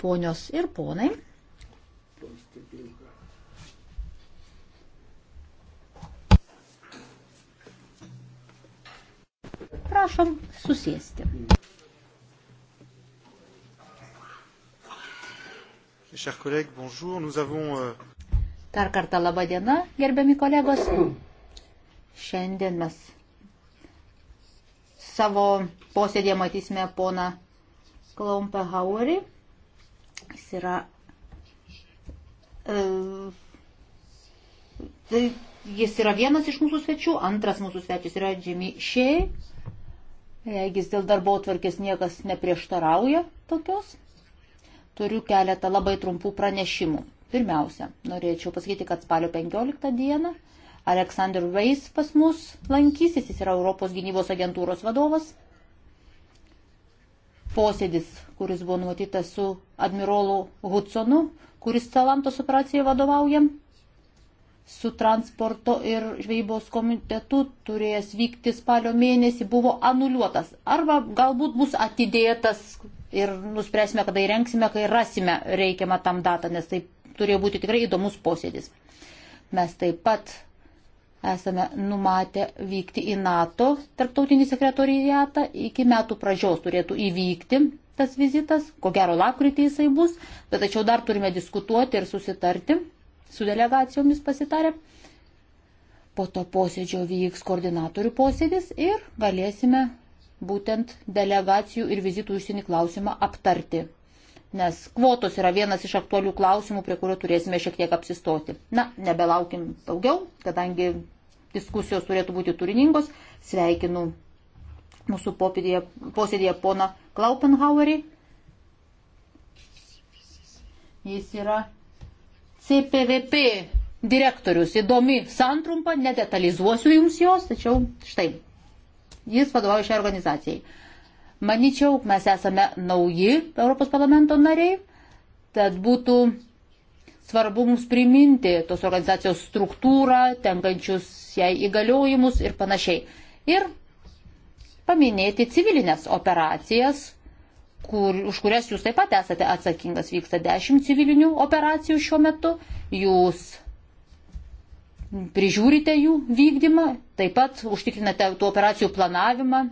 Ponios ir ponai. Prašom susėsti. Euh, Dar kartą laba diena, gerbiami kolegos. Šiandien mes savo posėdėje matysime poną Klompe Hauerį. Jis yra. E, tai jis yra vienas iš mūsų svečių, antras mūsų svečias yra Jimmy Shea. Jeigu dėl darbo tvarkės niekas neprieštarauja tokios, turiu keletą labai trumpų pranešimų. Pirmiausia, norėčiau pasakyti, kad spalio 15 dieną Alexander Reis pas mus lankysis, jis yra Europos gynybos agentūros vadovas posėdis, kuris buvo numatytas su admirolu Hudsonu, kuris Salantos operacijai vadovauja. Su transporto ir žvejybos komitetu turėjęs vykti spalio mėnesį buvo anuliuotas. Arba galbūt bus atidėtas ir nuspręsime, kada įrengsime, kai rasime reikiamą tam datą, nes tai turėjo būti tikrai įdomus posėdis. Mes taip pat esame numatę vykti į NATO tarptautinį sekretorijatą. Iki metų pradžios turėtų įvykti tas vizitas, ko gero lakrytį jisai bus, bet tačiau dar turime diskutuoti ir susitarti su delegacijomis pasitarę. Po to posėdžio vyks koordinatorių posėdis ir galėsime būtent delegacijų ir vizitų užsienį klausimą aptarti. Nes kvotos yra vienas iš aktualių klausimų, prie kurio turėsime šiek tiek apsistoti. Na, nebelaukim daugiau, kadangi diskusijos turėtų būti turiningos. Sveikinu mūsų popėdėje, posėdėje pona Klaupenhauerį. Jis yra CPVP direktorius. Įdomi santrumpa, nedetalizuosiu jums jos, tačiau štai. Jis vadovauja šiai organizacijai. Maničiau, mes esame nauji Europos parlamento nariai, tad būtų Svarbu mums priminti tos organizacijos struktūrą, tenkančius jai įgaliojimus ir panašiai. Ir paminėti civilinės operacijas, kur, už kurias jūs taip pat esate atsakingas. Vyksta dešimt civilinių operacijų šiuo metu, jūs prižiūrite jų vykdymą, taip pat užtikrinate tų operacijų planavimą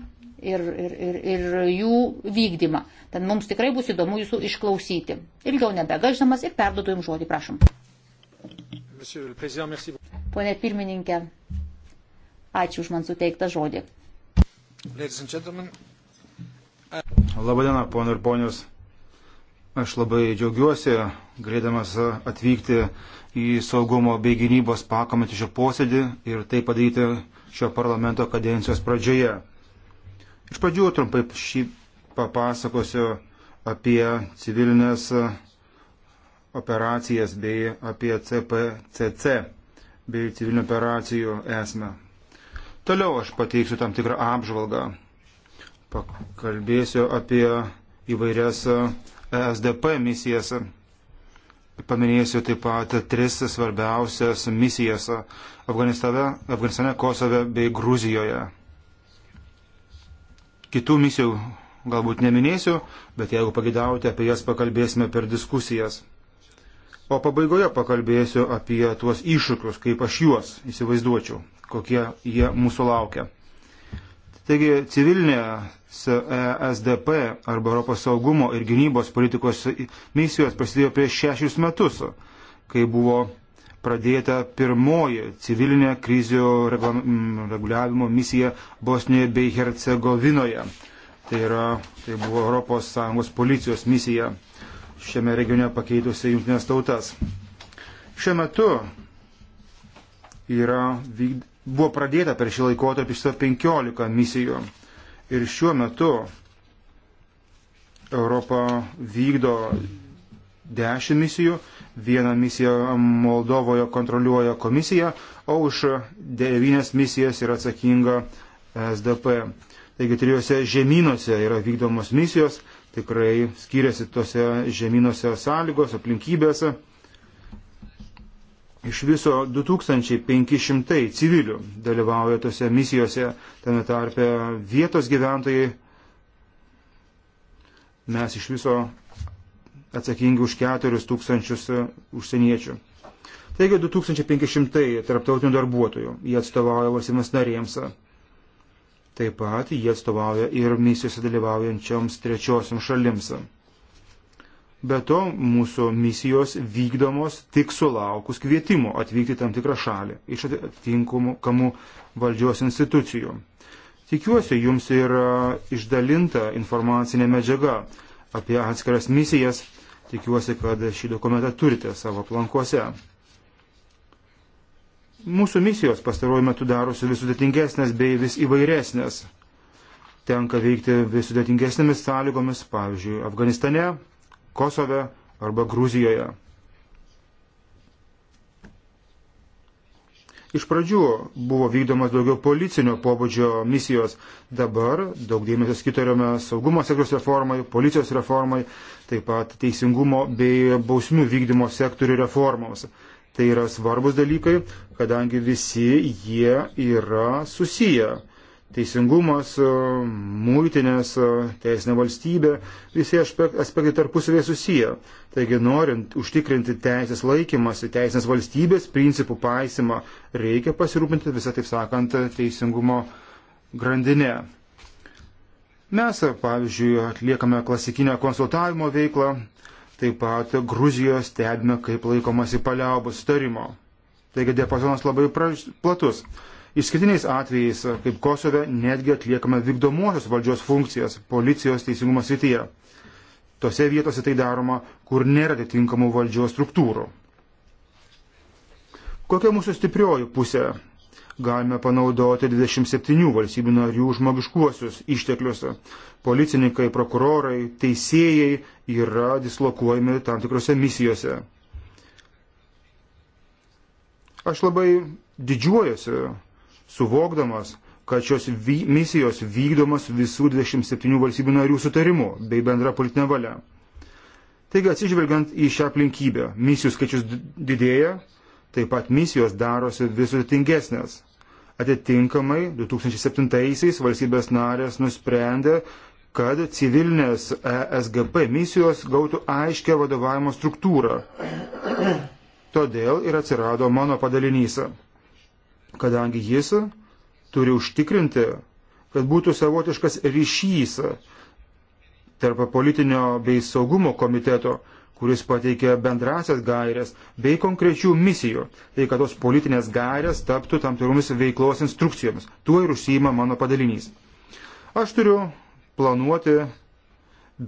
ir, ir, ir, ir jų vykdymą. Tad mums tikrai bus įdomu jūsų išklausyti. Ilgiau nebegaždamas ir perduodu jums žodį, prašom. Pone pirmininkė, ačiū už man suteiktą žodį. Uh, Labadiena, ponai ir ponios. Aš labai džiaugiuosi, galėdamas atvykti į saugumo bei gynybos pakomitį šio posėdį ir tai padaryti šio parlamento kadencijos pradžioje. Iš pradžių trumpai šį papasakosiu apie civilinės operacijas bei apie CPCC bei civilinių operacijų esmę. Toliau aš pateiksiu tam tikrą apžvalgą. Pakalbėsiu apie įvairias ESDP misijas. Paminėsiu taip pat tris svarbiausias misijas Afganistane, Afganistane Kosove bei Gruzijoje. Kitų misijų galbūt neminėsiu, bet jeigu pagidavote, apie jas pakalbėsime per diskusijas. O pabaigoje pakalbėsiu apie tuos iššūkius, kaip aš juos įsivaizduočiau, kokie jie mūsų laukia. Taigi civilinės ESDP arba Europos saugumo ir gynybos politikos misijos prasidėjo prieš šešius metus, kai buvo pradėta pirmoji civilinė krizių reguliavimo misija Bosnijoje bei Hercegovinoje. Tai, yra, tai buvo ES policijos misija šiame regione pakeitusi jungtinės tautas. Šiuo metu yra, buvo pradėta per šį laikotarpį 115 misijų ir šiuo metu Europa vykdo 10 misijų vieną misiją Moldovoje kontroliuoja komisija, o už devynias misijas yra atsakinga SDP. Taigi trijose žemynuose yra vykdomos misijos, tikrai skiriasi tose žemynuose sąlygos, aplinkybės. Iš viso 2500 civilių dalyvauja tose misijose, tame tarpe vietos gyventojai. Mes iš viso atsakingi už 4 tūkstančius e, užsieniečių. Taigi 2500 tarptautinių darbuotojų. Jie atstovauja valstybės narėms. Taip pat jie atstovauja ir misijose dalyvaujančioms trečiosiam šalims. Be to, mūsų misijos vykdomos tik sulaukus kvietimo atvykti tam tikrą šalį iš atitinkamų valdžios institucijų. Tikiuosi, jums yra išdalinta informacinė medžiaga apie atskiras misijas Tikiuosi, kad šį dokumentą turite savo plankuose. Mūsų misijos pastaruoju metu darosi vis sudėtingesnės bei vis įvairesnės. Tenka veikti vis sudėtingesnėmis sąlygomis, pavyzdžiui, Afganistane, Kosove arba Gruzijoje. Iš pradžių buvo vykdomas daugiau policinio pobūdžio misijos, dabar daug dėmesio skiriame saugumo sektoriaus reformai, policijos reformai, taip pat teisingumo bei bausmių vykdymo sektorių reformoms. Tai yra svarbus dalykai, kadangi visi jie yra susiję teisingumas, muitinės, teisinė valstybė, visi aspektai tarpusavėje susiję. Taigi, norint užtikrinti teisės laikymasi, teisinės valstybės principų paisimą, reikia pasirūpinti visą, taip sakant, teisingumo grandinę. Mes, pavyzdžiui, atliekame klasikinę konsultavimo veiklą, taip pat Gruzijoje stebime, kaip laikomasi paliaubų starimo. Taigi, diapazonas labai platus. Išskirtiniais atvejais, kaip Kosove, netgi atliekama vykdomosios valdžios funkcijas policijos teisingumo srityje. Tose vietose tai daroma, kur nėra atitinkamų valdžios struktūrų. Kokia mūsų stiprioji pusė? Galime panaudoti 27 valstybių narių žmogiškuosius išteklius. Policininkai, prokurorai, teisėjai yra dislokuojami tam tikrose misijose. Aš labai didžiuojasi suvokdamas, kad šios vy, misijos vykdomos visų 27 valstybių narių sutarimu bei bendra politinė valia. Taigi atsižvelgiant į šią aplinkybę, misijų skaičius didėja, taip pat misijos darosi vis sudėtingesnės. Atitinkamai 2007-aisiais valstybės narės nusprendė, kad civilinės ESGP misijos gautų aiškę vadovavimo struktūrą. Todėl ir atsirado mano padalinys kadangi jis turi užtikrinti, kad būtų savotiškas ryšys tarp politinio bei saugumo komiteto, kuris pateikė bendrasias gairias bei konkrečių misijų, tai kad tos politinės gairias taptų tam tikromis veiklos instrukcijomis. Tuo ir užsijima mano padalinys. Aš turiu planuoti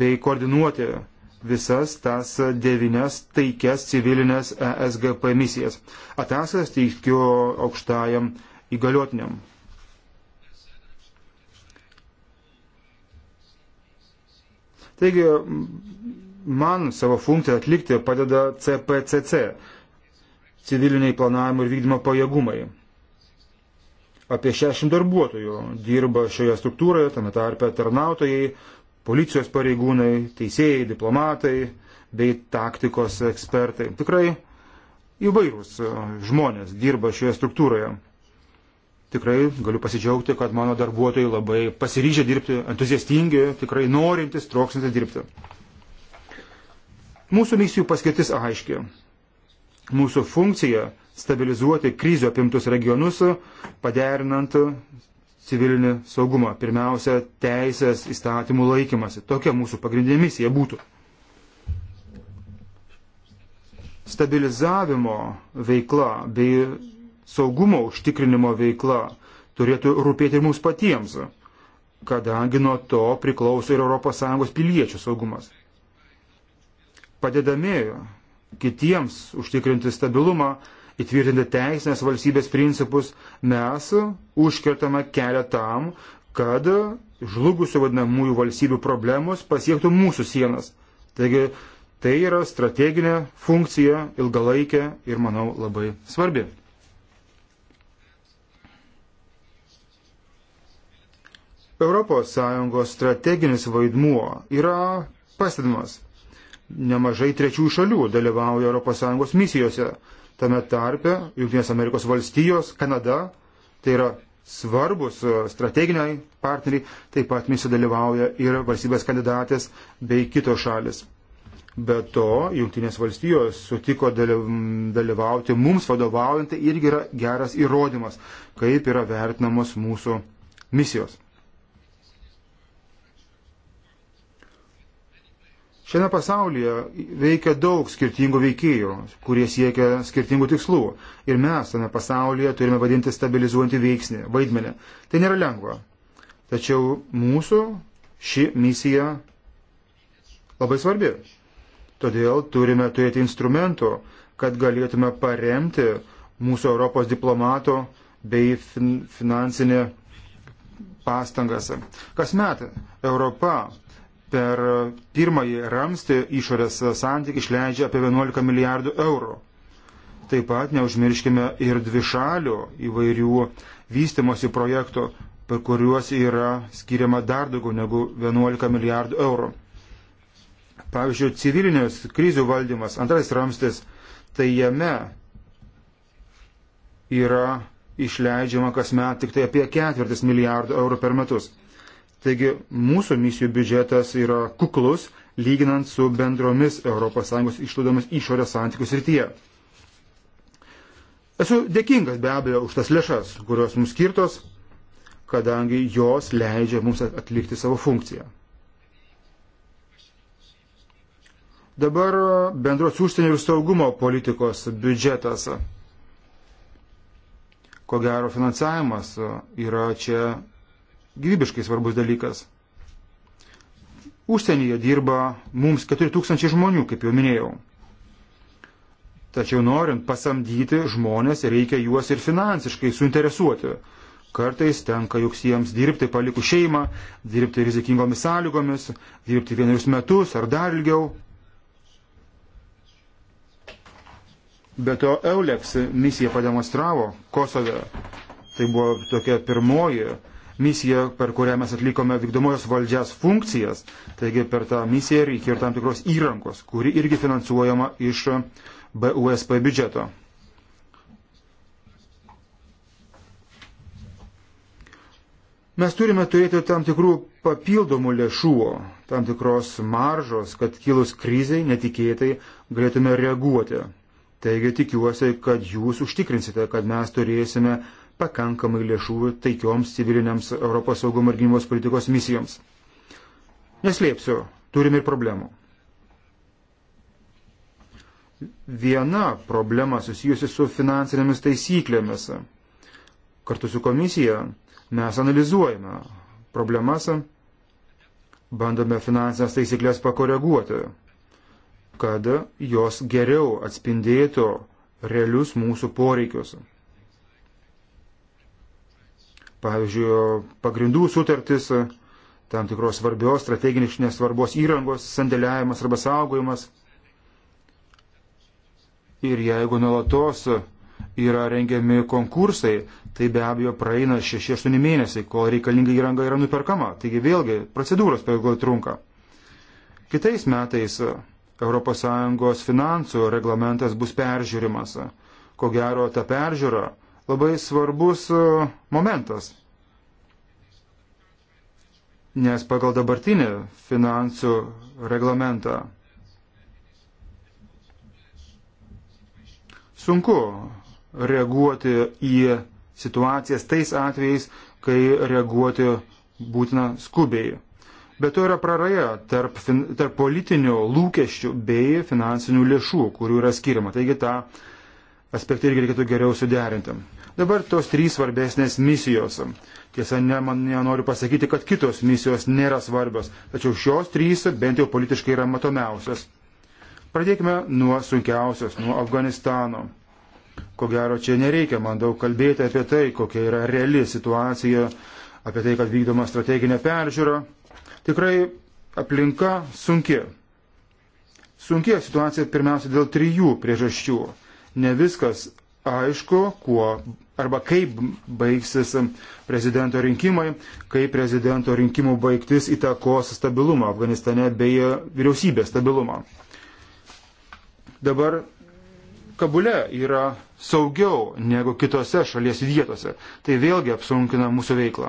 bei koordinuoti visas tas devynes taikias civilinės ESGP misijas. Ataskaitas teikiu aukštajam įgaliotiniam. Taigi, man savo funkciją atlikti padeda CPCC, civiliniai planavimo ir vykdymo pajėgumai. Apie 60 darbuotojų dirba šioje struktūroje, tame tarpe tarnautojai, policijos pareigūnai, teisėjai, diplomatai bei taktikos ekspertai. Tikrai įvairūs e, žmonės dirba šioje struktūroje. Tikrai galiu pasidžiaugti, kad mano darbuotojai labai pasiryžę dirbti, entuziastingi, tikrai norintys, troksintis dirbti. Mūsų misijų paskirtis aiški. Mūsų funkcija stabilizuoti krizių apimtus regionus, paderinant civilinį saugumą. Pirmiausia, teisės įstatymų laikymasi. Tokia mūsų pagrindinė misija būtų. Stabilizavimo veikla bei saugumo užtikrinimo veikla turėtų rūpėti ir mums patiems, kadangi nuo to priklauso ir ES piliečių saugumas. Padedami kitiems užtikrinti stabilumą, įtvirtinti teisinės valstybės principus, mes užkertame kelią tam, kad žlugusių vadinamųjų valstybių problemos pasiektų mūsų sienas. Taigi tai yra strateginė funkcija, ilgalaikė ir, manau, labai svarbi. ES strateginis vaidmuo yra pastebimas. Nemažai trečių šalių dalyvauja ES misijose tame tarpe Junktinės Amerikos valstijos, Kanada, tai yra svarbus e, strateginiai partneriai, taip pat misija dalyvauja ir valstybės kandidatės bei kitos šalis. Be to, Junktinės valstijos sutiko dalyvauti mums vadovaujant, tai irgi yra geras įrodymas, kaip yra vertinamos mūsų misijos. Šiame pasaulyje veikia daug skirtingų veikėjų, kurie siekia skirtingų tikslų. Ir mes tame pasaulyje turime vadinti stabilizuojantį veiksnį, vaidmenį. Tai nėra lengva. Tačiau mūsų ši misija labai svarbi. Todėl turime turėti instrumentų, kad galėtume paremti mūsų Europos diplomato bei fin finansinę pastangas. Kasmet Europa per pirmąjį ramstį išorės santykį išleidžia apie 11 milijardų eurų. Taip pat neužmirškime ir dvišalių įvairių vystimosi projektų, per kuriuos yra skiriama dar daugiau negu 11 milijardų eurų. Pavyzdžiui, civilinės krizių valdymas, antras ramstis, tai jame yra išleidžiama kasmet tik tai apie ketvirtis milijardų eurų per metus. Taigi mūsų misijų biudžetas yra kuklus, lyginant su bendromis ES išlaidomis išorės santykių srityje. Esu dėkingas be abejo už tas lėšas, kurios mums skirtos, kadangi jos leidžia mums atlikti savo funkciją. Dabar bendros užsienio ir saugumo politikos biudžetas. Ko gero finansavimas yra čia gyvybiškai svarbus dalykas. Užsienyje dirba mums 4000 žmonių, kaip jau minėjau. Tačiau norint pasamdyti žmonės, reikia juos ir finansiškai suinteresuoti. Kartais tenka juk jiems dirbti palikus šeimą, dirbti rizikingomis sąlygomis, dirbti vienerius metus ar dar ilgiau. Be to Eulex misija pademonstravo Kosove. Tai buvo tokia pirmoji misiją, per kurią mes atlikome vykdomojos valdžias funkcijas. Taigi per tą misiją reikėjo ir tam tikros įrankos, kuri irgi finansuojama iš BUSP biudžeto. Mes turime turėti tam tikrų papildomų lėšų, tam tikros maržos, kad kilus kriziai netikėtai galėtume reaguoti. Taigi tikiuosi, kad jūs užtikrinsite, kad mes turėsime uh, pakankamai lėšų taikioms civiliniams Europos saugumo ir gynybos politikos misijoms. Neslėpsiu, turim ir problemų. Viena problema susijusi su finansinėmis taisyklėmis. Kartu su komisija mes analizuojame problemas, bandome finansinės taisyklės pakoreguoti, kad jos geriau atspindėtų realius mūsų poreikius. Pavyzdžiui, pagrindų sutartis, e, tam tikros svarbios strateginės svarbos įrangos sandėliavimas arba saugojimas. Ir jeigu nuolatos yra rengiami konkursai, tai be abejo praeina 6-8 mėnesiai, kol reikalinga įranga yra nuperkama. Taigi vėlgi procedūros per ilgai trunka. Kitais metais ES finansų reglamentas bus peržiūrimas. Ko gero, ta peržiūra labai svarbus e, momentas. Nes pagal dabartinį finansų reglamentą sunku reaguoti į situacijas tais atvejais, kai reaguoti būtina skubiai. Bet to yra praraja tarp, tarp politinių lūkesčių bei finansinių lėšų, kurių yra skiriama. Taigi tą aspektą irgi reikėtų geriau suderinti. Dabar tos trys svarbesnės misijos. Tiesa, ne, man nenoriu pasakyti, kad kitos misijos nėra svarbios, tačiau šios trys bent jau politiškai yra matomiausios. Pradėkime nuo sunkiausios, nuo Afganistano. Ko gero, čia nereikia man daug kalbėti apie tai, kokia yra reali situacija, apie tai, kad vykdoma strateginė peržiūra. Tikrai aplinka sunki. Sunki situacija pirmiausia dėl trijų priežasčių. Ne viskas aišku, kuo arba kaip baigsis prezidento rinkimai, kaip prezidento rinkimų baigtis įtakos stabilumą Afganistane bei vyriausybės stabilumą. Dabar Kabule yra saugiau negu kitose šalies vietose. Tai vėlgi apsunkina mūsų veiklą.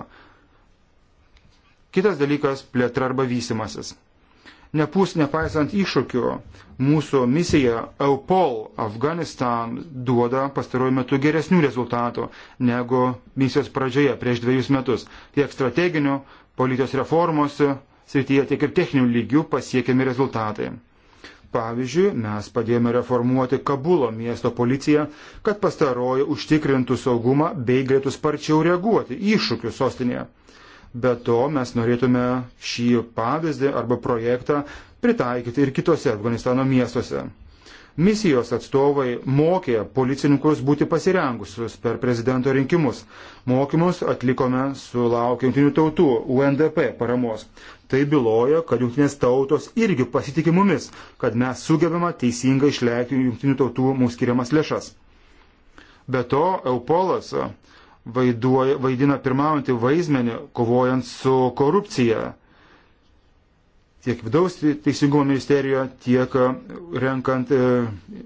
Kitas dalykas - plėtra arba vystimasis nepūs nepaisant iššūkių. Mūsų misija EUPOL Afganistan duoda pastaruoju metu geresnių rezultatų negu misijos pradžioje prieš dviejus metus. Tiek strateginių, policijos reformos srityje, tiek ir techninių lygių pasiekiami rezultatai. Pavyzdžiui, mes padėjome reformuoti Kabulo miesto policiją, kad pastaroji užtikrintų saugumą bei galėtų sparčiau reaguoti iššūkių sostinėje. Be to mes norėtume šį pavyzdį arba projektą pritaikyti ir kitose Afganistano miestuose. Misijos atstovai mokė policininkus būti pasirengusius per prezidento rinkimus. Mokymus atlikome su laukiantinių tautų UNDP paramos. Tai byloja, kad jungtinės tautos irgi pasitikė mumis, kad mes sugebame teisingai išleikti jungtinių tautų mums skiriamas lėšas. Be to, Eupolas vaiduoja, vaidina pirmaujantį vaizmenį kovojant su korupcija. Tiek vidaus teisingumo ministerijoje, tiek e, renkant e,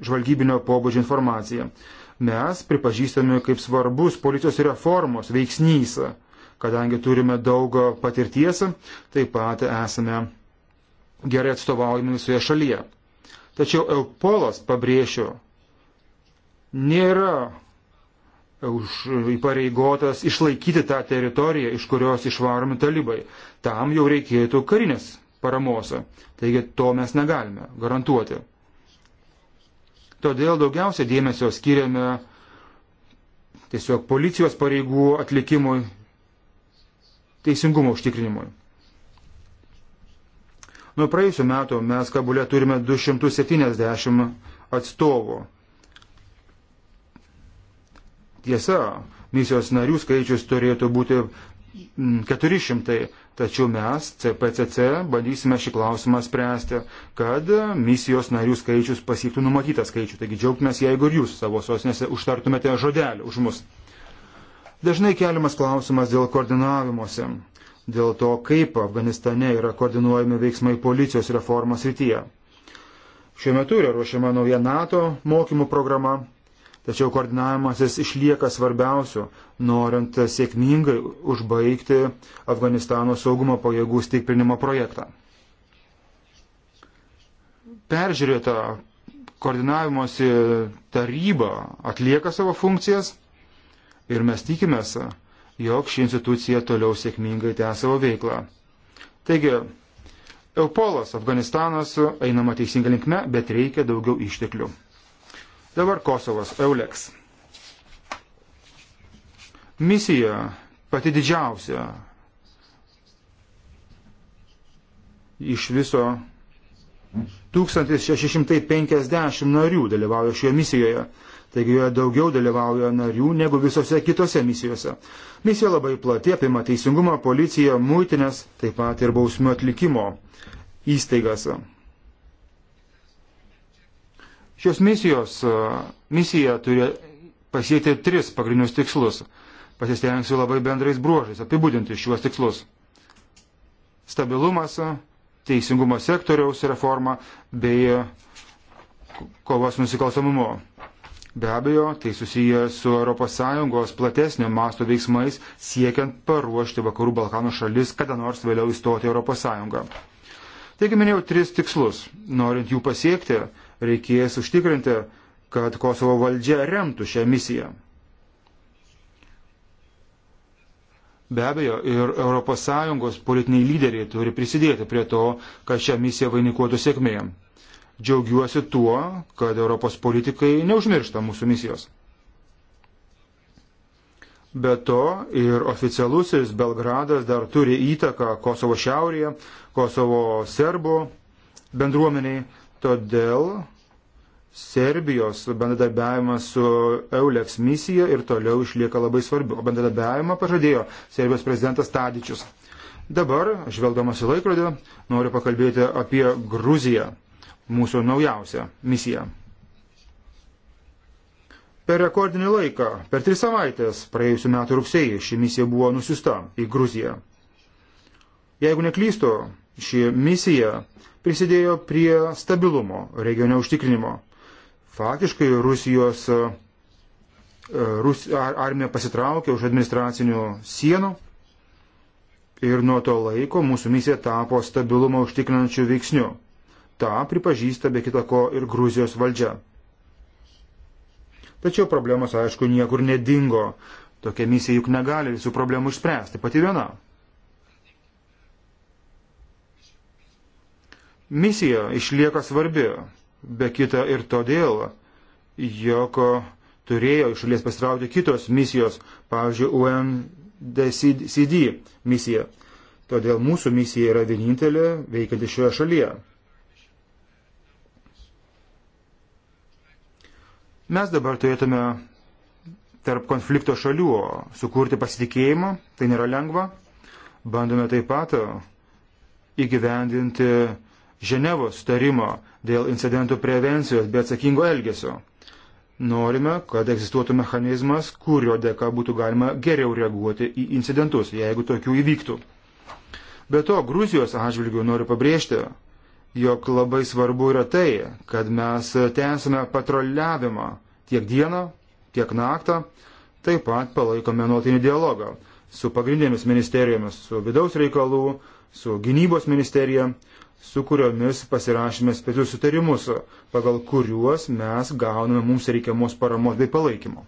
žvalgybinio pobūdžio informaciją. Mes pripažįstame kaip svarbus policijos reformos veiksnys, kadangi turime daug patirties, taip pat esame gerai atstovaujami visoje šalyje. Tačiau Eupolas, pabrėšiu, nėra už įpareigotas išlaikyti tą teritoriją, iš kurios išvaromi talibai. Tam jau reikėtų karinės paramos. Taigi to mes negalime garantuoti. Todėl daugiausia dėmesio skiriame tiesiog policijos pareigų atlikimui, teisingumo užtikrinimui. Nuo praėjusiu metu mes Kabule turime 270 atstovų Tiesa, misijos narių skaičius turėtų būti 400, mm, tačiau mes, CPCC, bandysime šį klausimą spręsti, kad misijos narių skaičius pasiektų numatytą skaičių. Taigi džiaugtumės, jeigu ir jūs savo sostinėse užtartumėte žodelį už mus. Dažnai keliamas klausimas dėl koordinavimuose, dėl to, kaip Afganistane yra koordinuojami veiksmai policijos reformos rytyje. Šiuo metu yra ruošiama nauja NATO mokymų programa, Tačiau koordinavimasis išlieka svarbiausiu, norint sėkmingai užbaigti Afganistano saugumo pajėgų stiprinimo projektą. Peržiūrėta koordinavimosi taryba atlieka savo funkcijas ir mes tikimės, jog ši institucija toliau sėkmingai tęs savo veiklą. Taigi, Eupolas, Afganistanas einama teisinga linkme, bet reikia daugiau išteklių. Dabar Kosovas, Euleks. Misija pati didžiausia iš viso 1650 narių dalyvauja šioje misijoje, taigi joje daugiau dalyvauja narių negu visose kitose misijose. Misija labai plati apima teisingumą, policiją, muitinės, taip pat ir bausmių atlikimo įstaigas. Šios misijos e, misija turi pasiekti tris pagrindinius tikslus. Pasistengsiu labai bendrais bruožais apibūdinti šiuos tikslus. Stabilumas, teisingumo sektoriaus reforma bei kovos nusikalstamumo. Be abejo, tai susiję su ES platesnio masto veiksmais, siekiant paruošti Vakarų Balkanų šalis kada nors vėliau įstoti ES. Taigi minėjau tris tikslus. Norint jų pasiekti, reikės užtikrinti, kad Kosovo valdžia remtų šią misiją. Be abejo, ir ES politiniai lyderiai turi prisidėti prie to, kad šią misiją vainikuotų sėkmė. Džiaugiuosi tuo, kad Europos politikai neužmiršta mūsų misijos. Be to ir oficialusis Belgradas dar turi įtaką Kosovo šiaurėje, Kosovo serbų bendruomeniai, Todėl Serbijos bendradarbiavimas su EULEX misija ir toliau išlieka labai svarbiu. O bendradarbiavimą pažadėjo Serbijos prezidentas Tadičius. Dabar, žvelgdamas į laikrodį, noriu pakalbėti apie Gruziją, mūsų naujausią misiją. Per rekordinį laiką, per tris savaitės, praėjusiu metu rugsėjį, ši misija buvo nusiusta į Gruziją. Jeigu neklystu, Ši misija prisidėjo prie stabilumo regione užtikrinimo. Faktiškai Rusijos e, Rus, ar, armija pasitraukė už administracinių sienų ir nuo to laiko mūsų misija tapo stabilumą užtikrinančių veiksnių. Ta pripažįsta be kitako ir Gruzijos valdžia. Tačiau problemos, aišku, niekur nedingo. Tokia misija juk negali visų problemų išspręsti pati viena. misija išlieka svarbi, be kita ir todėl, jog turėjo iš šalies pastraukti kitos misijos, pavyzdžiui, UNDCD misija. Todėl mūsų misija yra vienintelė veikianti šioje šalyje. Mes dabar turėtume tarp konflikto šalių sukurti pasitikėjimą, tai nėra lengva. Bandome taip pat įgyvendinti Ženevos starimo dėl incidentų prevencijos bei atsakingo elgesio. Norime, kad egzistuotų mechanizmas, kurio dėka būtų galima geriau reaguoti į incidentus, jeigu tokių įvyktų. Be to, Gruzijos atžvilgių noriu pabrėžti, jog labai svarbu yra tai, kad mes tęsime patroliavimą tiek dieną, tiek naktą, taip pat palaikome nuotinį dialogą su pagrindinėmis ministerijomis, su vidaus reikalų, su gynybos ministerija, su kuriomis pasirašėme specialius sutarimus, pagal kuriuos mes gauname mums reikiamos paramos bei palaikymo.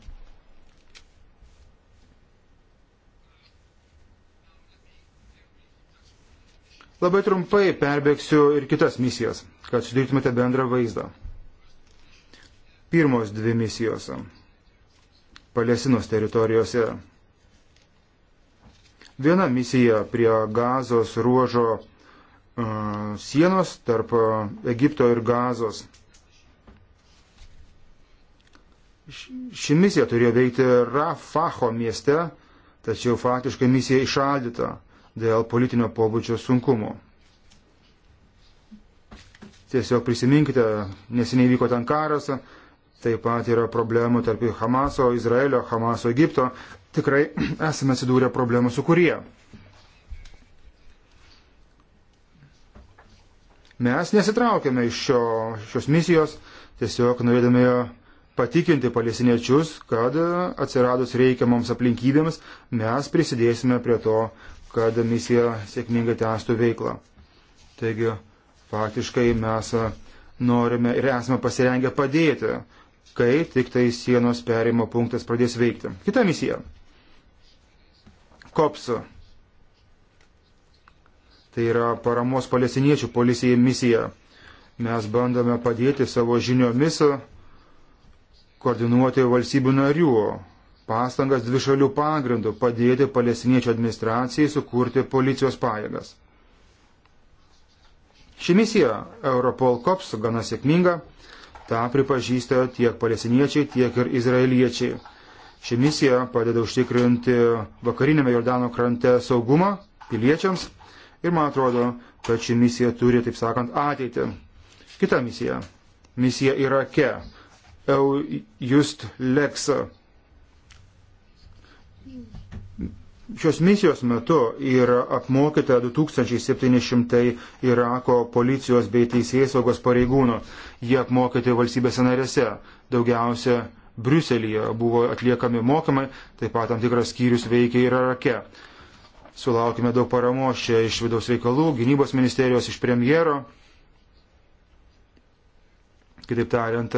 Labai trumpai perbėgsiu ir kitas misijas, kad sudarytumėte bendrą vaizdą. Pirmos dvi misijos Palestinos teritorijose. Viena misija prie gazos ruožo sienos tarp Egipto ir Gazos. Ši misija turėjo veikti Rafaho mieste, tačiau faktiškai misija išaldyta dėl politinio pobūdžio sunkumų. Tiesiog prisiminkite, neseniai vyko ten karas, taip pat yra problemų tarp Hamaso, Izraelio, Hamaso, Egipto. Tikrai esame atsidūrę problemų su kurie. Mes nesitraukėme iš šio, šios misijos, tiesiog norėdami patikinti palestiniečius, kad atsiradus reikiamoms aplinkybėms mes prisidėsime prie to, kad misija sėkmingai tęstų veiklą. Taigi, faktiškai mes norime ir esame pasirengę padėti, kai tik tai sienos perimo punktas pradės veikti. Kita misija. COPS Tai yra paramos palestiniečių policijai misija. Mes bandome padėti savo žiniomis koordinuoti valstybių narių pastangas dvišalių pagrindų padėti palestiniečių administracijai sukurti policijos pajėgas. Ši misija Europol COPS gana sėkminga, tą pripažįsta tiek palestiniečiai, tiek ir izraeliečiai. Ši misija padeda užtikrinti vakarinėme Jordano krante saugumą piliečiams ir man atrodo, kad ši misija turi, taip sakant, ateitį. Kita misija. Misija Irake. Just Lexa. Šios misijos metu yra apmokyta 2700 Irako policijos bei teisėjai saugos pareigūnų. Jie apmokyti valstybėse narėse. Daugiausia Briuselėje buvo atliekami mokymai, taip pat tam tikras skyrius veikia ir Irake. Sulaukime daug paramos čia iš vidaus reikalų, gynybos ministerijos, iš premjero. Kitaip tariant,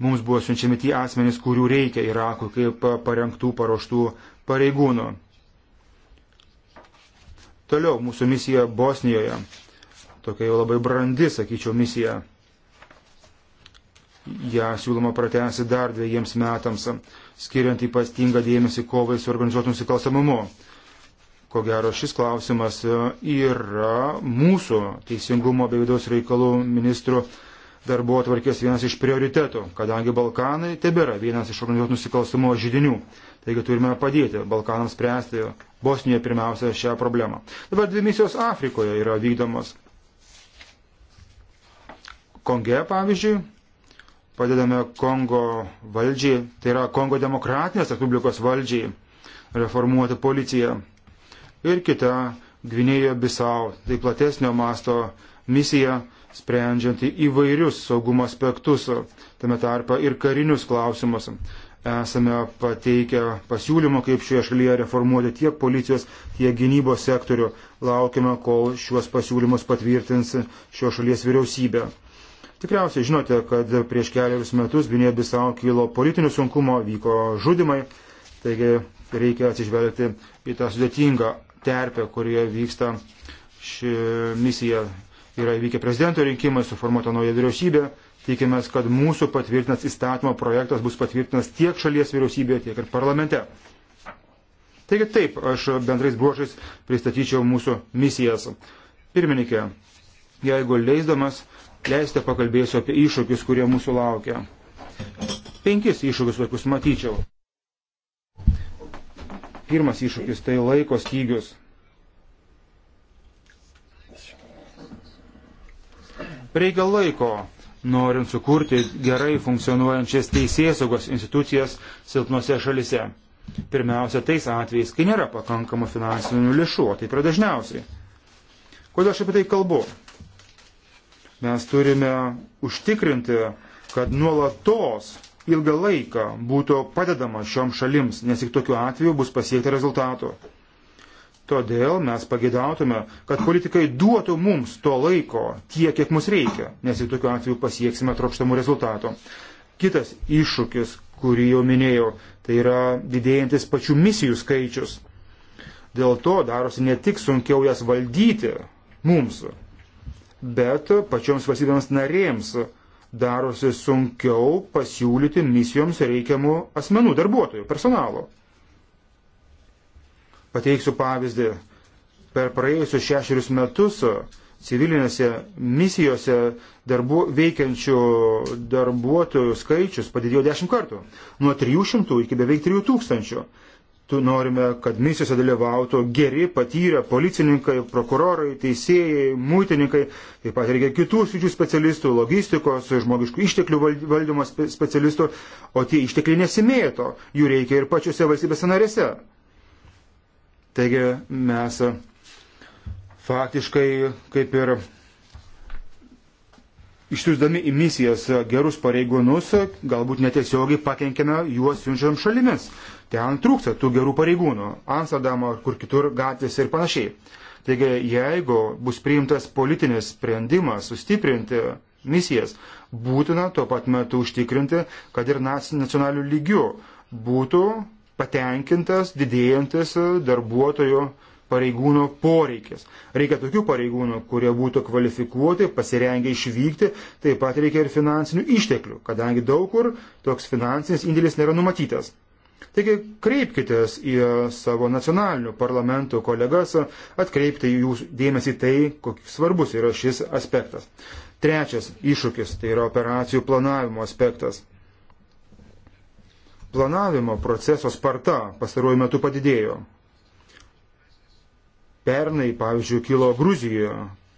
mums buvo siunčiami tie asmenys, kurių reikia Irakui kaip parengtų, paruoštų pareigūnų. Toliau mūsų misija Bosnijoje. Tokia jau labai brandi, sakyčiau, misija. Ja siūloma pratęsti dar dviejiems metams, skiriant ypatingą dėmesį kovai su organizuotų nusikalstamumu. Ko gero, šis klausimas e, yra mūsų teisingumo bei vidaus reikalų ministrų darbo atvarkės vienas iš prioritetų, kadangi Balkanai tebėra vienas iš organizuotų nusikalstamo žydinių. Taigi turime padėti Balkanams spręsti Bosnijoje pirmiausia šią problemą. Dabar dvi misijos Afrikoje yra vykdomos. Konge, pavyzdžiui, padedame Kongo valdžiai, tai yra Kongo demokratinės republikos valdžiai reformuoti policiją ir kita Gvinėjo Bisau, tai platesnio masto misija sprendžianti įvairius saugumo aspektus, tame tarpa ir karinius klausimus. Esame pateikę pasiūlymą, kaip šioje šalyje reformuoti tiek policijos, tiek gynybos sektorių. Laukime, kol šiuos pasiūlymus patvirtins šios šalies vyriausybė. Tikriausiai žinote, kad prieš keliarius metus Gvinėje Bisau kilo politinių sunkumo, vyko žudimai, taigi reikia atsižvelgti į tą sudėtingą terpę, kurioje vyksta ši misija. Yra įvykę prezidento rinkimai, suformuota nauja vyriausybė. Tikimės, kad mūsų patvirtinas įstatymo projektas bus patvirtinas tiek šalies vyriausybėje, tiek ir parlamente. Taigi taip, aš bendrais bruožais pristatyčiau mūsų misijas. Pirmininkė, jeigu leisdamas, leisite pakalbėsiu apie iššūkius, kurie mūsų laukia. Penkis iššūkius vaikus matyčiau. Pirmas iššūkis tai laiko stygius. Reikia laiko, norint sukurti gerai funkcionuojančias teisėsaugos institucijas silpnose šalise. Pirmiausia, tais atvejais, kai nėra pakankamo finansinių lėšų, tai pradažniausiai. Kodėl aš apie tai kalbu? Mes turime užtikrinti, kad nuolatos ilgą laiką būtų padedama šioms šalims, nes tik tokiu atveju bus pasiekta rezultato. Todėl mes pagėdautume, kad politikai duotų mums to laiko tiek, kiek mums reikia, nes tik tokiu atveju pasieksime trokštamų rezultatų. Kitas iššūkis, kurį jau minėjau, tai yra didėjantis pačių misijų skaičius. Dėl to darosi ne tik sunkiau jas valdyti mums, bet pačioms valstybėms narėms darosi sunkiau pasiūlyti misijoms reikiamų asmenų, darbuotojų, personalo. Pateiksiu pavyzdį. Per praėjusius šešerius metus civilinėse misijose darbu, veikiančių darbuotojų skaičius padidėjo dešimt kartų. Nuo 300 iki beveik 3000 tu norime, kad misijose dalyvautų geri patyrę policininkai, prokurorai, teisėjai, mūtininkai, taip pat reikia kitų sričių specialistų, logistikos, žmogiškų išteklių valdymo specialistų, o tie ištekliai nesimėto, jų reikia ir pačiose valstybėse narėse. Taigi mes faktiškai kaip ir išsiųsdami į misijas gerus pareigūnus, galbūt netiesiogiai pakenkime juos siunčiam šalimis ten trūksta tų gerų pareigūnų, Amsterdamo, kur kitur gatvės ir panašiai. Taigi, jeigu bus priimtas politinis sprendimas sustiprinti misijas, būtina tuo pat metu užtikrinti, kad ir nacionalių lygių būtų patenkintas didėjantis darbuotojų pareigūnų poreikis. Reikia tokių pareigūnų, kurie būtų kvalifikuoti, pasirengę išvykti, taip pat reikia ir finansinių išteklių, kadangi daug kur toks finansinis indėlis nėra numatytas. Taigi kreipkitės į savo nacionalinių parlamentų kolegas, atkreipti jų dėmesį tai, koks svarbus yra šis aspektas. Trečias iššūkis tai yra operacijų planavimo aspektas. Planavimo proceso sparta pastaruoju metu padidėjo. Pernai, pavyzdžiui, kilo Gruzijoje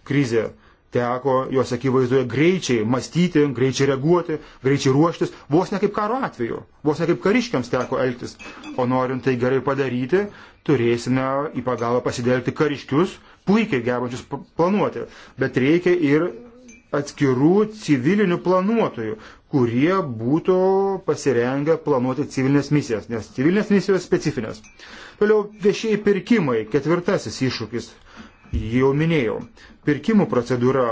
krizė teko juos akivaizdoje greičiai mąstyti, greičiai reaguoti, greičiai ruoštis, vos ne kaip karo atveju, vos ne kaip kariškiams teko elgtis. O norint tai gerai padaryti, turėsime į pagalbą pasidėlti kariškius, puikiai gebančius planuoti. Bet reikia ir atskirų civilinių planuotojų, kurie būtų pasirengę planuoti civilinės misijas, nes civilinės misijos specifinės. Toliau viešieji pirkimai, ketvirtasis iššūkis jau minėjau. Pirkimų procedūra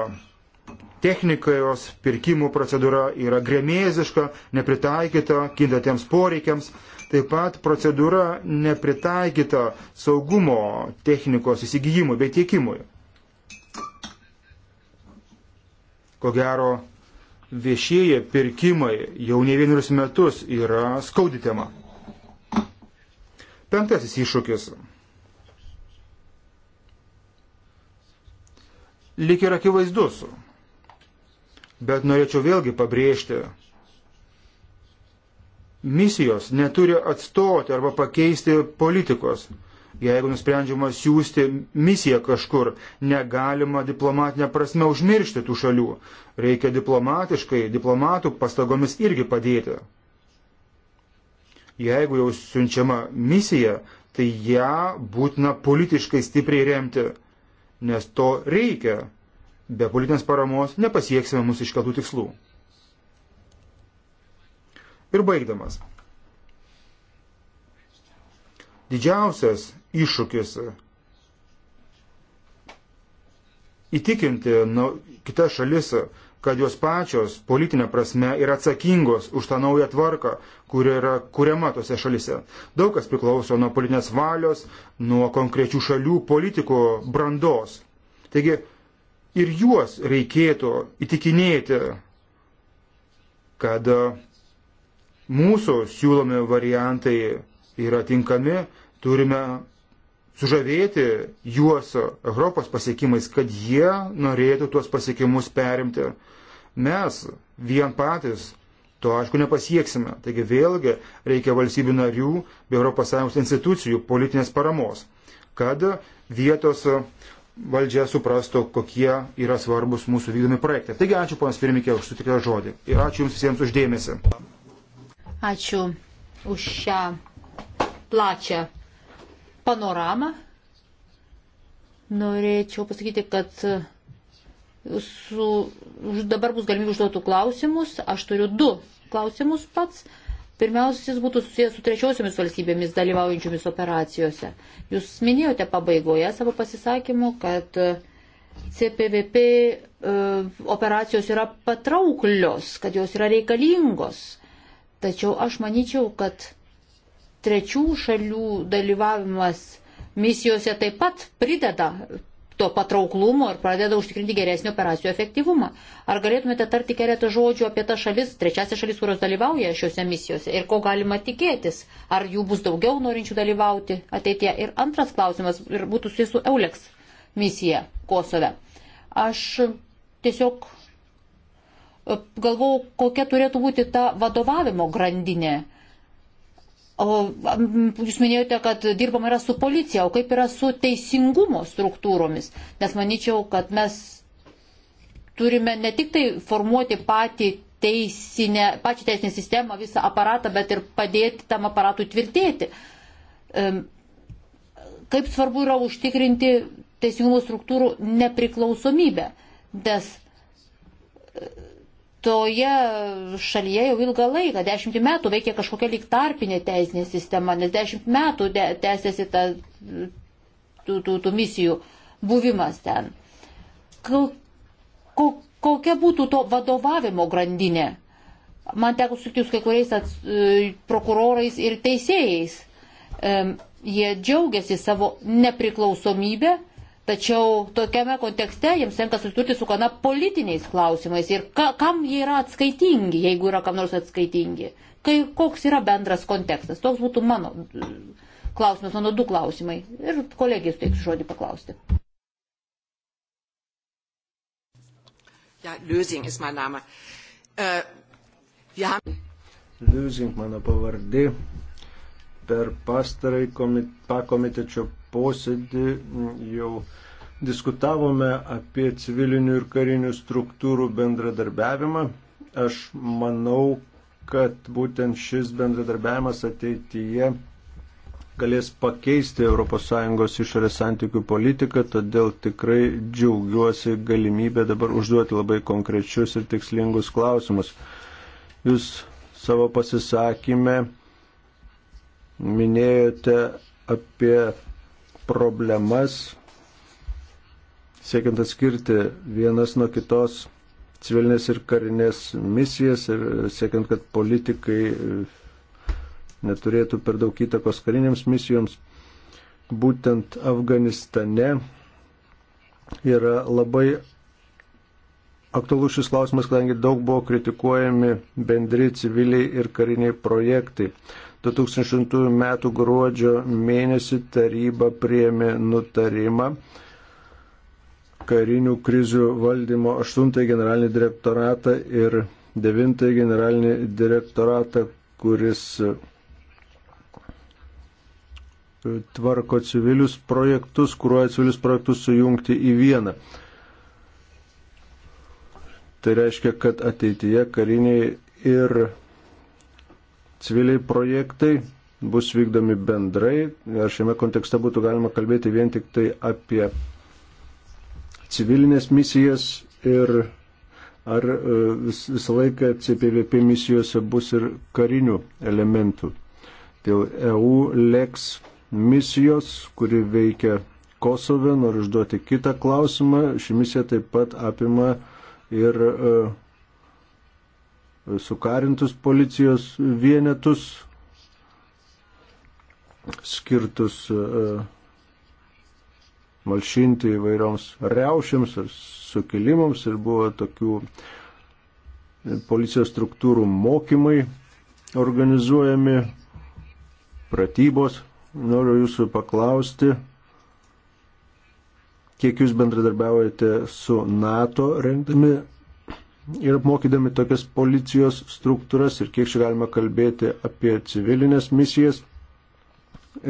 technikos pirkimų procedūra yra grėmėziška, nepritaikyta kintatiems poreikiams. Taip pat procedūra nepritaikyta saugumo technikos įsigijimui bei tiekimui. Ko gero, viešieji pirkimai jau ne vienerius metus yra skauditema. Penktasis iššūkis lik ir akivaizdus. Bet norėčiau vėlgi pabrėžti, misijos neturi atstoti arba pakeisti politikos. Jeigu nusprendžiama siūsti misiją kažkur, negalima diplomatinė prasme užmiršti tų šalių. Reikia diplomatiškai, diplomatų pastagomis irgi padėti. Jeigu jau siunčiama misija, tai ją būtina politiškai stipriai remti nes to reikia. Be politinės paramos nepasieksime mūsų iškeltų tikslų. Ir baigdamas. Didžiausias iššūkis įtikinti nu, kitas šalis, kad jos pačios politinė prasme yra atsakingos už tą naują tvarką, kuri yra kuriama tose šalise. Daug kas priklauso nuo politinės valios, nuo konkrečių šalių politikų brandos. Taigi ir juos reikėtų įtikinėti, kad mūsų siūlomi variantai yra tinkami, turime sužavėti juos Europos pasiekimais, kad jie norėtų tuos pasiekimus perimti. Mes vien patys to aišku nepasieksime. Taigi vėlgi reikia valstybių narių bei ES institucijų politinės paramos, kad vietos valdžia suprastų, kokie yra svarbus mūsų vykdomi projektai. Taigi ačiū, ponas Pirmikė, už sutiktą žodį. Ir ačiū Jums visiems uždėmesi. Ačiū už šią plačią panoramą, norėčiau pasakyti, kad su, dabar bus galimybė užduotų klausimus. Aš turiu du klausimus pats. Pirmiausias būtų susijęs su trečiosiomis valstybėmis dalyvaujančiomis operacijose. Jūs minėjote pabaigoje savo pasisakymu, kad e, CPVP e, operacijos yra patrauklios, kad jos yra reikalingos. Tačiau aš manyčiau, kad trečių šalių dalyvavimas misijose taip pat prideda to patrauklumo ir pradeda užtikrinti geresnį operacijų efektyvumą. Ar galėtumėte tarti keletą žodžių apie tas šalis, trečiasias šalis, kurios dalyvauja šiuose misijose ir ko galima tikėtis? Ar jų bus daugiau norinčių dalyvauti ateitie? Ir antras klausimas ir būtų susijęs su Euleks misija Kosove. Aš tiesiog e, galvau, kokia turėtų būti ta vadovavimo grandinė O jūs minėjote, kad dirbama yra su policija, o kaip yra su teisingumo struktūromis? Nes manyčiau, kad mes turime ne tik tai formuoti patį teisinę, pačią teisinę sistemą, visą aparatą, bet ir padėti tam aparatui tvirtėti. Kaip svarbu yra užtikrinti teisingumo struktūrų nepriklausomybę, nes toje šalyje jau ilgą laiką, dešimt metų veikia kažkokia lyg tarpinė teisinė sistema, nes dešimt metų de, tęsiasi ta, tų, tų, tų misijų buvimas ten. Ko, ko, kokia būtų to vadovavimo grandinė? Man teko sutikti su kai kuriais ats, e, prokurorais ir teisėjais. E, jie džiaugiasi savo nepriklausomybę, Tačiau tokiame kontekste jiems tenka susidurti su gana politiniais klausimais ir ka, kam jie yra atskaitingi, jeigu yra kam nors atskaitingi. Kai, koks yra bendras kontekstas? Toks būtų mano mm, klausimas, mano du klausimai. Ir kolegijai suteiksiu žodį paklausti. Ja, Lösing ist mein Name. Äh, wir haben... Lösing, mano pavardė. Per pastarai pakomitečio posėdį jau diskutavome apie civilinių ir karinių struktūrų bendradarbiavimą. Aš manau, kad būtent šis bendradarbiavimas ateityje galės pakeisti ES išorės santykių politiką, todėl tikrai džiaugiuosi galimybę dabar užduoti labai konkrečius ir tikslingus klausimus. Jūs savo pasisakymę minėjote apie problemas, siekiant atskirti vienas nuo kitos civilinės ir karinės misijas ir siekiant, kad politikai neturėtų per daug įtakos karinėms misijoms. Būtent Afganistane yra labai aktualus šis klausimas, kadangi daug buvo kritikuojami bendri civiliai ir kariniai projektai. 2008 m. gruodžio mėnesį taryba priėmė nutarimą karinių krizių valdymo 8 generalinį direktoratą ir 9 generalinį direktoratą, kuris e, tvarko civilius projektus, kuruoja civilius projektus sujungti į vieną. Tai reiškia, kad ateityje kariniai ir Civiliai projektai bus vykdomi bendrai. Ar šiame kontekste būtų galima kalbėti vien tik tai apie civilinės misijas ir ar e, vis, visą laiką CPVP misijose bus ir karinių elementų. Dėl EU LEX misijos, kuri veikia Kosove, noriu užduoti kitą klausimą. Ši misija taip pat apima ir uh, sukarintus policijos vienetus skirtus e, malšinti įvairioms reušiams ar sukilimams ir buvo tokių e, policijos struktūrų mokymai organizuojami, pratybos. Noriu jūsų paklausti, kiek jūs bendradarbiaujate su NATO rengdami ir apmokydami tokias policijos struktūras ir kiek čia galima kalbėti apie civilinės misijas.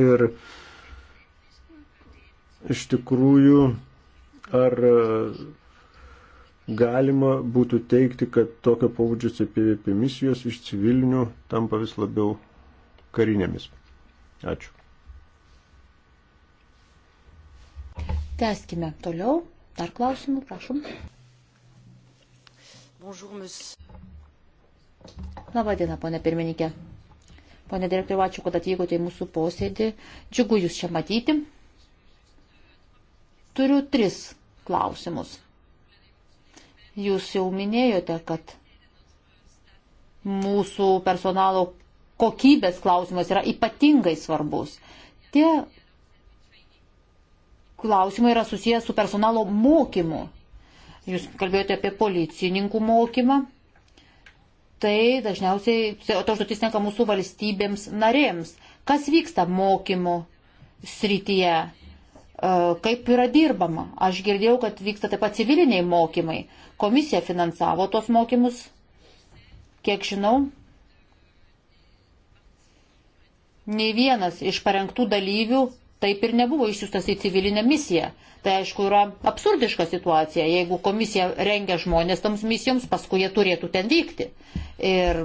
Ir iš tikrųjų, ar galima būtų teikti, kad tokio pobūdžio CPVP misijos iš civilinių tampa vis labiau karinėmis. Ačiū. Teskime toliau. Dar klausimų, prašom. Labadiena, ponė pirmininkė. Pone direktoriu, ačiū, kad atvykote į mūsų posėdį. Džiugu Jūs čia matyti. Turiu tris klausimus. Jūs jau minėjote, kad mūsų personalo kokybės klausimas yra ypatingai svarbus. Tie klausimai yra susijęs su personalo mokymu Jūs kalbėjote apie policininkų mokymą. Tai dažniausiai, to užduotis tenka mūsų valstybėms narėms. Kas vyksta mokymo srityje? E, kaip yra dirbama? Aš girdėjau, kad vyksta taip pat civiliniai mokymai. Komisija finansavo tos mokymus. Kiek žinau, nei vienas iš parengtų dalyvių taip ir nebuvo išsiųstas į civilinę misiją. Tai aišku yra absurdiška situacija, jeigu komisija rengia žmonės toms misijoms, paskui jie turėtų ten vykti. Ir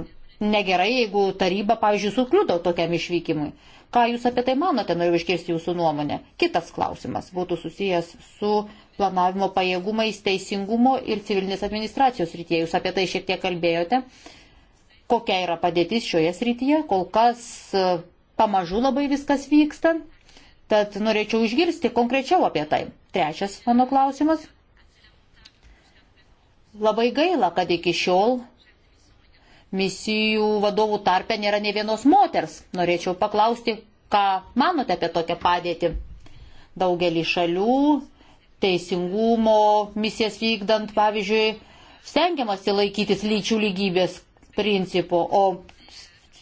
negerai, jeigu taryba, pavyzdžiui, sukliudo tokiam išvykimui. Ką Jūs apie tai manote, noriu iškirsti Jūsų nuomonę. Kitas klausimas būtų susijęs su planavimo pajėgumais teisingumo ir civilinės administracijos rytyje. Jūs apie tai šiek tiek kalbėjote. Kokia yra padėtis šioje srityje? Kol kas e, pamažu labai viskas vyksta. Tad norėčiau išgirsti konkrečiau apie tai. Trečias mano klausimas. Labai gaila, kad iki šiol misijų vadovų tarpe nėra ne vienos moters. Norėčiau paklausti, ką manote apie tokią padėtį. Daugelį šalių teisingumo misijas vykdant, pavyzdžiui, stengiamasi laikytis lyčių lygybės principo, o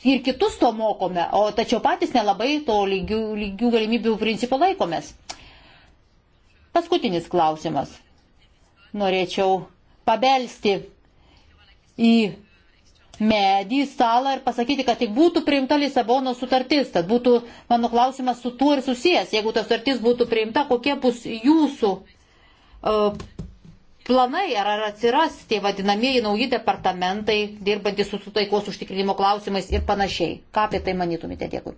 ir kitus to mokome, o tačiau patys nelabai to lygių, lygių galimybių principo laikomės. Paskutinis klausimas. Norėčiau pabelsti į medį, stalą ir pasakyti, kad tik būtų priimta Lisabono sutartis. Tad būtų mano klausimas su tuo ir susijęs. Jeigu ta sutartis būtų priimta, kokie bus jūsų uh, planai, ar, ar atsiras tie vadinamieji nauji departamentai, dirbantys su taikos užtikrinimo klausimais ir panašiai. Ką apie tai manytumėte? Dėkui.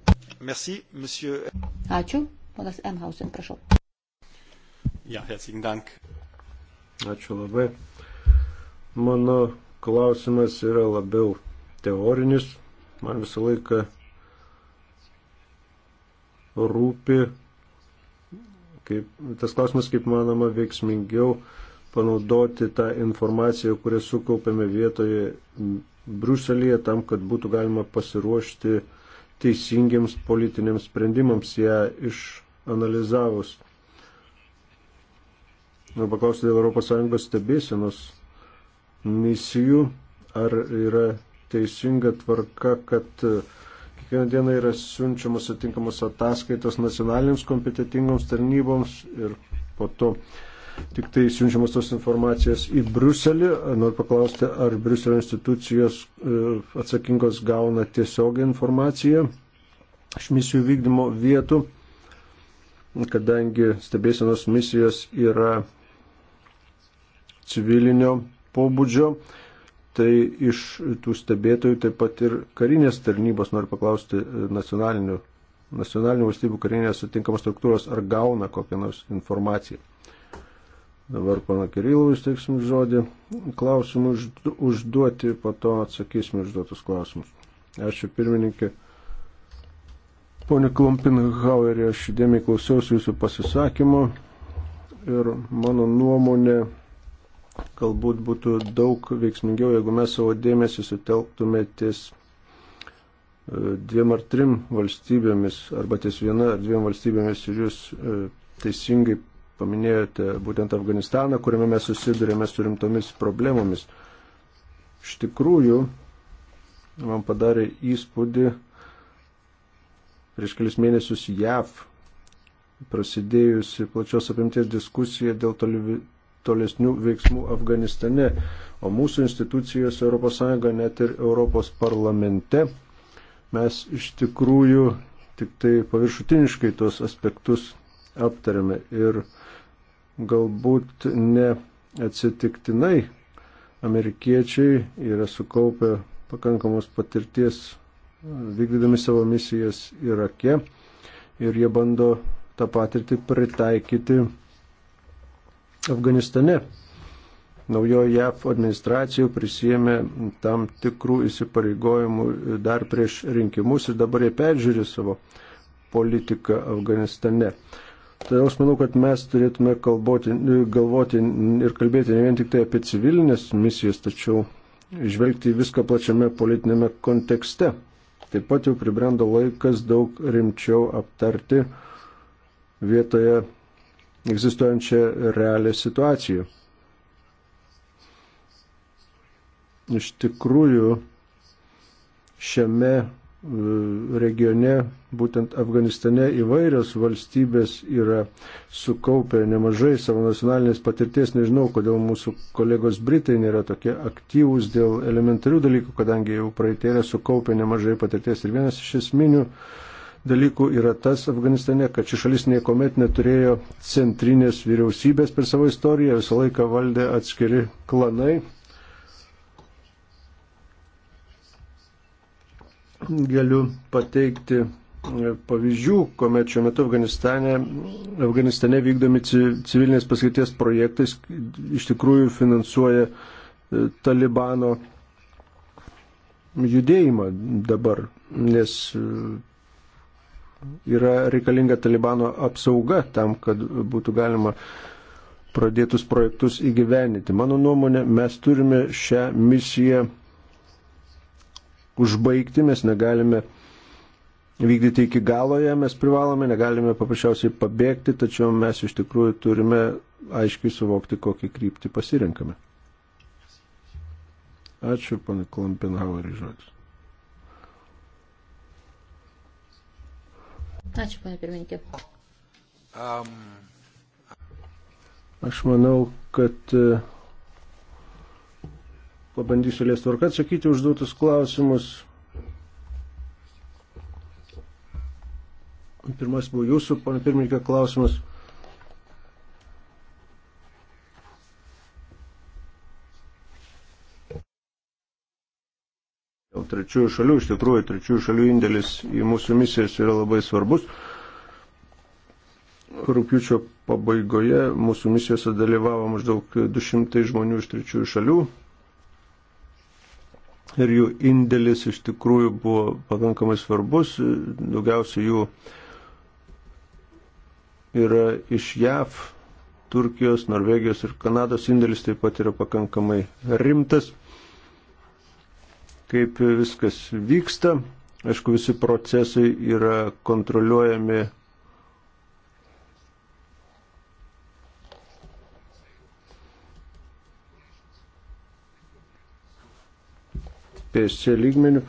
Merci, monsieur... Ačiū. Ponas Enhausen, prašau. Ja, herzlichen Dank. Ačiū labai. Mano klausimas yra labiau teorinis. Man visą laiką rūpi kaip, tas klausimas, kaip manoma, veiksmingiau panaudoti tą informaciją, kurią sukaupėme vietoje Bruselėje, tam, kad būtų galima pasiruošti teisingiams politiniams sprendimams ją išanalizavus. Nu, paklausti dėl ES stebėsenos misijų, ar yra teisinga tvarka, kad kiekvieną dieną yra siunčiamas atinkamos ataskaitos nacionalinėms kompetitingoms tarnyboms ir po to tik tai siunčiamas tos informacijos į Bruselį. Noriu paklausti, ar Bruselio institucijos e, atsakingos gauna tiesiogę informaciją iš misijų vykdymo vietų, kadangi stebėsenos misijos yra civilinio pobūdžio, tai iš tų stebėtojų taip pat ir karinės tarnybos, noriu paklausti, e, nacionalinių, nacionalinių valstybių karinės sutinkamas struktūros, ar gauna kokią nors informaciją. Dabar pana Kirilovai steiksim žodį klausimų užduoti, po to atsakysim užduotus klausimus. Ačiū pirmininkė. Pone Klumpinhauerį, aš įdėmiai klausiausi jūsų pasisakymo ir mano nuomonė galbūt būtų daug veiksmingiau, jeigu mes savo dėmesį sutelktume ties e, dviem ar trim valstybėmis arba ties viena ar dviem valstybėmis ir jūs e, teisingai paminėjote būtent Afganistaną, kuriame mes susidurėme su rimtomis problemomis. Iš tikrųjų, man padarė įspūdį prieš kelis mėnesius JAV prasidėjusi plačios apimties diskusija dėl tolesnių veiksmų Afganistane, o mūsų institucijos ES net ir Europos parlamente mes iš tikrųjų tik tai paviršutiniškai tuos aspektus aptarėme. Ir galbūt ne atsitiktinai amerikiečiai yra sukaupę pakankamos patirties e, vykdydami savo misijas Irake ir jie bando tą patirtį pritaikyti Afganistane. Naujoji JAF administracija prisėmė tam tikrų įsipareigojimų dar prieš rinkimus ir dabar jie peržiūri savo politiką Afganistane. Todėl aš manau, kad mes turėtume kalboti, galvoti ir kalbėti ne vien tik tai apie civilinės misijas, tačiau žvelgti viską plačiame politinėme kontekste. Taip pat jau pribrendo laikas daug rimčiau aptarti vietoje egzistuojančią realią situaciją. Iš tikrųjų, šiame E, regione, būtent Afganistane įvairios valstybės yra sukaupę nemažai savo nacionalinės patirties. Nežinau, kodėl mūsų kolegos Britai nėra tokie aktyvūs dėl elementarių dalykų, kadangi jau praeitie yra sukaupę nemažai patirties. Ir vienas iš esminių dalykų yra tas Afganistane, kad ši šalis niekuomet neturėjo centrinės vyriausybės per savo istoriją, visą laiką valdė atskiri klanai galiu pateikti e, pavyzdžių, kuomet šiuo metu Afganistane, Afganistane vykdomi civilinės paskirties projektais iš tikrųjų finansuoja e, Talibano judėjimą dabar, nes e, yra reikalinga Talibano apsauga tam, kad būtų galima pradėtus projektus įgyveninti. Mano nuomonė, mes turime šią misiją užbaigti, mes negalime vykdyti iki galo ją, mes privalome, negalime paprasčiausiai pabėgti, tačiau mes iš tikrųjų turime aiškiai suvokti, kokį kryptį pasirinkame. Ačiū, pana Klampinhauerį žodis. Ačiū, pana pirmininkė. Um... Aš manau, kad uh, Pabandysiu lės tvarką atsakyti užduotus klausimus. Pirmas buvo jūsų, pana pirmininkė, klausimas. trečiųjų šalių, iš tikrųjų trečiųjų šalių indėlis į mūsų misijas yra labai svarbus. Rūpiučio pabaigoje mūsų misijose dalyvavo maždaug 200 žmonių iš trečiųjų šalių, ir jų indėlis iš tikrųjų buvo pakankamai svarbus. Daugiausia jų yra iš JAV, Turkijos, Norvegijos ir Kanados indėlis taip pat yra pakankamai rimtas. Kaip viskas vyksta, aišku, visi procesai yra kontroliuojami PSC lygmenių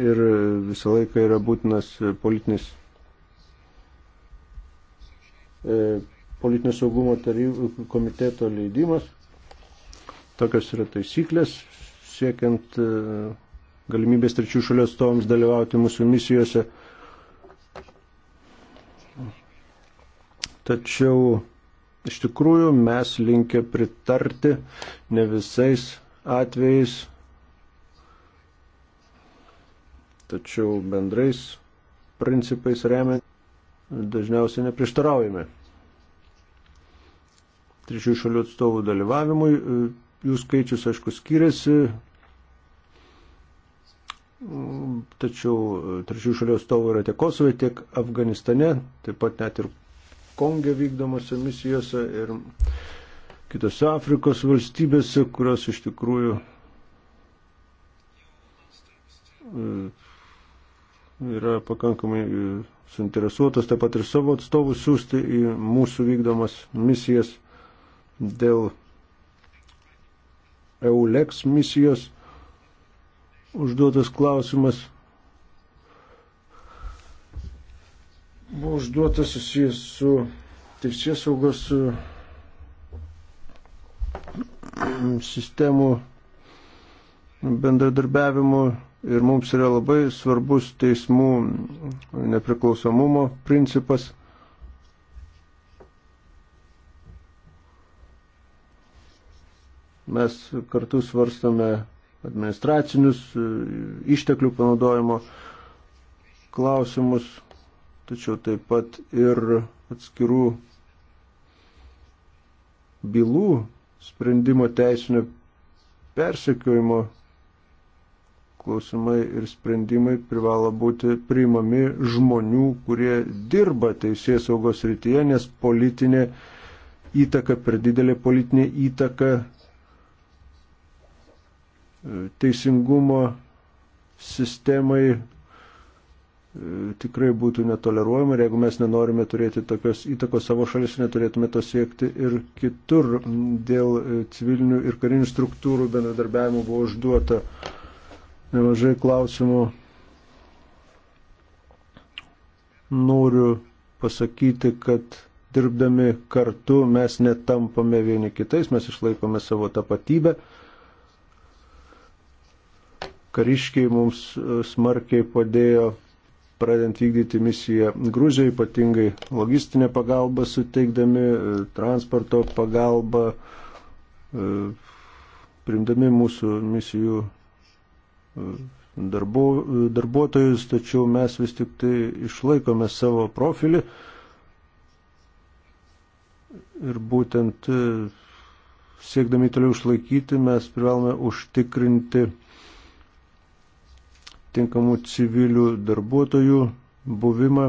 ir e, visą laiką yra būtinas e, politinis, e, politinio saugumo tarybų komiteto leidimas. Tokios yra taisyklės, siekiant e, galimybės trečių šalių atstovams dalyvauti mūsų misijose. Tačiau iš tikrųjų mes linkę pritarti ne visais atvejais tačiau bendrais principais remiant dažniausiai neprieštaraujame. Trečių šalių atstovų dalyvavimui e, jų skaičius, aišku, skiriasi, tačiau e, trečių šalių atstovų yra tiek Kosovai, tiek Afganistane, taip pat net ir Konge vykdomose misijose ir kitose Afrikos valstybėse, kurios iš tikrųjų e, yra pakankamai e, suinteresuotas taip pat ir savo atstovus siūsti į mūsų vykdomas misijas dėl EULEX misijos. Užduotas klausimas buvo užduotas susijęs su teisės saugos e, sistemų bendradarbiavimu ir mums yra labai svarbus teismų nepriklausomumo principas. Mes kartu svarstame administracinius e, išteklių panaudojimo klausimus, tačiau taip pat ir atskirų bylų sprendimo teisinio persekiojimo klausimai ir sprendimai privalo būti priimami žmonių, kurie dirba teisės saugos rytyje, nes politinė įtaka, per didelė politinė įtaka e, teisingumo sistemai e, tikrai būtų netoleruojama ir jeigu mes nenorime turėti tokios įtakos savo šalis, neturėtume to siekti ir kitur. Dėl e, civilinių ir karinių struktūrų bendradarbiavimo buvo užduota nemažai klausimų. Noriu pasakyti, kad dirbdami kartu mes netampame vieni kitais, mes išlaikome savo tapatybę. Kariškiai mums e, smarkiai padėjo pradedant vykdyti misiją Gruzijai, ypatingai logistinę pagalbą suteikdami, e, transporto pagalbą, e, primdami mūsų misijų darbu, darbuotojus, tačiau mes vis tik tai išlaikome savo profilį ir būtent e, siekdami toliau išlaikyti mes privalome užtikrinti tinkamų civilių darbuotojų buvimą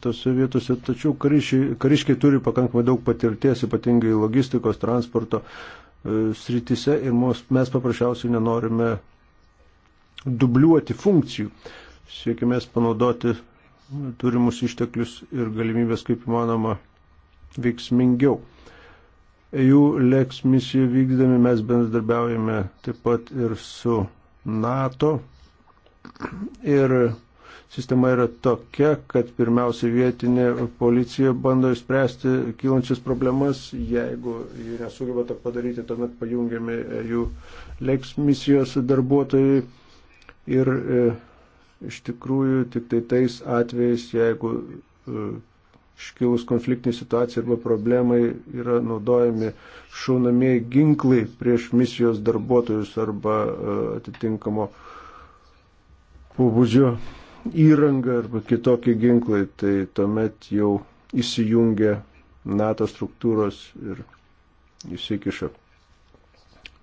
tose vietose, tačiau kariškiai, kariškiai turi pakankamai daug patirties, ypatingai logistikos, transporto e, srityse ir mes paprasčiausiai nenorime dubliuoti funkcijų. Siekime panaudoti turimus išteklius ir galimybės kaip įmanoma veiksmingiau. EU leks misiją vykdami mes bendradarbiaujame taip pat ir su NATO. Ir sistema yra tokia, kad pirmiausia vietinė policija bando išspręsti kylančias problemas. Jeigu jie nesugeba to padaryti, tuomet pajungiami jų e leks misijos darbuotojai ir e, iš tikrųjų tik tai tais atvejais, jeigu e, iškilus konfliktinį situaciją arba problemai yra naudojami šaunamieji ginklai prieš misijos darbuotojus arba e, atitinkamo pobūdžio įrangą arba kitokie ginklai, tai tuomet jau įsijungia NATO struktūros ir įsikiša.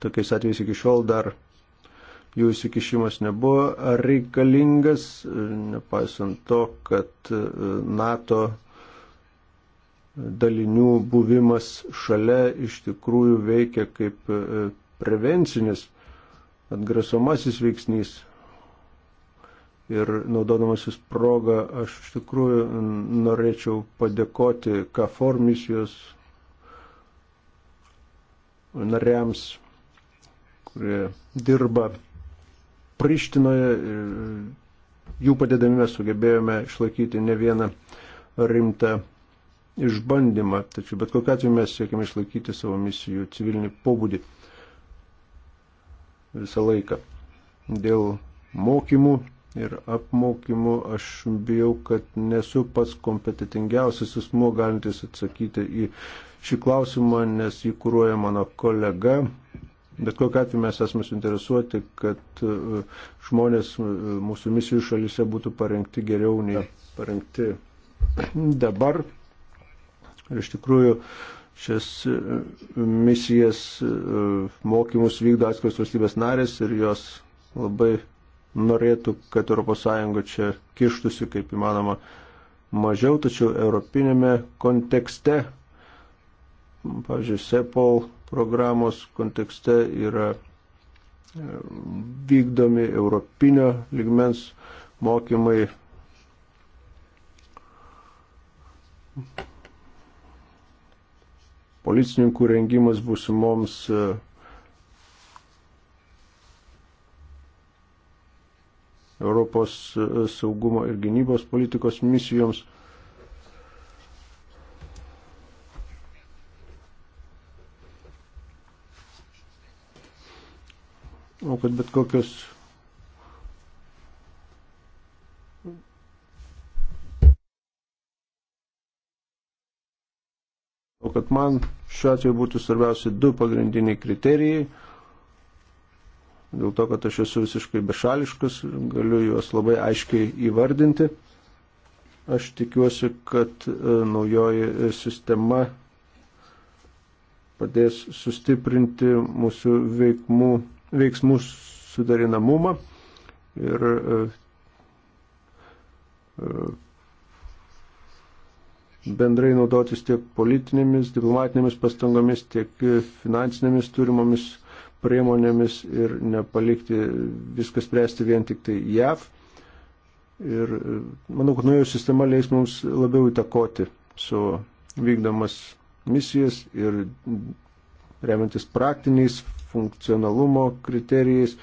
Tokiais atvejais iki šiol dar jų įsikišimas nebuvo reikalingas, nepaisant to, kad e, NATO dalinių buvimas šalia iš tikrųjų veikia kaip e, prevencinis atgrasomasis veiksnys. Ir naudodamasis progą, aš iš tikrųjų norėčiau padėkoti KFOR misijos nariams, kurie dirba Prištinoje jų padėdami mes sugebėjome išlaikyti ne vieną rimtą išbandymą, tačiau bet kokiu atveju mes siekime išlaikyti savo misijų civilinį pobūdį visą laiką. Dėl mokymų ir apmokymų aš bijau, kad nesu pats kompetitingiausias asmuo galintis atsakyti į šį klausimą, nes jį kūruoja mano kolega, Bet kokiu atveju mes esame suinteresuoti, kad e, žmonės e, mūsų misijų šalyse būtų parengti geriau nei parengti dabar. Ir iš tikrųjų šias e, misijas mokymus vykdo atskiros valstybės narės ir jos labai norėtų, kad ES čia kištusi kaip įmanoma mažiau, tačiau europinėme kontekste, pavyzdžiui, SEPOL programos kontekste yra e, vykdomi europinio ligmens mokymai. Policininkų rengimas būsimoms e, Europos e, saugumo ir gynybos politikos misijoms. Manau, kad bet kokios O kad man šiuo atveju būtų svarbiausi du pagrindiniai kriterijai, dėl to, kad aš esu visiškai bešališkas, galiu juos labai aiškiai įvardinti. Aš tikiuosi, kad e, naujoji e, sistema padės sustiprinti mūsų veikmų veiksmų sudarinamumą ir e, e, bendrai naudotis tiek politinėmis, diplomatinėmis pastangomis, tiek finansinėmis turimomis priemonėmis ir nepalikti viskas spręsti vien tik tai JAV. Ir e, manau, kad naujoji sistema leis mums labiau įtakoti su vykdomas misijas ir remiantis praktiniais funkcionalumo kriterijais.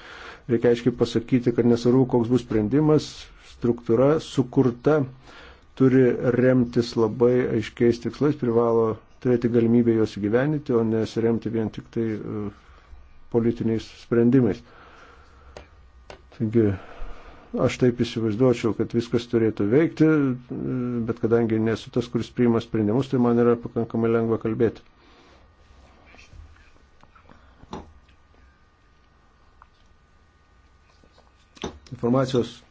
Reikia aiškiai pasakyti, kad nesvarbu, koks bus sprendimas, struktūra sukurta turi remtis labai aiškiais tikslais, privalo turėti galimybę juos įgyveninti, o nesiremti vien tik tai e, politiniais sprendimais. Taigi, aš taip įsivaizduočiau, kad viskas turėtų veikti, e, bet kadangi nesu tas, kuris priima sprendimus, tai man yra pakankamai lengva kalbėti. informacijos,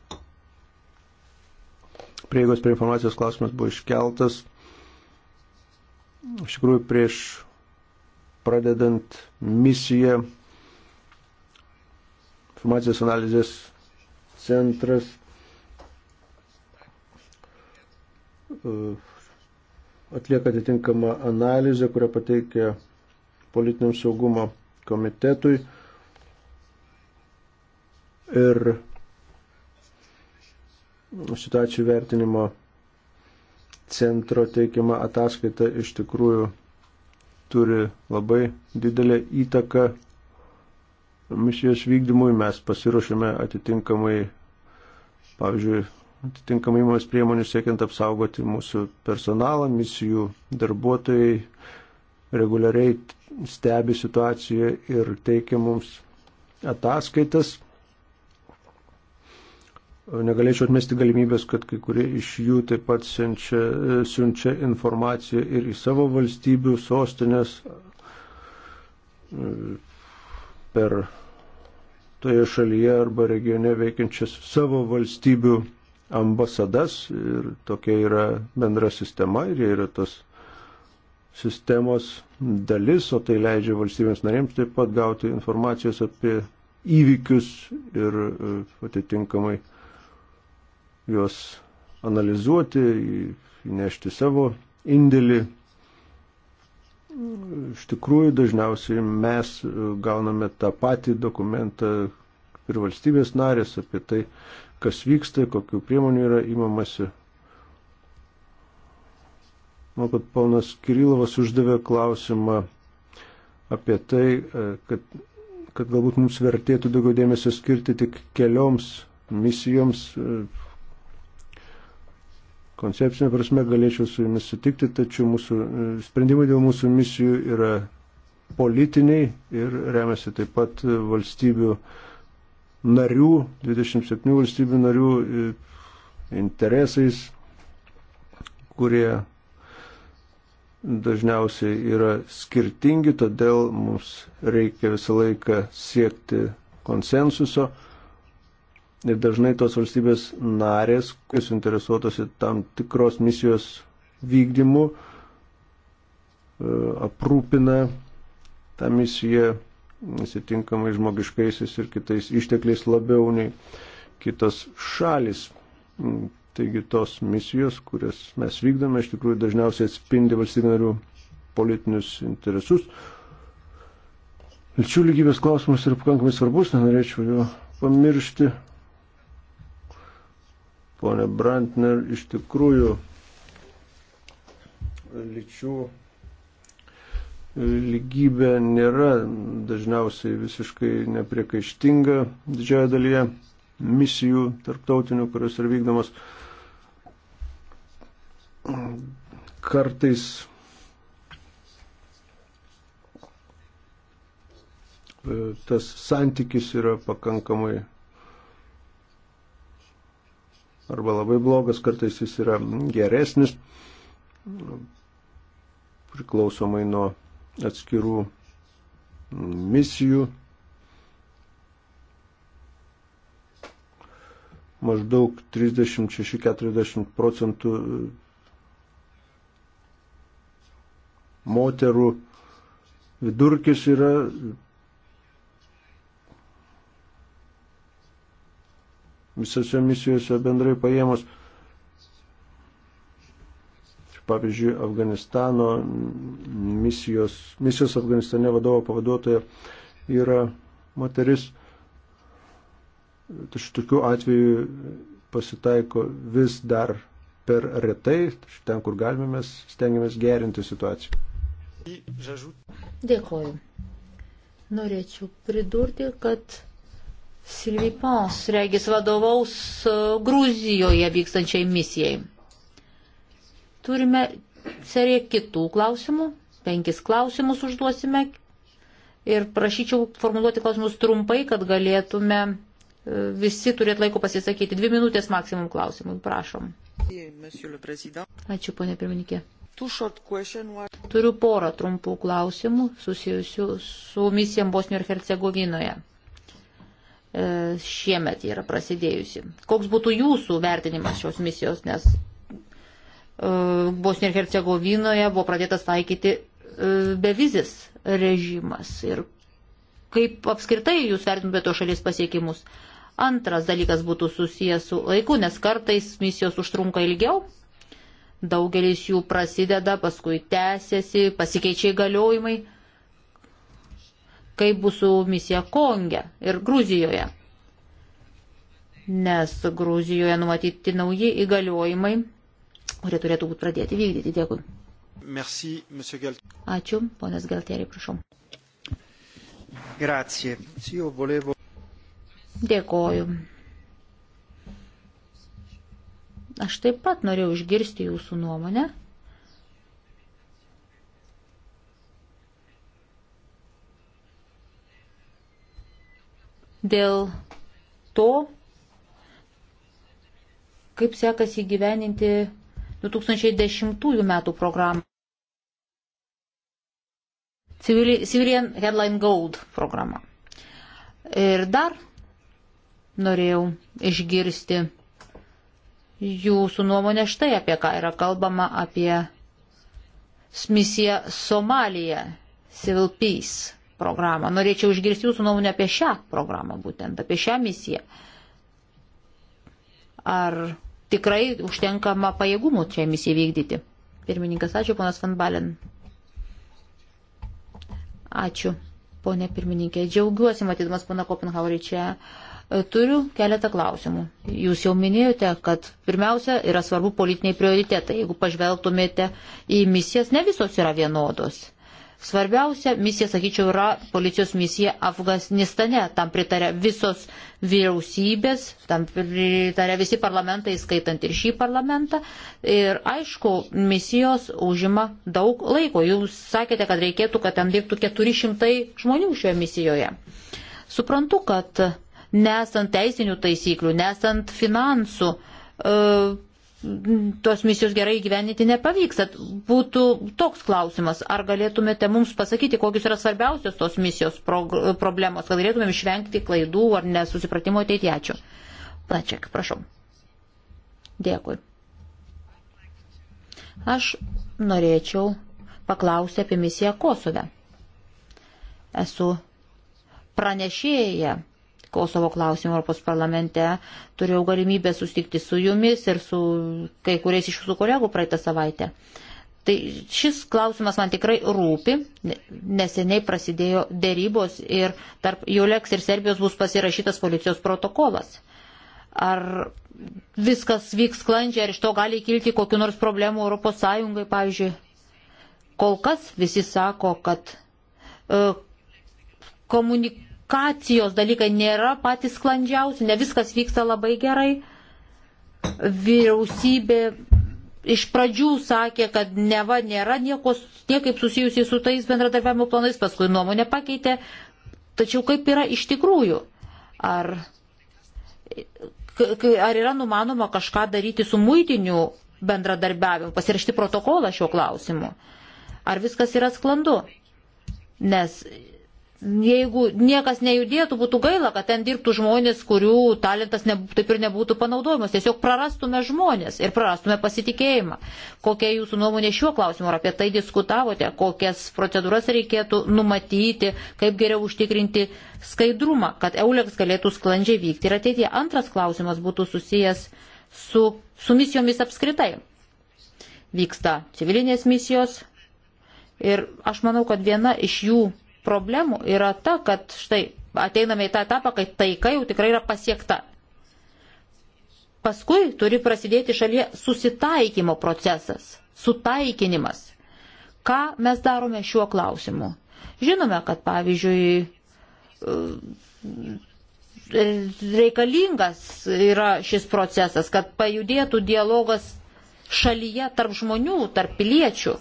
prieigos prie informacijos klausimas buvo iškeltas. Iš tikrųjų, prieš pradedant misiją informacijos analizės centras uh, atlieka atitinkamą analizę, kurią pateikia politiniam saugumo komitetui ir situacijų vertinimo centro teikiama ataskaita iš tikrųjų turi labai didelę įtaką misijos vykdymui. Mes pasiruošėme atitinkamai, pavyzdžiui, atitinkamai įmonės priemonių siekiant apsaugoti mūsų personalą, misijų darbuotojai reguliariai stebi situaciją ir teikia mums ataskaitas. Negalėčiau atmesti galimybės, kad kai kurie iš jų taip pat siunčia, siunčia informaciją ir į savo valstybių sostinės per toje šalyje arba regione veikiančias savo valstybių ambasadas. Ir tokia yra bendra sistema ir jie yra tos sistemos dalis, o tai leidžia valstybėms narėms taip pat gauti informacijos apie įvykius ir e, atitinkamai juos analizuoti, įnešti savo indėlį. Iš tikrųjų, dažniausiai mes gauname tą patį dokumentą ir valstybės narės apie tai, kas vyksta, kokiu priemonių yra įmamasi. Manau, kad ponas Kirilovas uždavė klausimą apie tai, kad, kad galbūt mums vertėtų daugiau dėmesio skirti tik kelioms misijoms, koncepcinė prasme galėčiau su jumis sutikti, tačiau mūsų e, sprendimai dėl mūsų misijų yra politiniai ir remiasi taip pat e, valstybių narių, 27 valstybių narių e, interesais, kurie dažniausiai yra skirtingi, todėl mums reikia visą laiką siekti konsensuso. Ir dažnai tos valstybės narės, kuris interesuotosi tam tikros misijos vykdymu, e, aprūpina tą misiją atitinkamai žmogiškaisiais ir kitais ištekliais labiau nei kitos šalis. Mm, taigi tos misijos, kurias mes vykdome, iš tikrųjų dažniausiai atspindi valstybinarių politinius interesus. Lyčių lygybės klausimas yra pakankamai svarbus, nenorėčiau jo pamiršti ponė Brantner, iš tikrųjų lyčių e, lygybė nėra dažniausiai visiškai nepriekaištinga didžioje dalyje misijų tarptautinių, kurios yra vykdomos. Kartais e, tas santykis yra pakankamai arba labai blogas, kartais jis yra geresnis, priklausomai nuo atskirų misijų. Maždaug 36-40 procentų moterų vidurkis yra visose misijose bendrai paėmus. Pavyzdžiui, Afganistano misijos, misijos Afganistane vadovo pavaduotoja yra moteris. Tačiau tokių atvejų pasitaiko vis dar per retai, ten, kur galime, mes stengiamės gerinti situaciją. Dėkoju. Norėčiau pridurti, kad Silvi Pons, regis, vadovaus e, Gruzijoje vykstančiai misijai. Turime seriją kitų klausimų, penkis klausimus užduosime ir prašyčiau formuluoti klausimus trumpai, kad galėtume e, visi turėti laiko pasisakyti. Dvi minutės maksimum klausimui, prašom. Ačiū, ponė pirmininkė. Turiu porą trumpų klausimų susijusių su misijom Bosnijoje ir Hercegovinoje. E, šiemet yra prasidėjusi. Koks būtų jūsų vertinimas šios misijos, nes e, Bosnijoje ir Hercegovinoje buvo pradėtas taikyti e, bevizis režimas ir kaip apskritai jūs vertintumėte to šalies pasiekimus. Antras dalykas būtų susijęs su laiku, nes kartais misijos užtrunka ilgiau, daugelis jų prasideda, paskui tęsiasi, pasikeičia įgaliojimai kaip bus su misija Konge ir Gruzijoje. Nes Gruzijoje numatyti nauji įgaliojimai, kurie turėtų būti pradėti vykdyti. Dėkui. Merci, Ačiū, ponas Galtieri, prašau. Grazie. Io volevo... Dėkoju. Aš taip pat norėjau išgirsti jūsų nuomonę. dėl to, kaip sekasi įgyveninti 2010 metų programą. Civilian Headline Gold programą. Ir dar norėjau išgirsti jūsų nuomonę štai apie ką yra kalbama apie misiją Somalija, Civil Peace programą. Norėčiau išgirsti jūsų nuomonę apie šią programą būtent, apie šią misiją. Ar tikrai užtenkama pajėgumų čia misijai vykdyti? Pirmininkas, ačiū, ponas Van Balen. Ačiū, ponė pirmininkė. Džiaugiuosi, matydamas pana Kopenhauerį čia. E, turiu keletą klausimų. Jūs jau minėjote, kad pirmiausia yra svarbu politiniai prioritetai. Jeigu pažvelgtumėte į misijas, ne visos yra vienodos. Svarbiausia misija, sakyčiau, yra policijos misija Afganistane. Tam pritarė visos vyriausybės, tam pritarė visi parlamentai, skaitant ir šį parlamentą. Ir aišku, misijos užima daug laiko. Jūs sakėte, kad reikėtų, kad ten dirbtų 400 žmonių šioje misijoje. Suprantu, kad nesant teisinių taisyklių, nesant finansų, e, tos misijos gerai gyveninti nepavyks. Tad būtų toks klausimas, ar galėtumėte mums pasakyti, kokius yra svarbiausios tos misijos problemos, kad galėtumėm išvengti klaidų ar nesusipratimo ateityje. Ačiū. Plačiak, prašau. Dėkui. Aš norėčiau paklausti apie misiją Kosove. Esu pranešėję Kosovo klausimų Europos parlamente. Turėjau galimybę sustikti su jumis ir su kai kuriais iš jūsų kolegų praeitą savaitę. Tai šis klausimas man tikrai rūpi. Neseniai prasidėjo dėrybos ir tarp Juleks ir Serbijos bus pasirašytas policijos protokolas. Ar viskas vyks sklandžiai, ar iš to gali kilti kokiu nors problemu Europos Sąjungai, pavyzdžiui. Kol kas visi sako, kad e, komunik komunikacijos dalykai nėra patys sklandžiausi, ne viskas vyksta labai gerai. Vyriausybė iš pradžių sakė, kad neva nėra nieko, niekaip susijusi su tais bendradarbiavimo planais, paskui nuomonę pakeitė. Tačiau kaip yra iš tikrųjų? Ar, ar yra numanoma kažką daryti su muitiniu bendradarbiavimu, pasirašti protokolą šiuo klausimu? Ar viskas yra sklandu? Nes jeigu niekas nejudėtų, būtų gaila, kad ten dirbtų žmonės, kurių talentas ne, taip ir nebūtų panaudojamas. Tiesiog prarastume žmonės ir prarastume pasitikėjimą. Kokia jūsų nuomonė šiuo klausimu, ar apie tai diskutavote, kokias procedūras reikėtų numatyti, kaip geriau užtikrinti skaidrumą, kad EULEX galėtų sklandžiai vykti. Ir ateitie antras klausimas būtų susijęs su, su misijomis apskritai. Vyksta civilinės misijos ir aš manau, kad viena iš jų problemų yra ta, kad štai ateiname į tą etapą, kai taika jau tikrai yra pasiekta. Paskui turi prasidėti šalyje susitaikymo procesas, sutaikinimas. Ką mes darome šiuo klausimu? Žinome, kad pavyzdžiui reikalingas yra šis procesas, kad pajudėtų dialogas šalyje tarp žmonių, tarp piliečių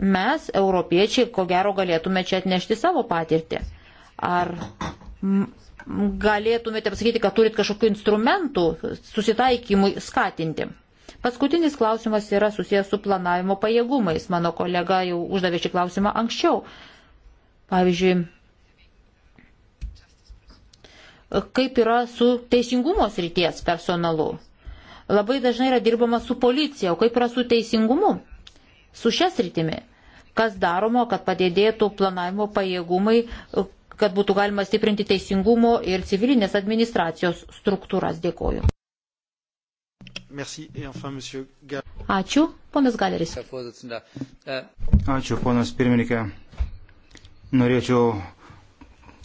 mes, europiečiai, ko gero galėtume čia atnešti savo patirtį. Ar galėtumėte pasakyti, kad turit kažkokių instrumentų susitaikymui skatinti? Paskutinis klausimas yra susijęs su planavimo pajėgumais. Mano kolega jau uždavė šį klausimą anksčiau. Pavyzdžiui, kaip yra su teisingumo srities personalu. Labai dažnai yra dirbama su policija, o kaip yra su teisingumu, su šias rytimi kas daroma, kad padėdėtų planavimo pajėgumai, kad būtų galima stiprinti teisingumo ir civilinės administracijos struktūras. Dėkoju. Merci. Et enfin, monsieur... Ačiū, ponas Galeris. Äh, Ačiū, ponas pirmininkė. Norėčiau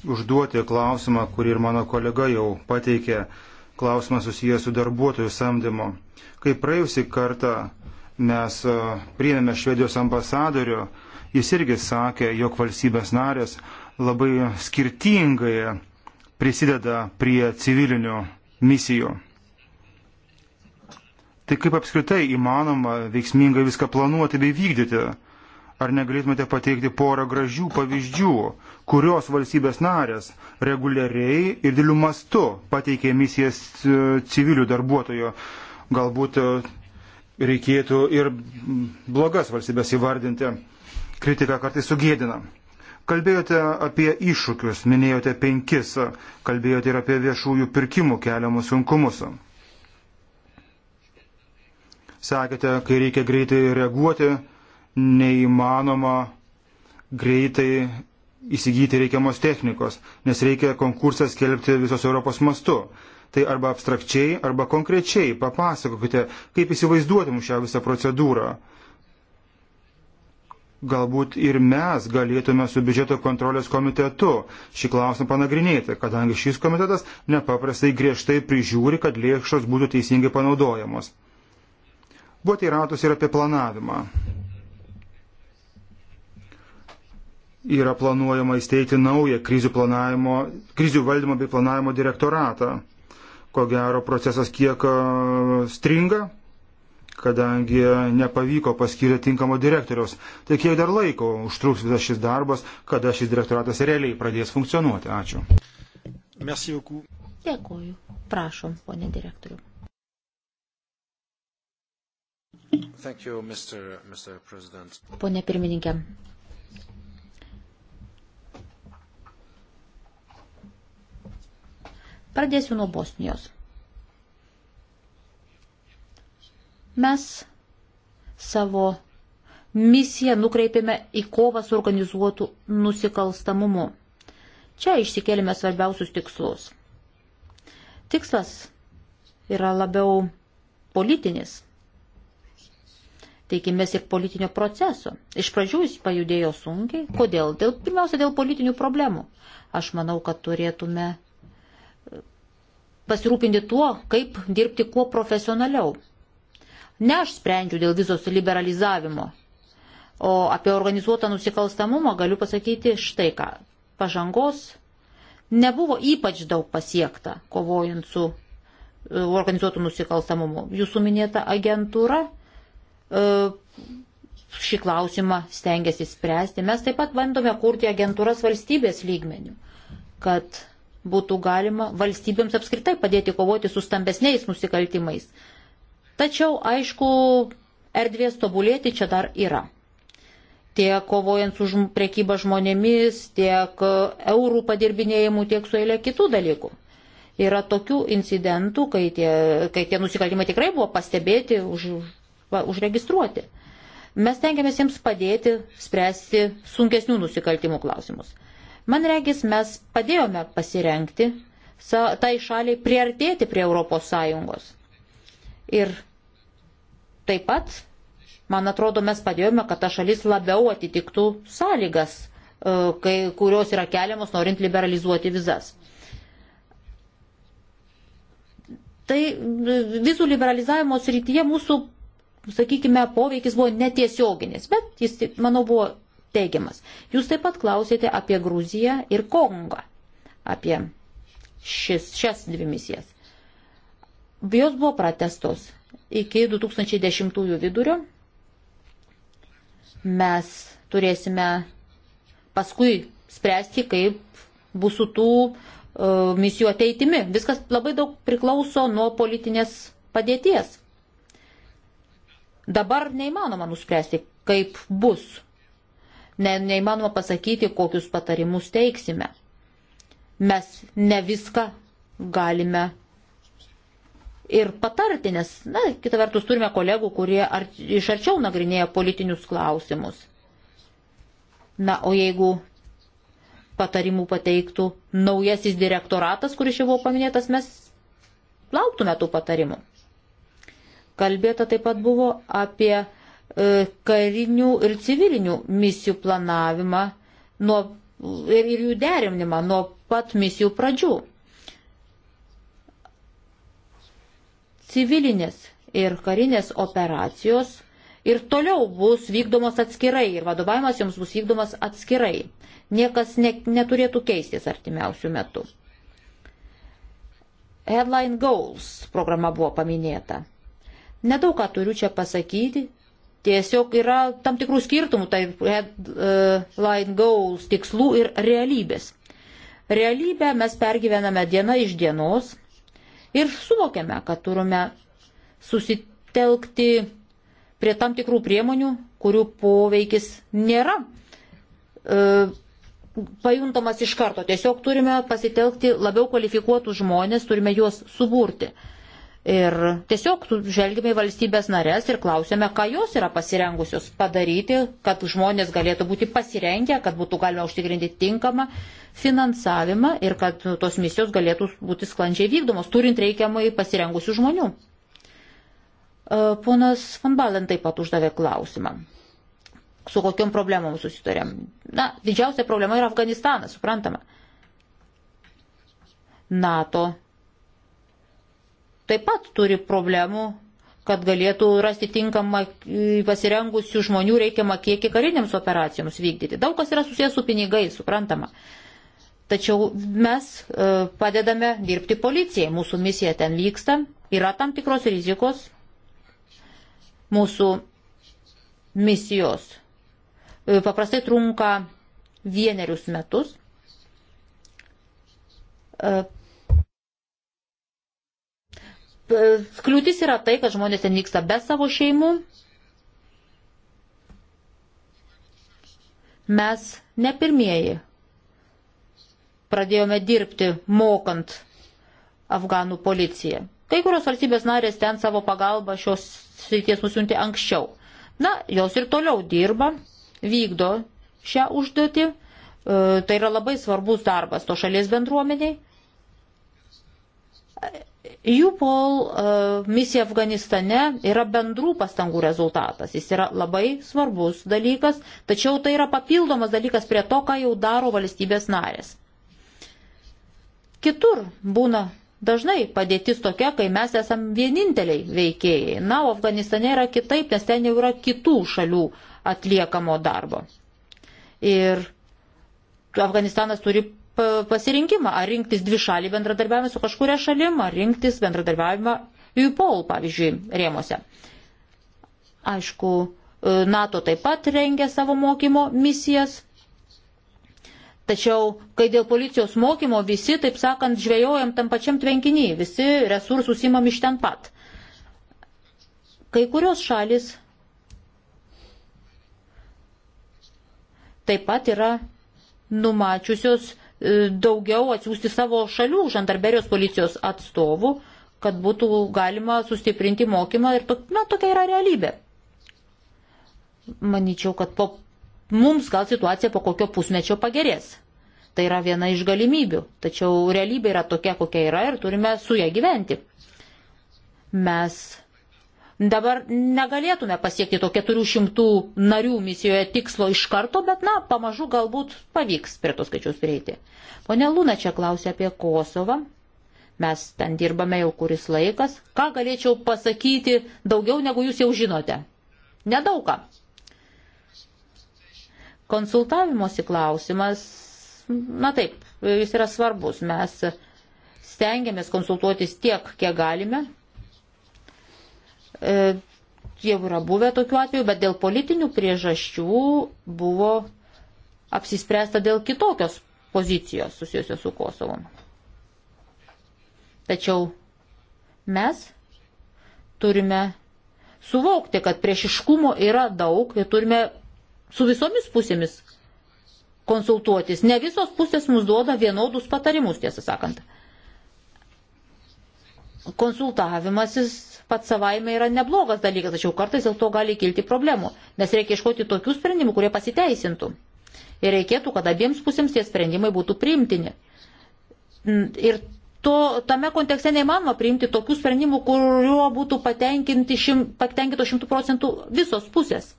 užduoti klausimą, kurį ir mano kolega jau pateikė. Klausimas susijęs su darbuotojų samdymo. Kai praėjusį kartą mes e, priėmėme Švedijos ambasadorių, jis irgi sakė, jog valstybės narės labai skirtingai prisideda prie civilinių misijų. Tai kaip apskritai įmanoma veiksmingai viską planuoti bei vykdyti? Ar negalėtumėte pateikti porą gražių pavyzdžių, kurios valstybės narės reguliariai ir dėlių mastu pateikė misijas e, civilių darbuotojų? Galbūt e, reikėtų ir blogas valstybės įvardinti. Kritika kartais sugėdina. Kalbėjote apie iššūkius, minėjote penkis, kalbėjote ir apie viešųjų pirkimų keliamus sunkumus. Sakėte, kai reikia greitai reaguoti, neįmanoma greitai įsigyti reikiamos technikos, nes reikia konkursą skelbti visos Europos mastu tai arba abstrakčiai, arba konkrečiai papasakokite, kaip įsivaizduotum šią visą procedūrą. Galbūt ir mes galėtume su biudžeto kontrolės komitetu šį klausimą panagrinėti, kadangi šis komitetas nepaprastai griežtai prižiūri, kad lėšos būtų teisingai panaudojamos. Buvo teirautus ir apie planavimą. yra planuojama įsteigti naują krizių, krizių valdymo bei planavimo direktoratą ko gero procesas kiek e, stringa, kadangi nepavyko paskirti tinkamo direktoriaus. Tai kiek dar laiko užtruks visas šis darbas, kada šis direktoratas realiai pradės funkcionuoti? Ačiū. Merci beaucoup. Dėkuoju. Prašom, ponė direktoriu. Thank you, Mr. Mr. President. Pone pirmininkė, Pradėsiu nuo Bosnijos. Mes savo misiją nukreipėme į kovą su organizuotu nusikalstamumu. Čia išsikėlėme svarbiausius tikslus. Tikslas yra labiau politinis. Teikimės ir politinio proceso. Iš pradžių jis pajudėjo sunkiai. Kodėl? Dėl, pirmiausia, dėl politinių problemų. Aš manau, kad turėtume pasirūpinti tuo, kaip dirbti kuo profesionaliau. Ne aš sprendžiu dėl vizos liberalizavimo, o apie organizuotą nusikalstamumą galiu pasakyti štai ką. Pažangos nebuvo ypač daug pasiekta, kovojant su e, organizuotų nusikalstamumu. Jūsų minėta agentūra e, šį klausimą stengiasi spręsti. Mes taip pat bandome kurti agentūras valstybės lygmenių, kad būtų galima valstybėms apskritai padėti kovoti su stambesniais nusikaltimais. Tačiau, aišku, erdvės tobulėti čia dar yra. Tiek kovojant su žm prekyba žmonėmis, tiek e, eurų padirbinėjimu, tiek su eilė kitų dalykų. Yra tokių incidentų, kai tie, kai tie nusikaltimai tikrai buvo pastebėti, už, va, užregistruoti. Mes tengiamės jiems padėti spręsti sunkesnių nusikaltimų klausimus. Man regis, mes padėjome pasirenkti tai šaliai priartėti prie ES. Ir taip pat, man atrodo, mes padėjome, kad ta šalis labiau atitiktų sąlygas, e, kai, kurios yra keliamos norint liberalizuoti vizas. Tai e, vizų liberalizavimo srityje mūsų, sakykime, poveikis buvo netiesioginis, bet jis, manau, buvo teigiamas. Jūs taip pat klausėte apie Gruziją ir Kongą, apie šis, šias dvi misijas. Jos buvo pratestos iki 2010 vidurio. Mes turėsime paskui spręsti, kaip bus su tų uh, misijų ateitimi. Viskas labai daug priklauso nuo politinės padėties. Dabar neįmanoma nuspręsti, kaip bus ne, neįmanoma pasakyti, kokius patarimus teiksime. Mes ne viską galime ir patarti, nes, na, kita vertus turime kolegų, kurie ar, iš arčiau nagrinėja politinius klausimus. Na, o jeigu patarimų pateiktų naujasis direktoratas, kuris jau buvo paminėtas, mes lauktume tų patarimų. Kalbėta taip pat buvo apie E, karinių ir civilinių misijų planavimą nuo, ir, ir jų derinimą nuo pat misijų pradžių. Civilinės ir karinės operacijos ir toliau bus vykdomas atskirai ir vadovavimas joms bus vykdomas atskirai. Niekas ne, neturėtų keistis artimiausių metų. Headline Goals programa buvo paminėta. Nedaug ką turiu čia pasakyti, Tiesiog yra tam tikrų skirtumų tarp headline e, goals tikslų ir realybės. Realybę mes pergyvename diena iš dienos ir suvokiame, kad turime susitelkti prie tam tikrų priemonių, kurių poveikis nėra e, pajuntamas iš karto. Tiesiog turime pasitelkti labiau kvalifikuotus žmonės, turime juos suburti. E, Ir tiesiog žvelgime į valstybės narės ir klausėme, ką jos yra pasirengusios padaryti, kad žmonės galėtų būti pasirengę, kad būtų galima užtikrinti tinkamą finansavimą ir kad tos misijos galėtų būti sklandžiai vykdomos, turint reikiamai pasirengusių žmonių. E, ponas Van Balen taip pat uždavė klausimą. Su kokiam problemom susitarėm? Na, didžiausia problema yra Afganistanas, suprantama. NATO taip pat turi problemų, kad galėtų rasti tinkamą e, pasirengusių žmonių reikiamą kiekį karinėms operacijoms vykdyti. Daug kas yra susijęs su pinigais, suprantama. Tačiau mes e, padedame dirbti policijai, mūsų misija ten vyksta, yra tam tikros rizikos mūsų misijos. E, paprastai trunka vienerius metus kliūtis yra tai, kad žmonės ten vyksta be savo šeimų. Mes ne pirmieji pradėjome dirbti mokant afganų policiją. Kai kurios valstybės narės ten savo pagalbą šios srities nusiunti anksčiau. Na, jos ir toliau dirba, vykdo šią užduotį. E, tai yra labai svarbus darbas to šalies bendruomeniai UPOL e, misija Afganistane yra bendrų pastangų rezultatas. Jis yra labai svarbus dalykas, tačiau tai yra papildomas dalykas prie to, ką jau daro valstybės narės. Kitur būna dažnai padėtis tokia, kai mes esam vieninteliai veikėjai. Na, o Afganistane yra kitaip, nes ten jau yra kitų šalių atliekamo darbo. Ir Afganistanas turi pasirinkimą, ar rinktis dvi šalį bendradarbiavimą su kažkuria šalim, ar rinktis bendradarbiavimą UPOL, pavyzdžiui, rėmose. Aišku, e, NATO taip pat rengia savo mokymo misijas. Tačiau, kai dėl policijos mokymo visi, taip sakant, žvejojam tam pačiam tvenkiny, visi resursus imam iš ten pat. Kai kurios šalis taip pat yra numačiusios E, daugiau atsiųsti savo šalių žandarberijos policijos atstovų, kad būtų galima sustiprinti mokymą ir to, na, tokia yra realybė. Manyčiau, kad po, mums gal situacija po kokio pusmečio pagerės. Tai yra viena iš galimybių, tačiau realybė yra tokia, kokia yra ir turime su ją gyventi. Mes Dabar negalėtume pasiekti to 400 narių misijoje tikslo iš karto, bet, na, pamažu galbūt pavyks prie to skaičiaus prieiti. Pone Lūna čia klausė apie Kosovą. Mes ten dirbame jau kuris laikas. Ką galėčiau pasakyti daugiau, negu jūs jau žinote? Nedaugą. Konsultavimosi klausimas, na taip, jis yra svarbus. Mes stengiamės konsultuotis tiek, kiek galime, E, jau yra buvę tokių atvejų, bet dėl politinių priežasčių buvo apsispręsta dėl kitokios pozicijos susijusios su Kosovu. Tačiau mes turime suvokti, kad priešiškumo yra daug ir turime su visomis pusėmis konsultuotis. Ne visos pusės mums duoda vienodus patarimus, tiesą sakant. Konsultavimasis pats savaime yra neblogas dalykas, tačiau kartais dėl to gali kilti problemų, nes reikia iškoti tokių sprendimų, kurie pasiteisintų. Ir reikėtų, kad abiems pusėms tie sprendimai būtų priimtini. Ir to, tame kontekste neįmanoma priimti tokių sprendimų, kuriuo būtų šim, patenkintos šimtų procentų visos pusės.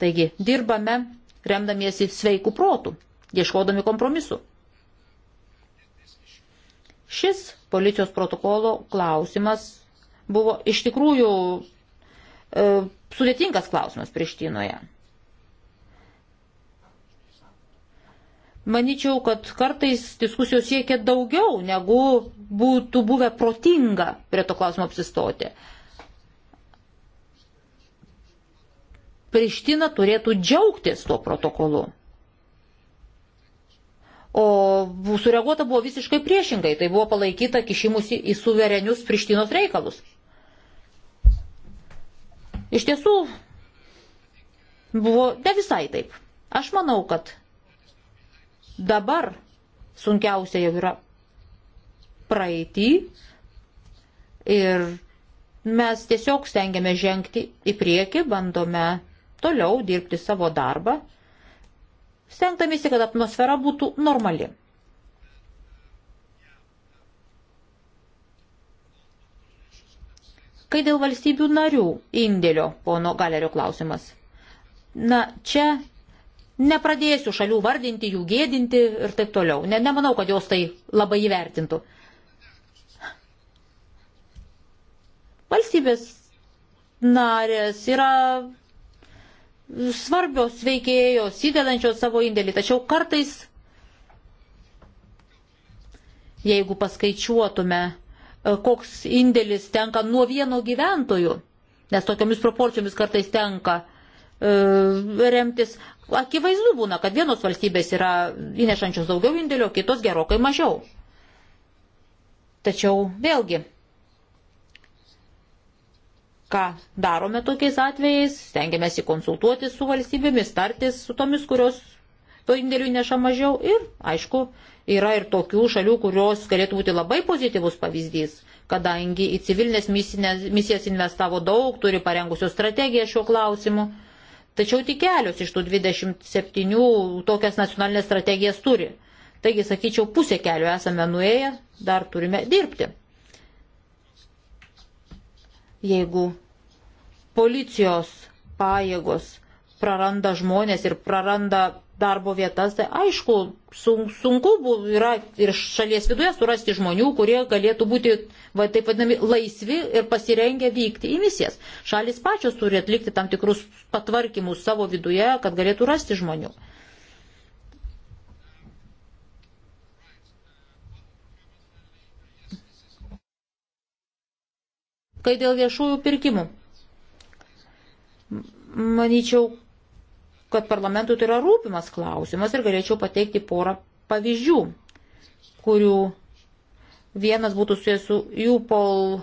Taigi, dirbame remdamiesi sveikų protų, ieškodami kompromisu. Šis policijos protokolo klausimas buvo iš tikrųjų e, sudėtingas klausimas Prištinoje. Maničiau, kad kartais diskusijos siekia daugiau, negu būtų buvę protinga prie to klausimo apsistoti. Priština turėtų džiaugtis tuo protokolu. O sureaguota buvo visiškai priešingai, tai buvo palaikyta kišimusi į suverenius Prištinos reikalus. Iš tiesų, buvo ne visai taip. Aš manau, kad dabar sunkiausia jau yra praeitį ir mes tiesiog stengiame žengti į priekį, bandome toliau dirbti savo darbą, stengdamėsi, kad atmosfera būtų normali. Kai dėl valstybių narių indėlio, pono Galerio klausimas. Na, čia nepradėsiu šalių vardinti, jų gėdinti ir taip toliau. Ne, nemanau, kad jos tai labai įvertintų. Valstybės narės yra svarbios veikėjos, įdedančios savo indėlį, tačiau kartais, jeigu paskaičiuotume E, koks indėlis tenka nuo vieno gyventojų, nes tokiamis proporcijomis kartais tenka e, remtis. Akivaizdu būna, kad vienos valstybės yra įnešančios daugiau indėlio, kitos gerokai mažiau. Tačiau vėlgi, ką darome tokiais atvejais, stengiamės įkonsultuoti su valstybėmis, tartis su tomis, kurios to indėlių neša mažiau ir, aišku, yra ir tokių šalių, kurios galėtų būti labai pozityvus pavyzdys, kadangi į civilinės misinės, misijas investavo daug, turi parengusios strategiją šiuo klausimu. Tačiau tik kelios iš tų 27 tokias nacionalinės strategijas turi. Taigi, sakyčiau, pusė kelio esame nuėję, dar turime dirbti. Jeigu policijos pajėgos praranda žmonės ir praranda darbo vietas, tai aišku, sunku yra ir šalies viduje surasti žmonių, kurie galėtų būti va, taip vadinami laisvi ir pasirengę vykti į misijas. Šalis pačios turi atlikti tam tikrus patvarkymus savo viduje, kad galėtų rasti žmonių. Kai dėl viešųjų pirkimų. Manyčiau, kad parlamentui tai yra rūpimas klausimas ir galėčiau pateikti porą pavyzdžių, kurių vienas būtų susijęs su UPOL e,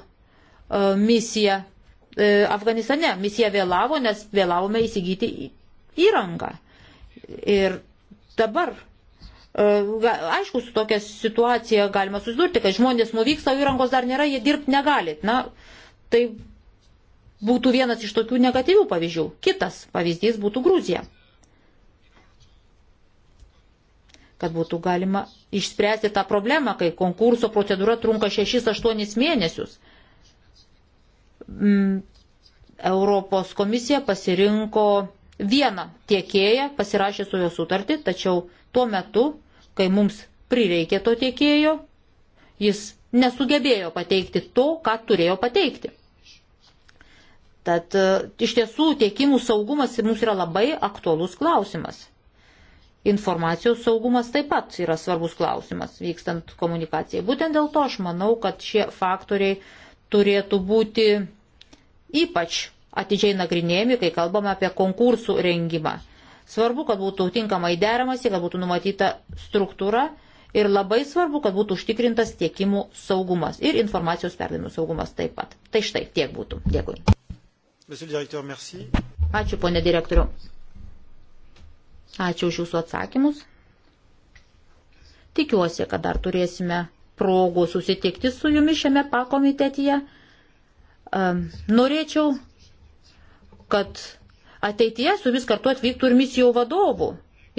misija e, Afganistane. Misija vėlavo, nes vėlavome įsigyti įrangą. Ir dabar, e, aišku, su tokia situacija galima susidurti, kad žmonės nuvyksta, įrangos dar nėra, jie dirbti negali. Na, tai būtų vienas iš tokių negatyvių pavyzdžių. Kitas pavyzdys būtų Gruzija. kad būtų galima išspręsti tą problemą, kai konkurso procedūra trunka 6-8 mėnesius. Mm, Europos komisija pasirinko vieną tiekėją, pasirašė su jo sutartį, tačiau tuo metu, kai mums prireikė to tiekėjo, jis nesugebėjo pateikti to, ką turėjo pateikti. Tad e, iš tiesų tiekimų saugumas mums yra labai aktuolus klausimas. Informacijos saugumas taip pat yra svarbus klausimas vykstant komunikacijai. Būtent dėl to aš manau, kad šie faktoriai turėtų būti ypač atidžiai nagrinėjami, kai kalbame apie konkursų rengimą. Svarbu, kad būtų tinkamai deramasi, kad būtų numatyta struktūra ir labai svarbu, kad būtų užtikrintas tiekimų saugumas ir informacijos perdavimų saugumas taip pat. Tai štai tiek būtų. Dėkui. Ačiū, ponė direktoriu. Ačiū už Jūsų atsakymus. Tikiuosi, kad dar turėsime progų susitikti su Jumis šiame pakomitetyje. Um, ehm, norėčiau, kad ateityje su vis kartu atvyktų ir misijų vadovų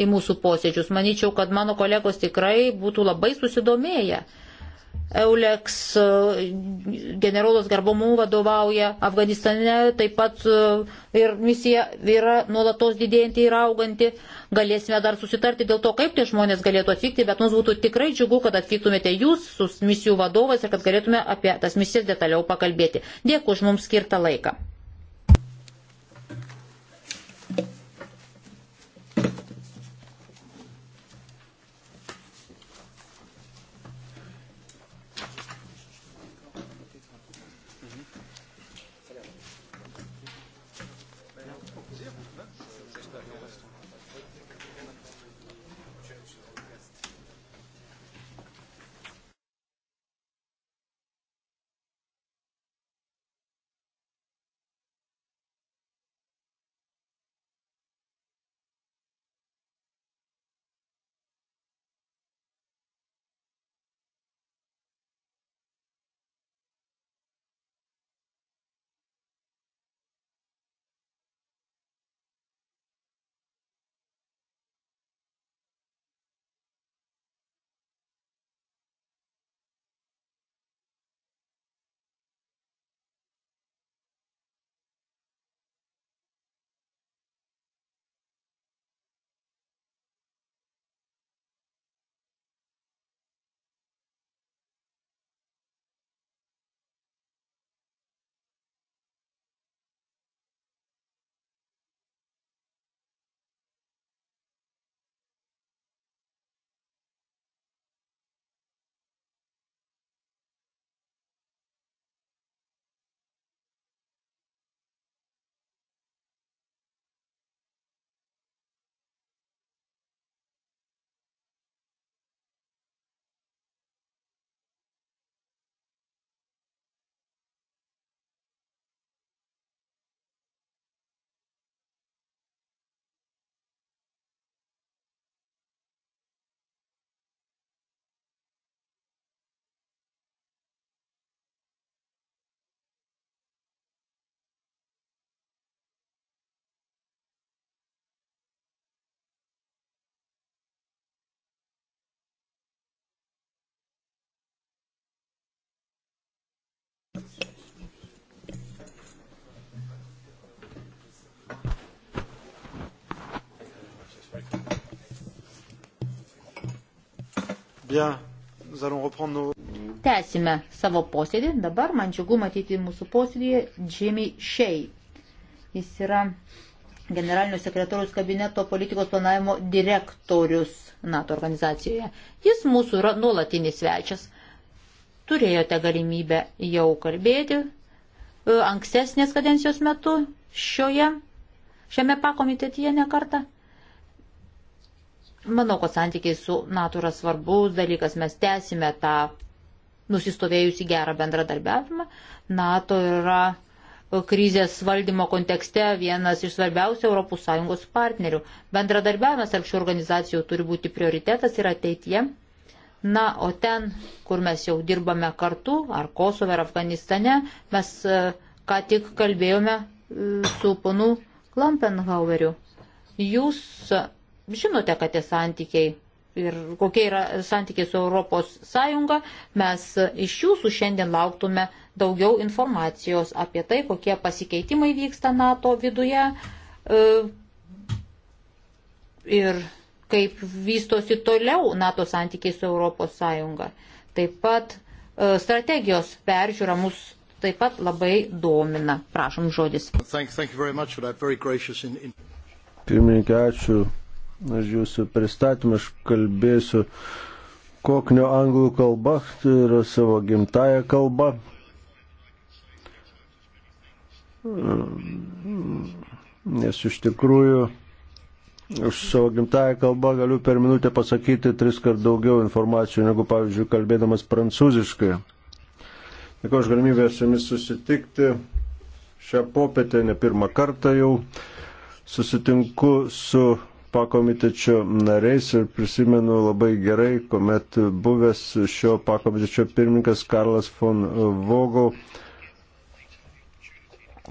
į mūsų posėdžius. Manyčiau, kad mano kolegos tikrai būtų labai susidomėję Euleks e, generolas garbomų vadovauja Afganistane, taip pat e, ir misija yra nuolatos didėjanti ir auganti. Galėsime dar susitarti dėl to, kaip tie žmonės galėtų atvykti, bet mums būtų tikrai džiugu, kad atvyktumėte jūs su misijų vadovais ir kad galėtume apie tas misijas detaliau pakalbėti. Dėkui už mums skirtą laiką. Tęsime savo posėdį. Dabar man džiugu matyti mūsų posėdėje Jimmy Shea. Jis yra generalinio sekretoriaus kabineto politikos planavimo direktorius NATO organizacijoje. Jis mūsų yra nuolatinis svečias. Turėjote galimybę jau kalbėti e, ankstesnės kadencijos metu šioje, šiame pakomitetyje nekartą. Manau, kad santykiai su NATO yra svarbus dalykas, mes tęsime tą nusistovėjusi gerą bendradarbiavimą. NATO yra krizės valdymo kontekste vienas iš svarbiausių ES partnerių. Bendradarbiavimas tarp šių organizacijų turi būti prioritetas ir ateitie. Na, o ten, kur mes jau dirbame kartu, ar Kosove, ar Afganistane, mes e, ką tik kalbėjome e, su ponu Klampenhaueriu. Jūs Žinote, kad tie santykiai ir kokie yra santykiai su Europos Sąjunga, mes iš jūsų šiandien lauktume daugiau informacijos apie tai, kokie pasikeitimai vyksta NATO viduje e, ir kaip vystosi toliau NATO santykiai su Europos Sąjunga. Taip pat e, strategijos peržiūra mus taip pat labai domina. Prašom žodis. Pirmininkė, ačiū Aš jūsų pristatymą aš kalbėsiu koknio anglų kalba, tai yra savo gimtaja kalba. Nes iš tikrųjų aš savo gimtają kalbą galiu per minutę pasakyti tris kart daugiau informacijų, negu, pavyzdžiui, kalbėdamas prancūziškai. Dėkuoju už galimybę su jumis susitikti. Šią popietę ne pirmą kartą jau susitinku su pakomitečio nariais ir prisimenu labai gerai, kuomet buvęs šio pakomitečio pirmininkas Karlas von Vogel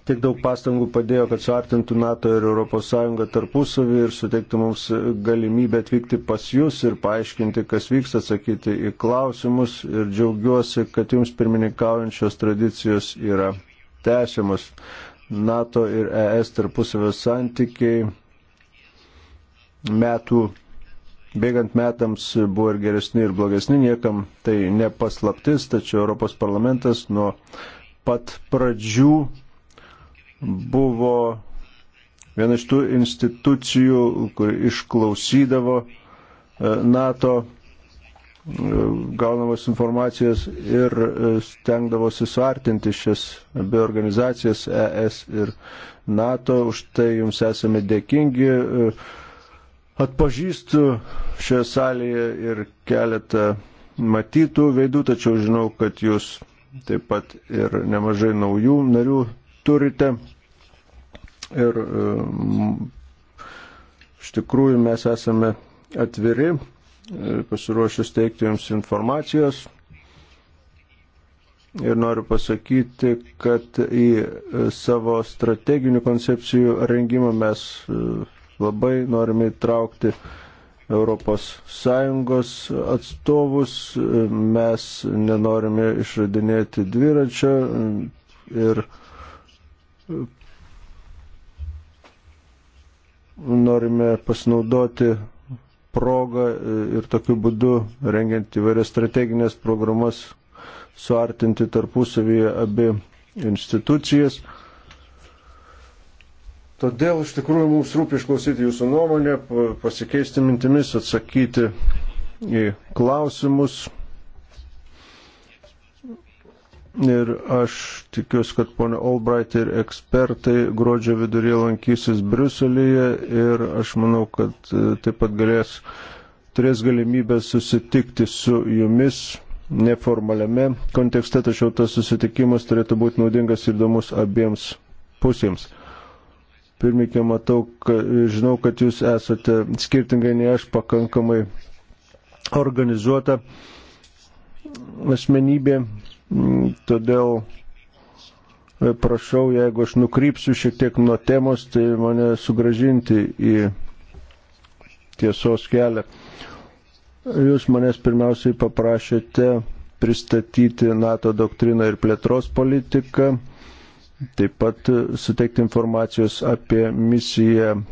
tiek daug pastangų padėjo, kad suartintų NATO ir ES tarpusavį ir suteiktų mums galimybę atvykti pas jūs ir paaiškinti, kas vyksta, atsakyti į klausimus ir džiaugiuosi, kad jums pirmininkaujančios tradicijos yra tęsiamas. NATO ir ES tarpusavio santykiai metų, bėgant metams buvo ir geresni, ir blogesni, niekam tai nepaslaptis, tačiau Europos parlamentas nuo pat pradžių buvo viena iš tų institucijų, kur išklausydavo e, NATO e, gaunamos informacijos ir e, stengdavosi suartinti šias abi organizacijas ES ir NATO. Už tai jums esame dėkingi. Atpažįstu šią salėje ir keletą matytų veidų, tačiau žinau, kad jūs taip pat ir nemažai naujų narių turite. Ir e, iš tikrųjų mes esame atviri, e, pasiruošę steigti jums informacijos. Ir noriu pasakyti, kad į e, savo strateginių koncepcijų rengimą mes labai norime įtraukti ES atstovus, mes nenorime išradinėti dviračio ir norime pasinaudoti progą ir tokiu būdu, rengiant įvairias strateginės programas, suartinti tarpusavyje abi institucijas. Todėl iš tikrųjų mums rūpi išklausyti jūsų nuomonę, pasikeisti mintimis, atsakyti į klausimus. Ir aš tikiuosi, kad ponia Albright ir ekspertai gruodžio viduryje lankysis Briuselėje ir aš manau, kad e, taip pat galės, turės galimybę susitikti su jumis neformaliame kontekste, tačiau tas susitikimas turėtų būti naudingas ir įdomus abiems pusėms. Pirmikė, matau, kad, žinau, kad jūs esate skirtingai nei aš pakankamai organizuota asmenybė, todėl e, prašau, jeigu aš nukrypsiu šiek tiek nuo temos, tai mane sugražinti į tiesos kelią. Jūs manęs pirmiausiai paprašėte pristatyti NATO doktriną ir plėtros politiką. Taip pat e, suteikti informacijos apie misiją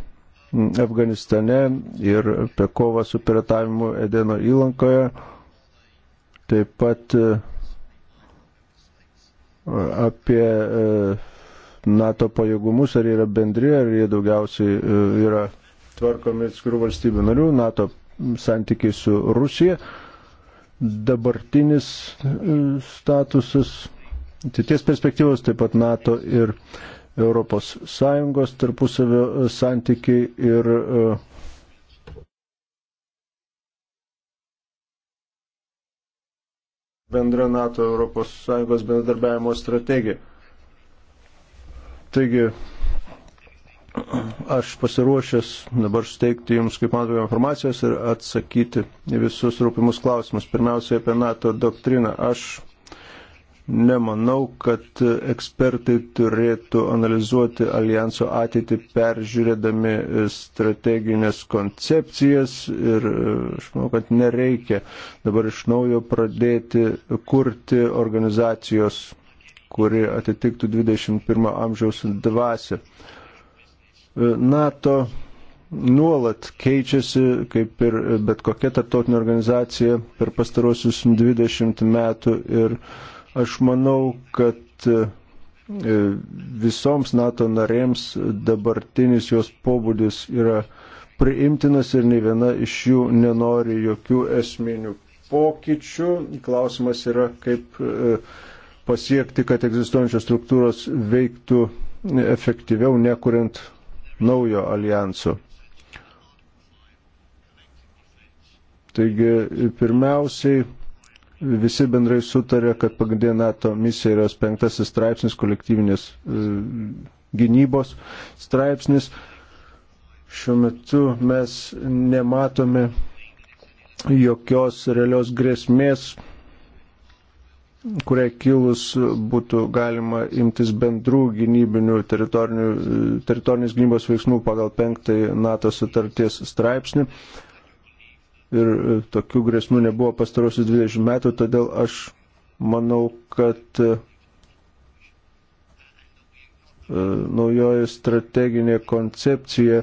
Afganistane ir apie kovą su piratavimu Edeno įlankoje. Taip pat e, apie e, NATO pajėgumus, ar yra bendri, ar jie daugiausiai yra tvarkomi atskirų valstybių narių, NATO santykiai su Rusija, dabartinis statusas ateities perspektyvos, taip pat NATO ir ES tarpusavio e, santykiai ir e, bendra NATO ES bendradarbiavimo strategija. Taigi, aš pasiruošęs dabar suteikti Jums, kaip matome, informacijos ir atsakyti visus rūpimus klausimus. Pirmiausia, apie NATO doktriną. Aš Nemanau, kad ekspertai turėtų analizuoti alijanso ateitį peržiūrėdami strateginės koncepcijas ir e, aš manau, kad nereikia dabar iš naujo pradėti kurti organizacijos, kuri atitiktų 21 amžiaus dvasę. E, NATO nuolat keičiasi, kaip ir bet kokia tarptautinė organizacija per pastarosius 20 metų ir Aš manau, kad e, e, visoms NATO narėms dabartinis jos pobūdis yra priimtinas ir ne viena iš jų nenori jokių esminių pokyčių. Klausimas yra, kaip e, pasiekti, kad egzistuojančios struktūros veiktų efektyviau, nekuriant naujo alijanso. Taigi pirmiausiai visi bendrai sutarė, kad pagrindinė NATO misija yra penktasis straipsnis, kolektyvinės e, gynybos straipsnis. Šiuo metu mes nematome jokios realios grėsmės, kuriai kilus būtų galima imtis bendrų gynybinių e, teritorinės gynybos veiksmų pagal penktąjį NATO sutarties straipsnį ir e, tokių grėsmų nebuvo pastarosius 20 metų, todėl aš manau, kad e, e, naujoji strateginė koncepcija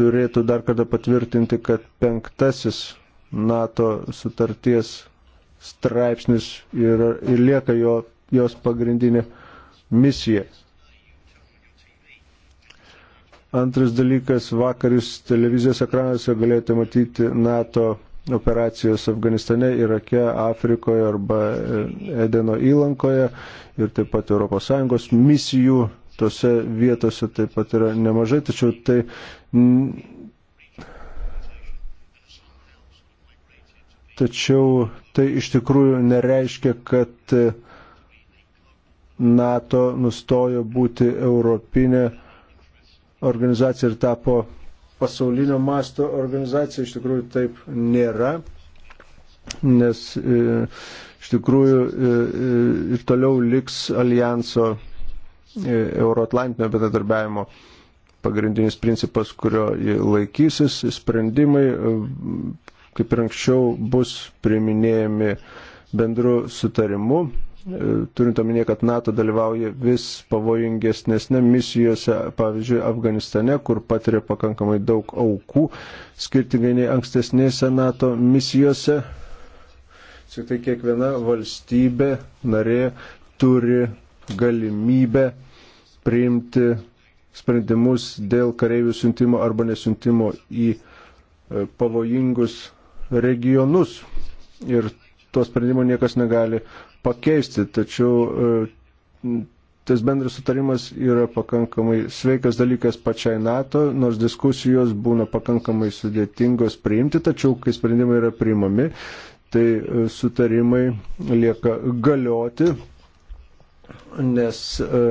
turėtų dar kada patvirtinti, kad penktasis NATO sutarties straipsnis yra, ir lieka jo, jos pagrindinė misija. Antras dalykas, vakar jūs televizijos ekranuose galėjote matyti NATO operacijos Afganistane, Irake, Afrikoje arba e, Edeno įlankoje ir taip pat ES misijų tose vietose taip pat yra nemažai, tačiau tai tačiau tai iš tikrųjų nereiškia, kad NATO nustojo būti europinė organizacija ir tapo pasaulinio masto organizacija, iš tikrųjų taip nėra, nes e, iš tikrųjų e, e, ir toliau liks alijanso Euroatlantinio bendradarbiavimo pagrindinis principas, kurio laikysis, sprendimai, kaip ir anksčiau, bus priminėjami bendru sutarimu E, turint omenyje, kad NATO dalyvauja vis pavojingesnėse misijose, pavyzdžiui, Afganistane, kur patiria pakankamai daug aukų, skirtingai nei ankstesnėse NATO misijose. Tik tai kiekviena valstybė narė turi galimybę priimti sprendimus dėl kareivių siuntimo arba nesiuntimo į e, pavojingus regionus. Ir to sprendimo niekas negali pakeisti, tačiau e, tas bendras sutarimas yra pakankamai sveikas dalykas pačiai NATO, nors diskusijos būna pakankamai sudėtingos priimti, tačiau kai sprendimai yra priimami, tai e, sutarimai lieka galioti, nes e,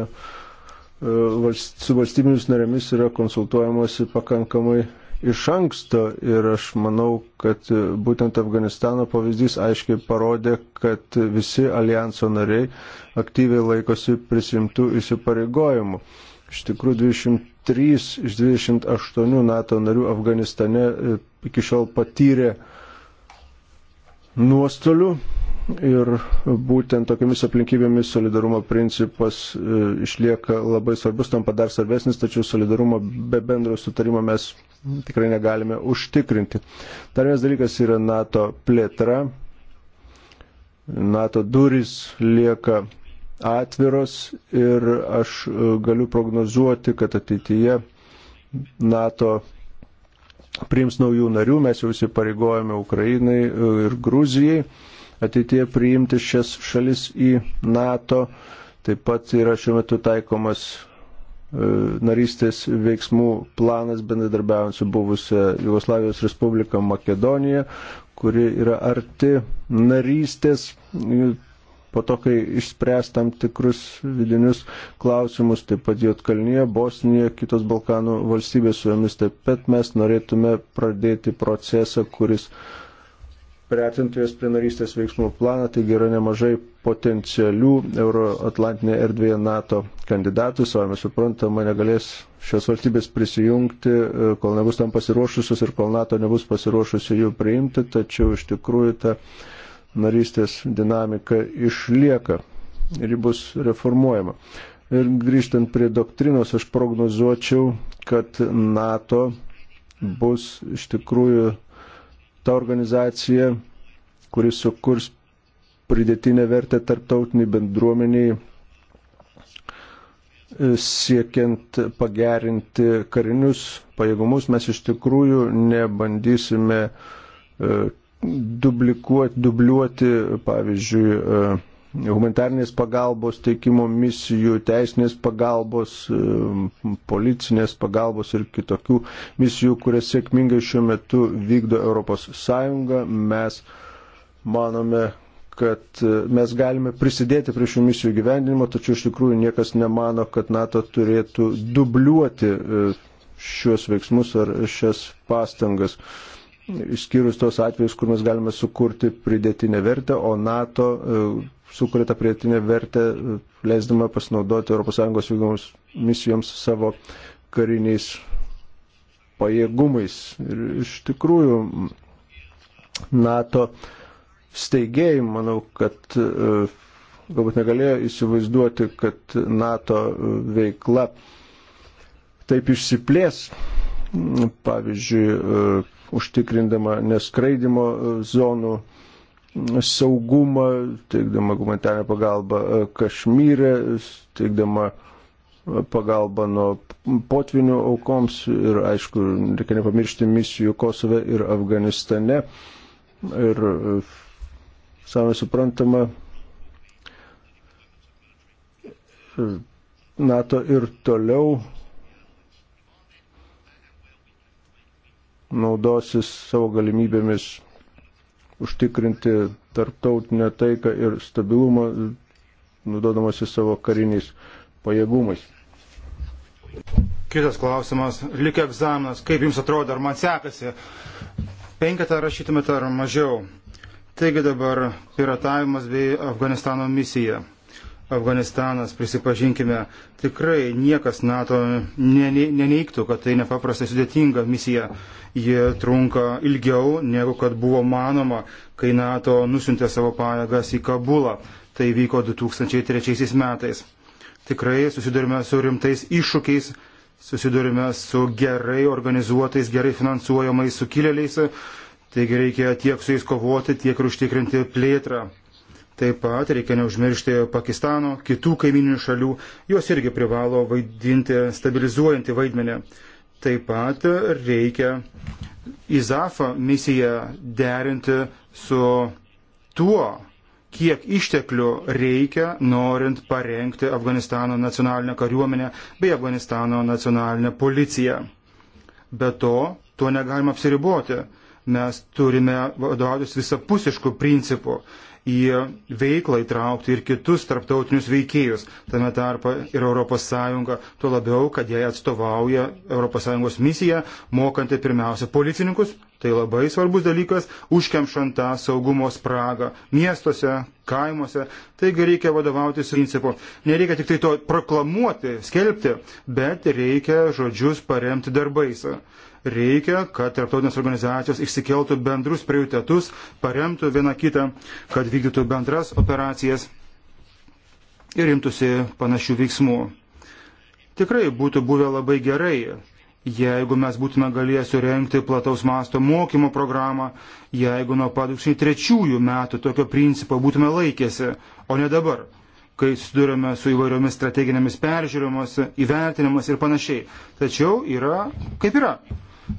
su valstybėmis narėmis yra konsultuojamasi pakankamai iš anksto ir aš manau, kad būtent Afganistano pavyzdys aiškiai parodė, kad visi alijanso nariai aktyviai laikosi prisimtų įsipareigojimų. Iš tikrųjų, 23 iš 28 NATO narių Afganistane e, iki šiol patyrė nuostolių ir būtent tokiamis aplinkybėmis solidarumo principas e, išlieka labai svarbus, tampa dar svarbesnis, tačiau solidarumo be bendro sutarimo mes tikrai negalime užtikrinti. Dar vienas dalykas yra NATO plėtra. NATO durys lieka atviros ir aš e, galiu prognozuoti, kad ateityje NATO priims naujų narių, mes jau įsipareigojame Ukrainai e, ir Gruzijai ateitie priimti šias šalis į NATO. Taip pat yra šiuo metu taikomas E, narystės veiksmų planas bendradarbiaujant su buvusią Jugoslavijos Respubliką Makedoniją, kuri yra arti narystės e, po to, kai išspręs tam tikrus vidinius klausimus, taip pat Jotkalnyje, Bosnija, kitos Balkanų valstybės su jomis taip pat mes norėtume pradėti procesą, kuris uh, priartintojas prie narystės veiksmų planą, taigi yra nemažai potencialių Euroatlantinėje erdvėje NATO kandidatų, savame suprantama, negalės šios valstybės prisijungti, e, kol nebus tam pasiruošusios ir kol NATO nebus pasiruošusi jų priimti, tačiau iš tikrųjų ta narystės dinamika išlieka ir ji bus reformuojama. Ir grįžtant prie doktrinos, aš prognozuočiau, kad NATO bus iš tikrųjų ta organizacija, kuris sukurs pridėtinę vertę tarptautiniai bendruomeniai, siekiant pagerinti karinius pajėgumus, mes iš tikrųjų nebandysime e, dublikuoti, dubliuoti, pavyzdžiui, e, humanitarnės pagalbos teikimo misijų, teisinės pagalbos, policinės pagalbos ir kitokių misijų, kurias sėkmingai šiuo metu vykdo ES. Mes manome, kad e, mes galime prisidėti prie šių misijų gyvendinimo, tačiau iš tikrųjų niekas nemano, kad NATO turėtų dubliuoti e, šiuos veiksmus ar šias pastangas išskyrus tos atvejus, kur mes galime sukurti pridėtinę vertę, o NATO e, sukuria tą prietinę vertę, leisdama pasinaudoti ES vykdomoms misijoms savo kariniais pajėgumais. Ir iš tikrųjų NATO steigėjai, manau, kad e, galbūt negalėjo įsivaizduoti, kad NATO e, veikla taip išsiplės, pavyzdžiui, e, užtikrindama neskraidimo zonų saugumą, teikdama humanitarinę pagalbą e, Kašmyrė, teikdama e, pagalbą nuo potvinių aukoms ir, aišku, reikia nepamiršti misijų Kosove ir Afganistane. Ir e, savai suprantama, NATO ir toliau naudosis savo galimybėmis užtikrinti tarptautinę taiką ir stabilumą, nudodamasi savo kariniais pajėgumais. Kitas klausimas, lik egzaminas, kaip jums atrodo, ar man sekasi? Penketą rašytumėte ar mažiau? Taigi dabar piratavimas bei Afganistano misija. Afganistanas, prisipažinkime, tikrai niekas NATO neneiktų, kad tai nepaprastai sudėtinga misija. Ji trunka ilgiau, negu kad buvo manoma, kai NATO nusintė savo pajėgas į Kabulą. Tai vyko 2003 metais. Tikrai susidurime su rimtais iššūkiais, susidurime su gerai organizuotais, gerai finansuojamais sukilėliais, taigi reikia tiek su jais kovoti, tiek ir užtikrinti plėtrą. Taip pat reikia neužmiršti Pakistano, kitų kaiminių šalių, jos irgi privalo vaidinti stabilizuojantį vaidmenį. Taip pat reikia Izafą misiją derinti su tuo, kiek išteklių reikia, norint parengti Afganistano nacionalinę kariuomenę bei Afganistano nacionalinę policiją. Be to, tuo negalima apsiriboti. Mes turime vadovautis visapusiškų principų į veiklą įtraukti ir kitus tarptautinius veikėjus, tame tarpa ir ES, tuo labiau, kad jai atstovauja ES misija, mokanti pirmiausia policininkus, tai labai svarbus dalykas, užkemšant tą saugumo spragą miestuose, kaimuose, taigi reikia vadovautis principu. Nereikia tik tai to proklamuoti, skelbti, bet reikia žodžius paremti darbais. Reikia, kad tarptautinės organizacijos išsikeltų bendrus prioritetus, paremtų vieną kitą, kad vykdytų bendras operacijas ir imtųsi panašių veiksmų. Tikrai būtų buvę labai gerai, jeigu mes būtume galėję surenkti plataus masto mokymo programą, jeigu nuo pat 2003 metų tokio principo būtume laikėsi, o ne dabar, kai susidurėme su įvairiomis strateginėmis peržiūrimas, įvertinimas ir panašiai. Tačiau yra kaip yra.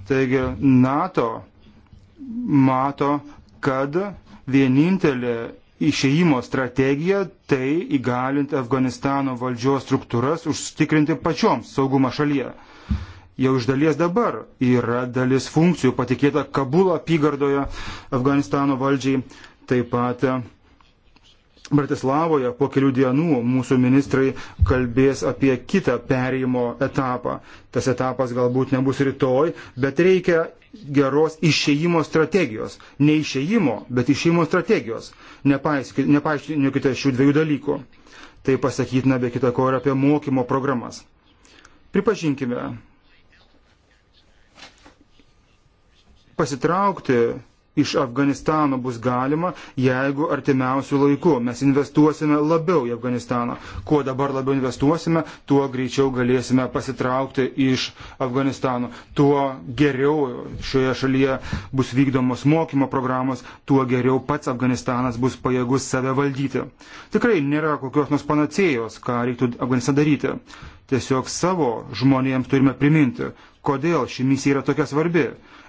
Taigi NATO mato, kad vienintelė išėjimo strategija tai įgalinti Afganistano valdžios struktūras užtikrinti pačioms saugumą šalyje. Jau iš dalies dabar yra dalis funkcijų patikėta Kabulo apygardoje Afganistano valdžiai, taip pat Bratislavoje po kelių dienų mūsų ministrai kalbės apie kitą perėjimo etapą. Tas etapas galbūt nebus rytoj, bet reikia geros išėjimo strategijos. Ne išėjimo, bet išėjimo strategijos. Nepaaiškinkite šių dviejų dalykų. Tai pasakytina be kita ko ir apie mokymo programas. Pripažinkime, pasitraukti iš Afganistano bus galima, jeigu artimiausių laikų mes investuosime labiau į Afganistaną. Kuo dabar labiau investuosime, tuo greičiau galėsime pasitraukti iš Afganistano. Tuo geriau šioje šalyje bus vykdomos mokymo programos, tuo geriau pats Afganistanas bus pajėgus save valdyti. Tikrai nėra kokios nors panacėjos, ką reiktų Afganistane daryti. Tiesiog savo žmonėms turime priminti, kodėl ši misija yra tokia svarbi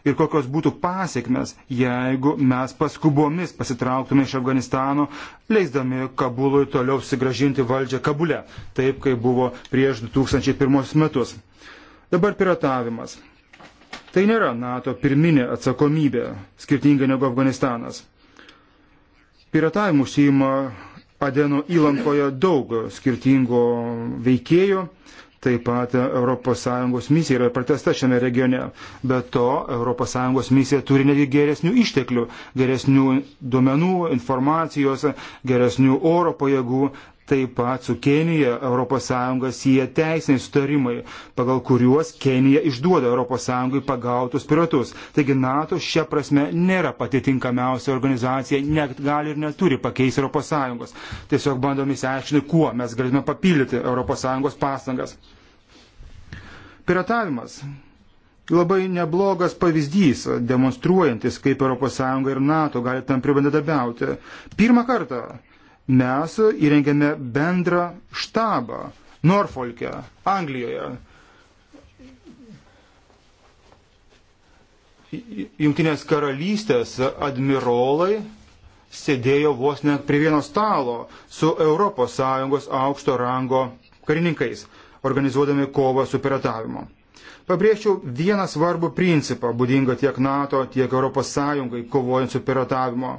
ir kokios būtų pasiekmes, jeigu mes paskubomis pasitrauktume iš Afganistano, leisdami Kabului toliau sugražinti valdžią Kabule, taip kaip buvo prieš 2001 metus. Dabar piratavimas. Tai nėra NATO pirminė atsakomybė, skirtingai negu Afganistanas. Piratavimu užsijima Adeno įlankoje daug skirtingų veikėjų, Taip pat ES misija yra pratesta šiame regione. Be to, ES misija turi netgi geresnių išteklių, geresnių duomenų, informacijos, geresnių oro pajėgų, Taip pat su Kenija ES sieja teisiniai sutarimai, pagal kuriuos Kenija išduoda ES pagautus piratus. Taigi NATO šia prasme nėra pati tinkamiausia organizacija, net gali ir neturi pakeisti ES. Tiesiog bandom įsiaiškinti, kuo mes galime papildyti ES pastangas. Piratavimas labai neblogas pavyzdys, demonstruojantis, kaip ES ir NATO gali tam pribandabiauti. Pirmą kartą mes įrengėme bendrą štabą Norfolke, Anglijoje. Junktinės karalystės admirolai sėdėjo vos net prie vieno stalo su ES aukšto rango karininkais, organizuodami kovą su piratavimu. Pabrėžčiau vieną svarbų principą, būdingą tiek NATO, tiek ES kovojant su piratavimu.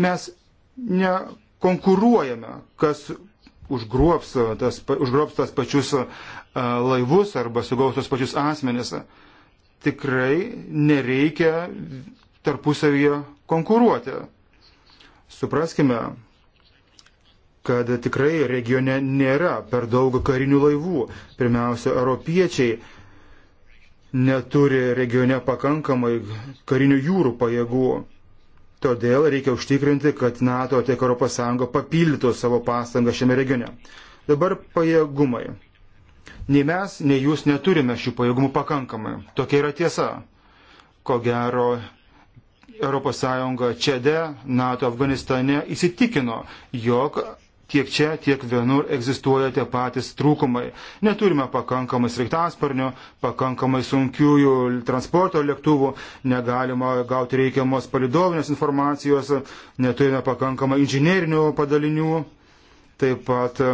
Mes nekonkuruojame, kas užgrobs uh, tas, užgrobs tas pačius uh, laivus arba sugaus tos pačius asmenis. Tikrai nereikia tarpusavyje konkuruoti. Supraskime, kad tikrai regione nėra per daug karinių laivų. Pirmiausia, europiečiai neturi regione pakankamai karinių jūrų pajėgų. Todėl reikia užtikrinti, kad NATO tiek ES papildytų savo pastangą šiame regione. Dabar pajėgumai. Nei mes, nei jūs neturime šių pajėgumų pakankamai. Tokia yra tiesa. Ko gero, ES Čede, NATO Afganistane įsitikino, jog Tiek čia, tiek vienur egzistuoja tie patys trūkumai. Neturime pakankamai sraigtasparnių, pakankamai sunkiųjų transporto lėktuvų, negalima gauti reikiamos palidovinės informacijos, neturime pakankamai inžinierinių padalinių, taip pat e,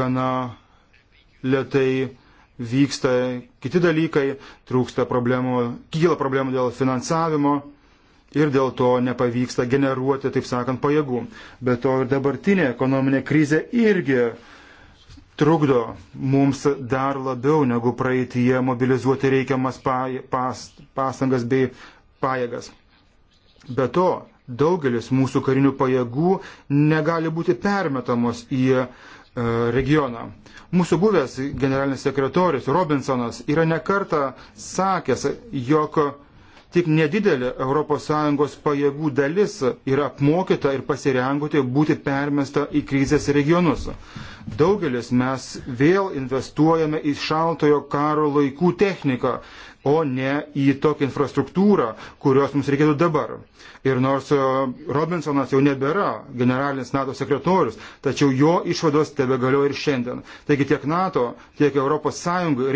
gana lietai vyksta kiti dalykai, trūksta problemų, kyla problemų dėl finansavimo ir dėl to nepavyksta generuoti, taip sakant, pajėgų. Be to ir dabartinė ekonominė krizė irgi trukdo mums dar labiau negu praeitie mobilizuoti reikiamas pastangas bei pajėgas. Be to, daugelis mūsų karinių pajėgų negali būti permetamos į e, regioną. Mūsų buvęs generalinis sekretorius Robinsonas yra nekarta sakęs, jog Tik nedidelė ES pajėgų dalis yra apmokyta ir pasirengusi būti permesta į krizės regionus. Daugelis mes vėl investuojame į šaltojo karo laikų techniką, o ne į tokią infrastruktūrą, kurios mums reikėtų dabar. Ir nors e, Robinsonas jau nebėra generalinis NATO sekretorius, tačiau jo išvados tebe galioja ir šiandien. Taigi tiek NATO, tiek ES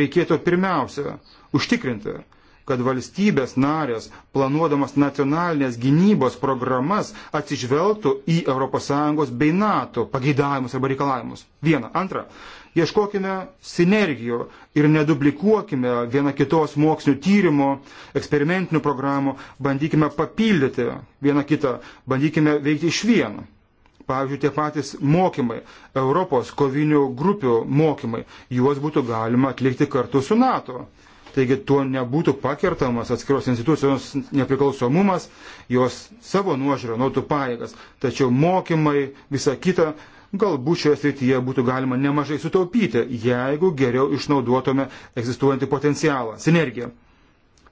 reikėtų pirmiausia užtikrinti, kad valstybės narės, planuodamas nacionalinės gynybos programas, atsižvelgtų į ES bei NATO pageidavimus arba reikalavimus. Viena. Antra. Ieškokime sinergijų ir neduplikuokime viena kitos mokslinio tyrimo, eksperimentinių programų, bandykime papildyti vieną kitą, bandykime veikti iš vieno. Pavyzdžiui, tie patys mokymai, Europos kovinių grupių mokymai, juos būtų galima atlikti kartu su NATO. Taigi tuo nebūtų pakertamas atskiros institucijos nepriklausomumas, jos savo nuožiūrą nautų pajėgas. Tačiau mokymai, visa kita, galbūt šioje srityje būtų galima nemažai sutaupyti, jeigu geriau išnaudotume egzistuojantį potencialą, sinergiją.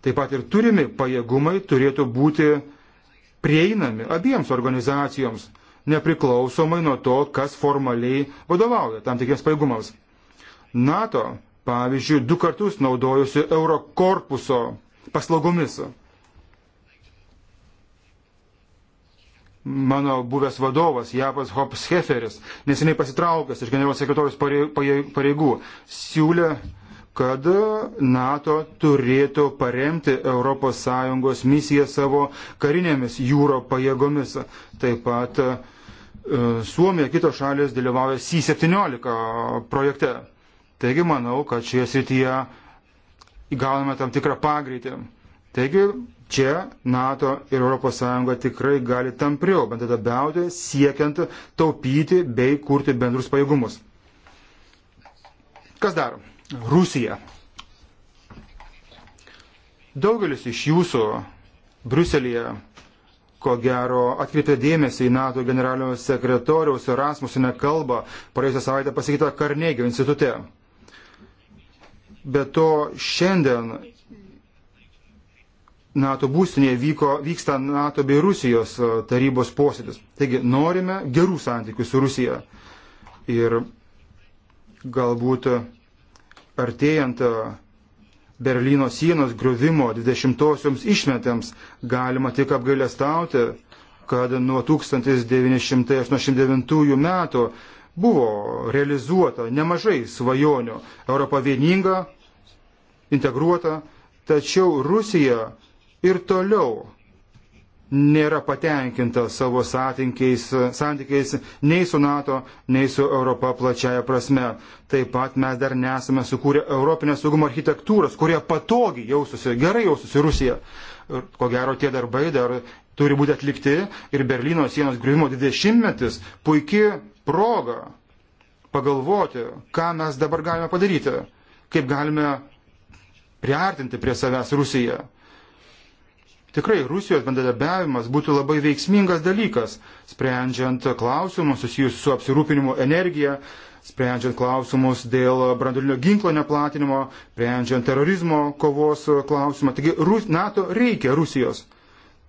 Taip pat ir turimi pajėgumai turėtų būti prieinami abiems organizacijoms, nepriklausomai nuo to, kas formaliai vadovauja tam tikriems pajėgumams. NATO pavyzdžiui, du kartus naudojusių Eurokorpuso paslaugomis. Mano buvęs vadovas Japas Hops Heferis, neseniai pasitraukęs iš generalinio sekretorius pareigų, siūlė, kad NATO turėtų paremti ES misiją savo karinėmis jūro pajėgomis. Taip pat e, Suomija, kitos šalės dalyvauja C-17 projekte. Taigi manau, kad šioje srityje įgauname tam tikrą pagreitį. Taigi čia NATO ir ES tikrai gali tampriau bendradabiauti, siekiant taupyti bei kurti bendrus pajėgumus. Kas dar? Rusija. Daugelis iš jūsų Bruselėje, ko gero, atkreipė dėmesį į NATO generalinio sekretoriaus Erasmusinę kalbą praėjusią savaitę pasakytą Karnegio institute. Be to šiandien NATO būstinėje vyko, vyksta NATO bei Rusijos e, tarybos posėdis. Taigi norime gerų santykių su Rusija. Ir galbūt artėjant e, Berlyno sienos griovimo 20-osioms išmetėms galima tik apgailestauti, kad nuo 1989 metų buvo realizuota nemažai svajonių. Europa vieninga, integruota, tačiau Rusija ir toliau nėra patenkinta savo santykiais nei su NATO, nei su Europa plačiaja prasme. Taip pat mes dar nesame sukūrę Europinės saugumo architektūros, kurie patogiai jaususi, gerai jaususi Rusija. Ir ko gero tie darbai dar turi būti atlikti ir Berlyno sienos griuvimo 20-metis puikiai progą pagalvoti, ką mes dabar galime padaryti, kaip galime priartinti prie savęs Rusiją. Tikrai Rusijos bendradarbiavimas būtų labai veiksmingas dalykas, sprendžiant klausimus susijusius su apsirūpinimu energija, sprendžiant klausimus dėl brandulinio ginklo neplatinimo, sprendžiant terorizmo kovos klausimą. Taigi NATO reikia Rusijos.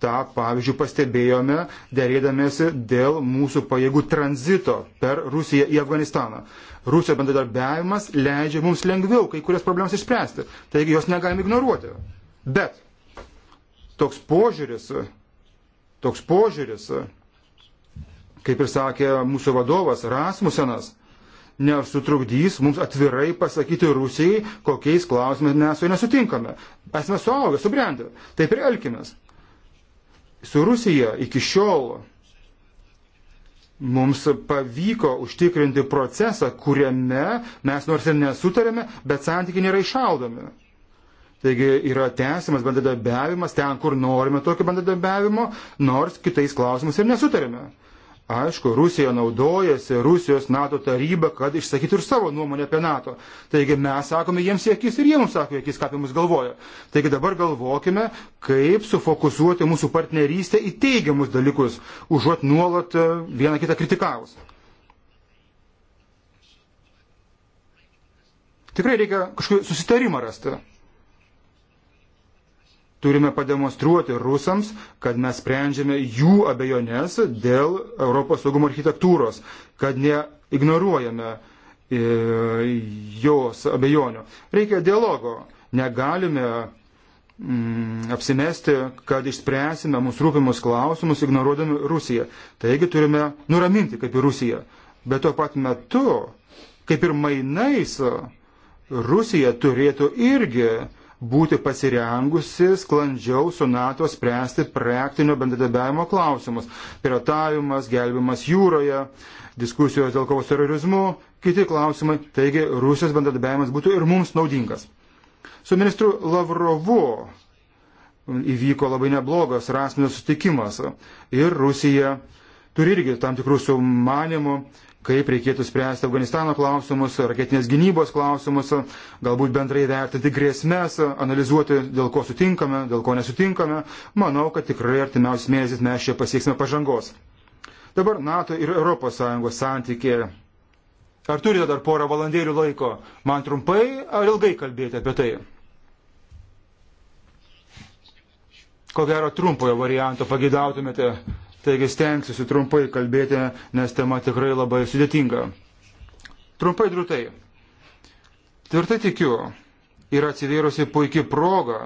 Ta, pavyzdžiui, pastebėjome dėrėdamėsi dėl mūsų pajėgų tranzito per Rusiją į Afganistaną. Rusijos bendradarbiavimas leidžia mums lengviau kai kurias problemas išspręsti. Taigi jos negalime ignoruoti. Bet toks požiūris, toks požiūris, kaip ir sakė mūsų vadovas Rasmusenas, nesutrukdys mums atvirai pasakyti Rusijai, kokiais klausimais mes su ja nesutinkame. Esame suaugę, subrendę. Taip ir elkimės su Rusija iki šiol mums pavyko užtikrinti procesą, kuriame mes nors ir nesutarėme, bet santykiai nėra išaldomi. Taigi yra tęsiamas bendradarbiavimas ten, kur norime tokio bendradarbiavimo, nors kitais klausimus ir nesutarėme. Aišku, Rusija naudojasi Rusijos NATO taryba, kad išsakytų ir savo nuomonę apie NATO. Taigi mes sakome jiems į akis ir jie mums sako į akis, ką apie mus galvoja. Taigi dabar galvokime, kaip sufokusuoti mūsų partnerystę į teigiamus dalykus, užuot nuolat e, vieną kitą kritikavus. Tikrai reikia kažkokį susitarimą rasti. Turime pademonstruoti rusams, kad mes sprendžiame jų abejonės dėl Europos saugumo architektūros, kad neignoruojame e, jos abejonių. Reikia dialogo. Negalime mm, apsimesti, kad išspręsime mūsų rūpimus klausimus, ignoruodami Rusiją. Taigi turime nuraminti kaip ir Rusiją. Bet tuo pat metu, kaip ir mainais, Rusija turėtų irgi būti pasirengusi sklandžiau su NATO spręsti praktinio bendradarbiavimo klausimus - piratavimas, gelbimas jūroje, diskusijos dėl kovos terorizmu, kiti klausimai. Taigi Rusijos bendradarbiavimas būtų ir mums naudingas. Su ministru Lavrovu įvyko labai neblogas rasminis sutikimas ir Rusija turi irgi tam tikrų sumanimų kaip reikėtų spręsti Afganistano klausimus, raketinės gynybos klausimus, galbūt bendrai vertinti grėsmės, analizuoti, dėl ko sutinkame, dėl ko nesutinkame. Manau, kad tikrai artimiausiais mėnesiais mes čia pasieksime pažangos. Dabar NATO ir ES santykė. Ar turite dar porą valandėlių laiko? Man trumpai ar ilgai kalbėti apie tai? Ko gero trumpojo varianto pagidautumėte, Taigi stengsiuosi trumpai kalbėti, nes tema tikrai labai sudėtinga. Trumpai drūtai. Tvirtai tikiu, yra atsivėrusi puikia proga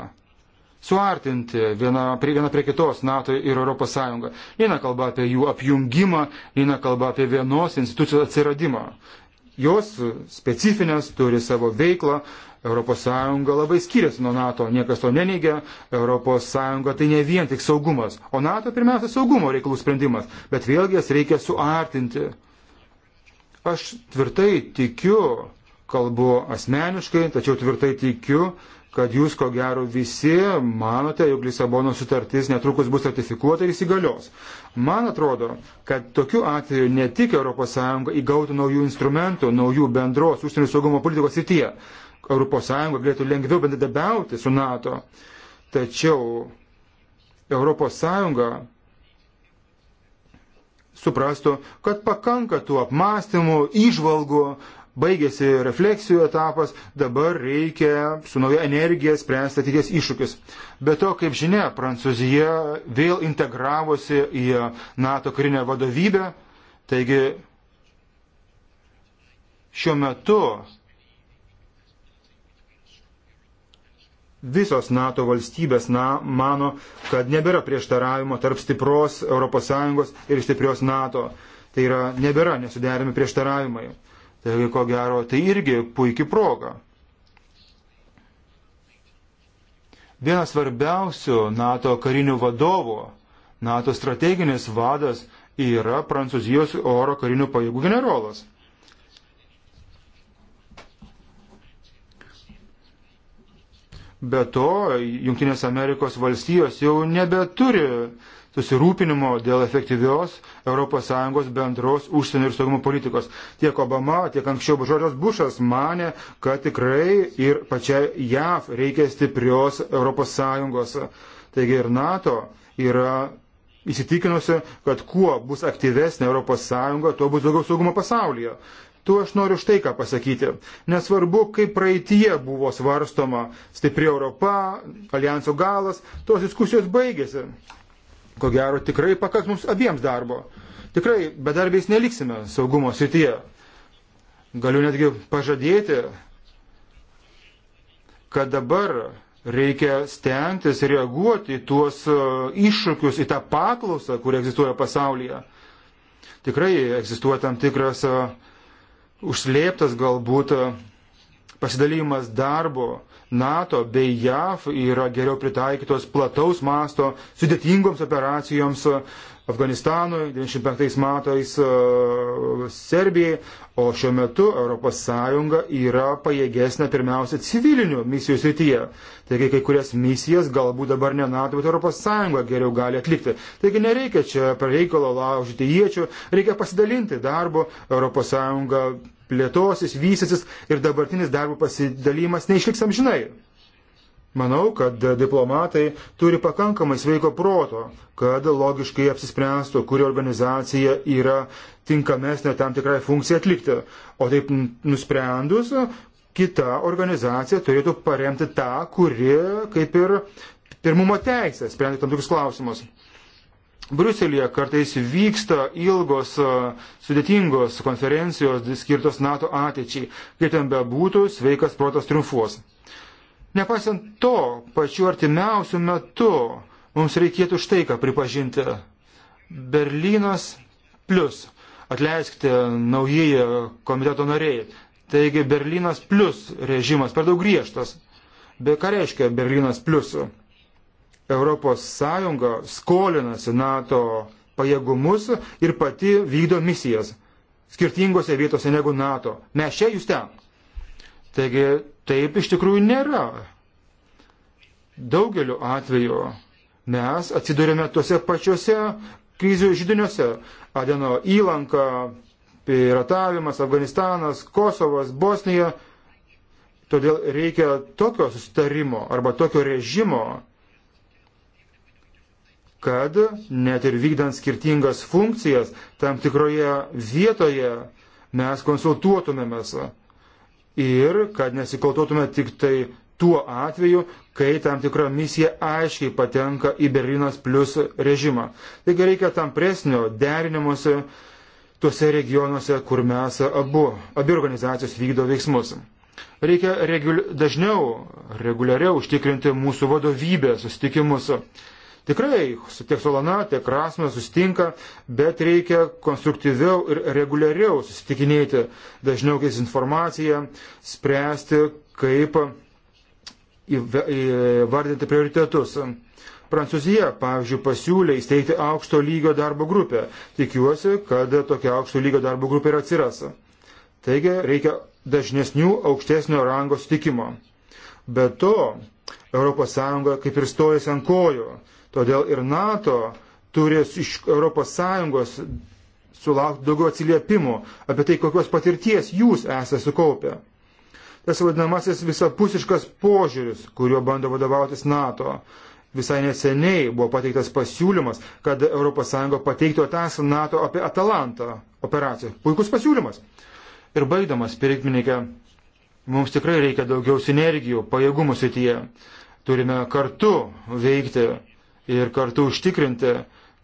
suartinti vieną prie, vieną prie kitos NATO ir ES. Eina kalba apie jų apjungimą, eina kalba apie vienos institucijos atsiradimą. Jos specifinės turi savo veiklą, ES labai skiriasi nuo NATO, niekas to neneigia. ES tai ne vien tik saugumas, o NATO pirmiausia saugumo reikalų sprendimas, bet vėlgi jas reikia suartinti. Aš tvirtai tikiu, kalbu asmeniškai, tačiau tvirtai tikiu, kad jūs ko gero visi manote, jog Lisabono sutartis netrukus bus ratifikuota ir įsigalios. Man atrodo, kad tokiu atveju ne tik ES įgautų naujų instrumentų, naujų bendros užsienio saugumo politikos srityje, ES galėtų lengviau bendradabiauti su NATO. Tačiau ES suprastų, kad pakanka tų apmąstymų, išvalgų, baigėsi refleksijų etapas, dabar reikia su nauja energija spręsti ateities iššūkius. Be to, kaip žinia, Prancūzija vėl integravosi į NATO karinę vadovybę, taigi šiuo metu visos NATO valstybės na, mano, kad nebėra prieštaravimo tarp stipros ES ir stiprios NATO. Tai yra, nebėra nesuderinami prieštaravimai. Taigi, ko gero, tai irgi puikia proga. Vienas svarbiausių NATO karinių vadovų, NATO strateginis vadas yra Prancūzijos oro karinių pajėgų generolas. Be to, Junktinės Amerikos valstijos jau nebeturi susirūpinimo dėl efektyvios ES bendros užsienio ir saugumo politikos. Tiek Obama, tiek anksčiau Žodžios Bušas mane, kad tikrai ir pačiai JAV reikia stiprios ES. Taigi ir NATO yra įsitikinusi, kad kuo bus aktyvesnė ES, tuo bus daugiau saugumo pasaulyje. Tu aš noriu štai ką pasakyti. Nesvarbu, kaip praeitie buvo svarstoma stipri Europa, alijanso galas, tos diskusijos baigėsi. Ko gero, tikrai pakaks mums abiems darbo. Tikrai bedarbiais neliksime saugumo srityje. Galiu netgi pažadėti, kad dabar reikia stengtis reaguoti į tuos e, iššūkius, į tą paklausą, kuri egzistuoja pasaulyje. Tikrai egzistuoja tam tikras uh, užslėptas galbūt e, pasidalymas darbo NATO bei JAV yra geriau pritaikytos plataus masto sudėtingoms operacijoms Afganistanui, 95 metais e, Serbijai, o šiuo metu ES yra pajėgesnė pirmiausia civilinių misijų srityje. Taigi kai kurias misijas galbūt dabar ne NATO, bet ES geriau gali atlikti. Taigi nereikia čia per reikalo laužyti iečių, reikia pasidalinti darbu, ES plėtosis, vystysis ir dabartinis darbo pasidalymas neišliks amžinai. Manau, kad diplomatai turi pakankamai sveiko proto, kad logiškai apsispręstų, kuri organizacija yra tinkamesnė tam tikrai funkcijai atlikti. O taip nusprendus, kita organizacija turėtų paremti tą, kuri kaip ir pirmumo teisę sprendė tam tikrus klausimus. Bruselėje kartais vyksta ilgos sudėtingos konferencijos skirtos NATO ateičiai. Kaip ten bebūtų, sveikas protas triumfuos. Nepaisant to, pačiu artimiausiu metu mums reikėtų štai ką pripažinti. Berlynas plus. Atleiskite, naujieji komiteto nariai. Taigi Berlynas plus režimas per daug griežtas. Be ką reiškia Berlynas plus? Europos Sąjunga skolinasi NATO pajėgumus ir pati vykdo misijas skirtingose vietose negu NATO. Mes čia, jūs ten. Taigi Taip iš tikrųjų nėra. Daugeliu atveju mes atsidurėme tuose pačiuose krizių žydiniuose. Adeno įlanka, piratavimas, Afganistanas, Kosovas, Bosnija. Todėl reikia tokio sustarimo arba tokio režimo, kad net ir vykdant skirtingas funkcijas tam tikroje vietoje mes konsultuotumėmės ir kad nesikaltotume tik tai tuo atveju, kai tam tikra misija aiškiai patenka į Berlynas plus režimą. Taigi reikia tam presnio derinimuose tuose regionuose, kur mes abu, abi organizacijos vykdo veiksmus. Reikia regul, dažniau, reguliariau užtikrinti mūsų vadovybę susitikimus. Su Tikrai tiek Solana, tiek Rasmas sustinka, bet reikia konstruktyviau ir reguliariau susitikinėti, dažniau keis informaciją, spręsti, kaip įvardinti prioritetus. Prancūzija, pavyzdžiui, pasiūlė įsteigti aukšto lygio darbo grupę. Tikiuosi, kad tokia aukšto lygio darbo grupė ir atsiras. Taigi reikia dažnesnių aukštesnio rango sutikimo. Be to, ES kaip ir stojasi ant kojų. Todėl ir NATO turi iš ES sulaukti daugiau atsiliepimų apie tai, kokios patirties jūs esate sukaupę. Tas vadinamasis visapusiškas požiūris, kuriuo bando vadovautis NATO. Visai neseniai buvo pateiktas pasiūlymas, kad ES pateiktų ataskaitą NATO apie Atalantą operaciją. Puikus pasiūlymas. Ir baigdamas, pirmininkė, mums tikrai reikia daugiau sinergijų, pajėgumų srityje. Turime kartu veikti ir kartu užtikrinti,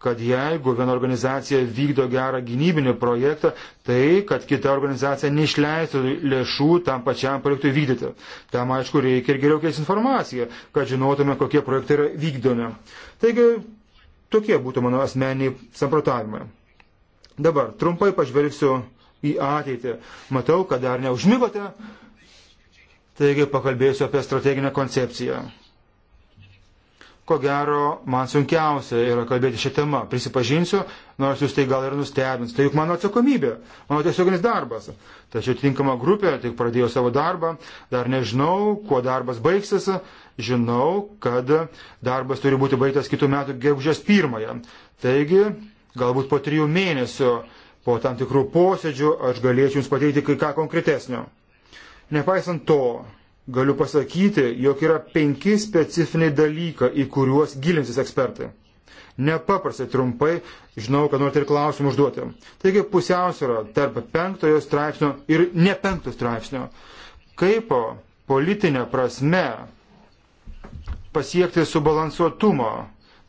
kad jeigu viena organizacija vykdo gerą gynybinį projektą, tai kad kita organizacija neišleistų lėšų tam pačiam projektui vykdyti. Tam aišku reikia ir geriau keisti informaciją, kad žinotume, kokie projektai yra vykdomi. Taigi tokie būtų mano asmeniai samprotavimai. Dabar trumpai pažvelgsiu į ateitį. Matau, kad dar neužmigote, taigi pakalbėsiu apie strateginę koncepciją ko gero, man sunkiausia yra kalbėti šią temą. Prisipažinsiu, nors jūs tai gal ir nustebins. Tai juk mano atsakomybė, mano tiesioginis darbas. Tačiau tinkama grupė tik pradėjo savo darbą, dar nežinau, kuo darbas baigsis. Žinau, kad darbas turi būti baigtas kitų metų gegužės pirmąją. Taigi, galbūt po trijų mėnesių, po tam tikrų posėdžių, aš galėčiau jums pateikti kai ką konkretesnio. Nepaisant to, galiu pasakyti, jog yra penki specifiniai dalykai, į kuriuos gilinsis ekspertai. Nepaprastai trumpai, žinau, kad norite ir klausimų užduoti. Taigi pusiausvėra tarp penktojo straipsnio ir ne penktojo straipsnio. Kaip politinė prasme pasiekti subalansuotumo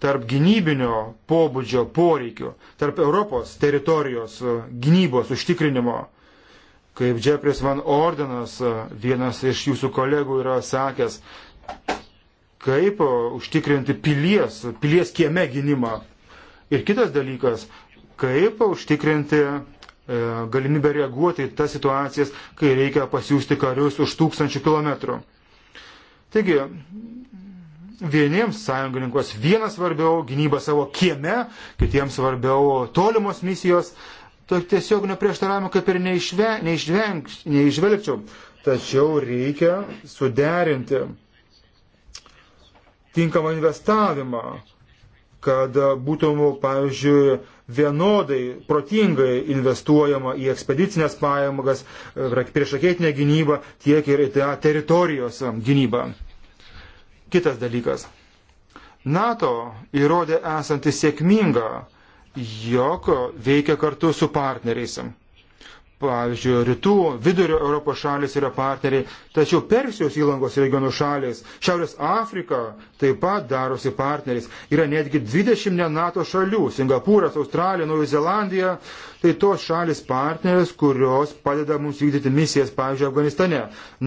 tarp gynybinio pobūdžio poreikių, tarp Europos teritorijos gynybos užtikrinimo Kaip Jeffrey Van Ordenas, vienas iš jūsų kolegų, yra sakęs, kaip užtikrinti pilies, pilies kieme gynimą. Ir kitas dalykas, kaip užtikrinti galimybę reaguoti į tas situacijas, kai reikia pasiūsti karius už tūkstančių kilometrų. Taigi, vieniems sąjungininkos vienas svarbiau gynyba savo kieme, kitiems svarbiau tolimos misijos, to tiesiog neprieštaravimo kaip ir neišve, neišvengs, neišvelgčiau. Tačiau reikia suderinti tinkamą investavimą, kad būtų, pavyzdžiui, vienodai, protingai investuojama į ekspedicinės pajamagas, priešakėtinę gynybą, tiek ir į tą teritorijos gynybą. Kitas dalykas. NATO įrodė esanti sėkminga jog veikia kartu su partneriais. Pavyzdžiui, rytų vidurio Europos šalis yra partneriai, tačiau Persijos įlangos regionų šalis, Šiaurės Afrika taip pat darosi partneriais. Yra netgi 20 ne NATO šalių - Singapūras, Australija, Naujoji Zelandija. Tai tos šalis partnerės, kurios padeda mums vykdyti misijas, pavyzdžiui, Afganistane.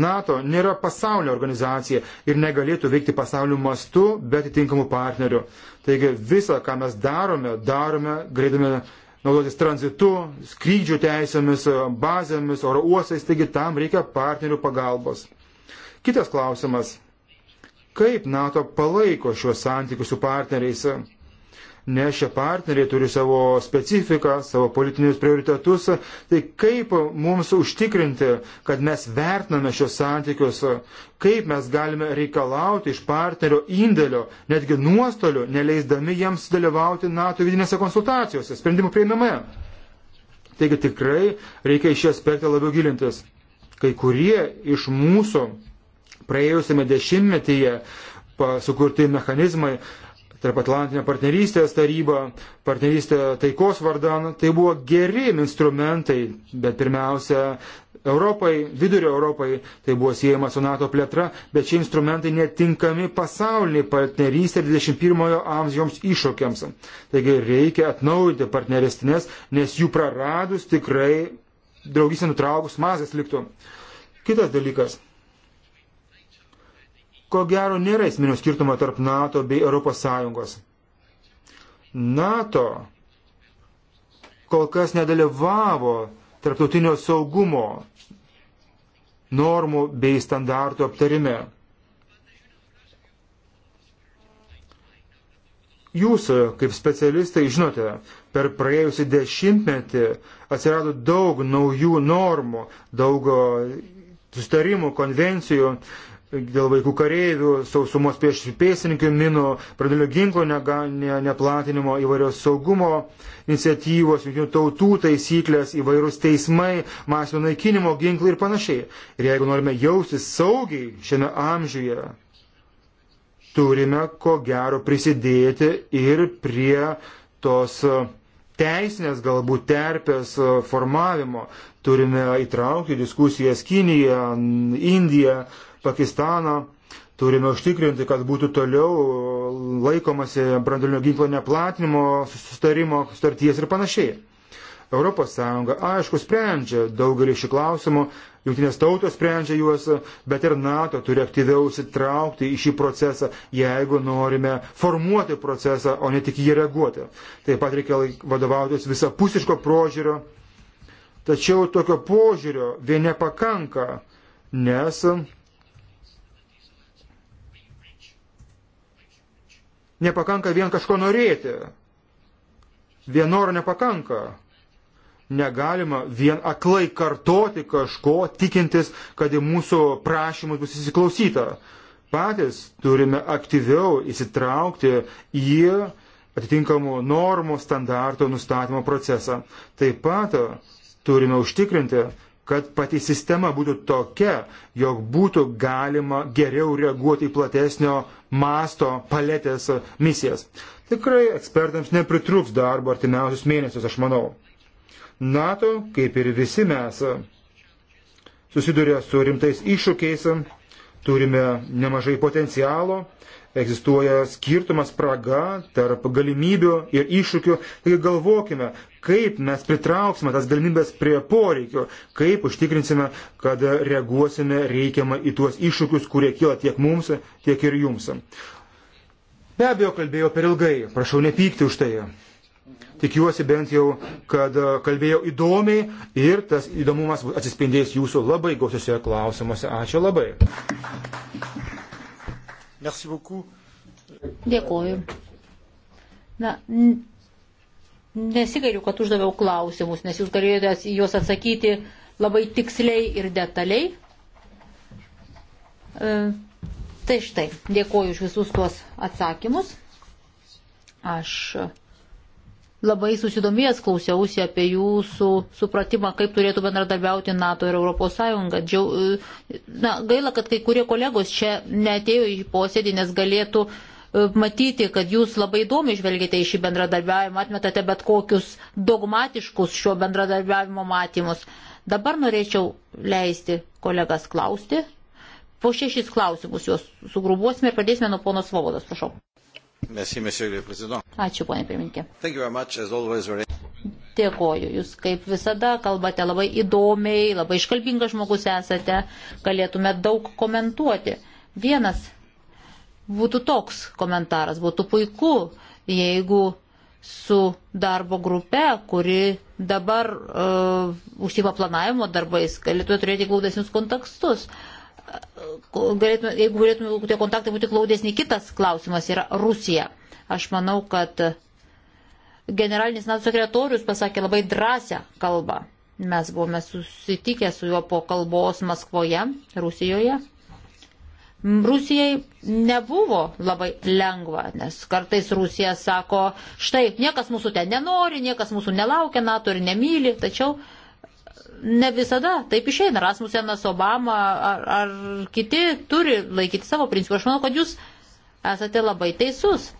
NATO nėra pasaulio organizacija ir negalėtų veikti pasaulio mastu be atitinkamų partnerių. Taigi visą, ką mes darome, darome, greidami naudotis tranzitu, skrydžių teisėmis, bazėmis, oro uostais, taigi tam reikia partnerių pagalbos. Kitas klausimas. Kaip NATO palaiko šiuos santykius su partneriais? nes šie partneriai turi savo specifiką, savo politinius prioritetus. Tai kaip mums užtikrinti, kad mes vertiname šios santykius, kaip mes galime reikalauti iš partnerio indėlio, netgi nuostolių, neleisdami jiems dalyvauti NATO vidinėse konsultacijose, sprendimų prieimime. Taigi tikrai reikia į šį aspektą labiau gilintis. Kai kurie iš mūsų praėjusiame dešimtmetyje sukurti mechanizmai tarp Atlantinio partnerystės taryba, partnerystė taikos vardan, tai buvo geri instrumentai, bet pirmiausia, Europai, vidurio Europai, tai buvo siejama su NATO plėtra, bet šie instrumentai netinkami pasauliniai partnerystė 21-ojo amžiaus iššūkiams. Taigi reikia atnaujinti partneristinės, nes jų praradus tikrai draugysė nutraukus mazas liktų. Kitas dalykas ko gero nėra esminio skirtumo tarp NATO bei ES. NATO kol kas nedalyvavo tarptautinio saugumo normų bei standartų aptarime. Jūs, kaip specialistai, žinote, per praėjusį dešimtmetį atsirado daug naujų normų, daug e, sustarimų, konvencijų, dėl vaikų kareivių, sausumos prieš pėsininkų, minų, pradėlio ginklo nega, ne, neplatinimo, įvairios saugumo iniciatyvos, jungtinių tautų taisyklės, įvairūs teismai, masinio naikinimo ginklai ir panašiai. Ir jeigu norime jaustis saugiai šiame amžiuje, turime ko gero prisidėti ir prie tos uh, teisinės galbūt terpės e, formavimo. Turime įtraukti diskusijas Kiniją, Indiją, Pakistaną. Turime užtikrinti, kad būtų toliau e, laikomasi branduolinio ginklo neplatinimo, sustarimo, starties ir panašiai. ES aišku sprendžia daugelį šių klausimų, Junktinės tautos sprendžia juos, bet ir NATO turi aktyviau sitraukti į šį procesą, jeigu norime formuoti procesą, o ne tik jį reaguoti. Taip pat reikia vadovautis visapusiško požiūrio. Tačiau tokio požiūrio viene pakanka, nes nepakanka vien kažko norėti. Vienoro nepakanka. Negalima vien aklai kartoti kažko, tikintis, kad į mūsų prašymus bus įsiklausyta. Patys turime aktyviau įsitraukti į atitinkamų normų standartų nustatymo procesą. Taip pat turime užtikrinti, kad pati sistema būtų tokia, jog būtų galima geriau reaguoti į platesnio masto paletės misijas. Tikrai ekspertams nepritruks darbo artimiausius mėnesius, aš manau. NATO, kaip ir visi mes, susiduria su rimtais iššūkiais, turime nemažai potencialo, egzistuoja skirtumas praga tarp galimybių ir iššūkių. Taigi galvokime, kaip mes pritrauksime tas galimybės prie poreikio, kaip užtikrinsime, kad reaguosime reikiamą į tuos iššūkius, kurie kyla tiek mums, tiek ir jums. Be abejo, kalbėjau per ilgai, prašau nepykti už tai tikiuosi bent jau, kad e, kalbėjau įdomiai ir tas įdomumas atsispindės jūsų labai gausiuose klausimuose. Ačiū labai. Dėkuoju. Na, nesigailiu, kad uždaviau klausimus, nes jūs galėjote juos atsakyti labai tiksliai ir detaliai. E, tai štai, dėkuoju už visus tuos atsakymus. Aš labai susidomėjęs klausiausi apie jūsų supratimą, kaip turėtų bendradarbiauti NATO ir ES. Džiau, e, na, gaila, kad kai kurie kolegos čia netėjo į posėdį, nes galėtų e, matyti, kad jūs labai įdomi žvelgėte į šį bendradarbiavimą, atmetate bet kokius dogmatiškus šio bendradarbiavimo matymus. Dabar norėčiau leisti kolegas klausti. Po šešis klausimus juos sugrubuosime ir pradėsime nuo ponos Svobodos, prašau. Merci, Ačiū, ponė pirmininkė. Dėkoju, jūs kaip visada kalbate labai įdomiai, labai iškalbingas žmogus esate, galėtume daug komentuoti. Vienas būtų toks komentaras, būtų puiku, jeigu su darbo grupe, kuri dabar uh, užsima planavimo darbais, galėtų turėti glaudesnius kontekstus. Uh, galėtume, jeigu galėtume, tie kontaktai būti glaudesni, kitas klausimas yra Rusija. Aš manau, kad generalinis NATO sekretorius pasakė labai drąsią kalbą. Mes buvome susitikę su juo po kalbos Maskvoje, Rusijoje. Rusijai nebuvo labai lengva, nes kartais Rusija sako, štai niekas mūsų ten nenori, niekas mūsų nelaukia NATO ir nemyli, tačiau uh, ne visada taip išeina. Rasmusenas, Obama ar, ar kiti turi laikyti savo principų. Aš manau, kad jūs esate labai teisus.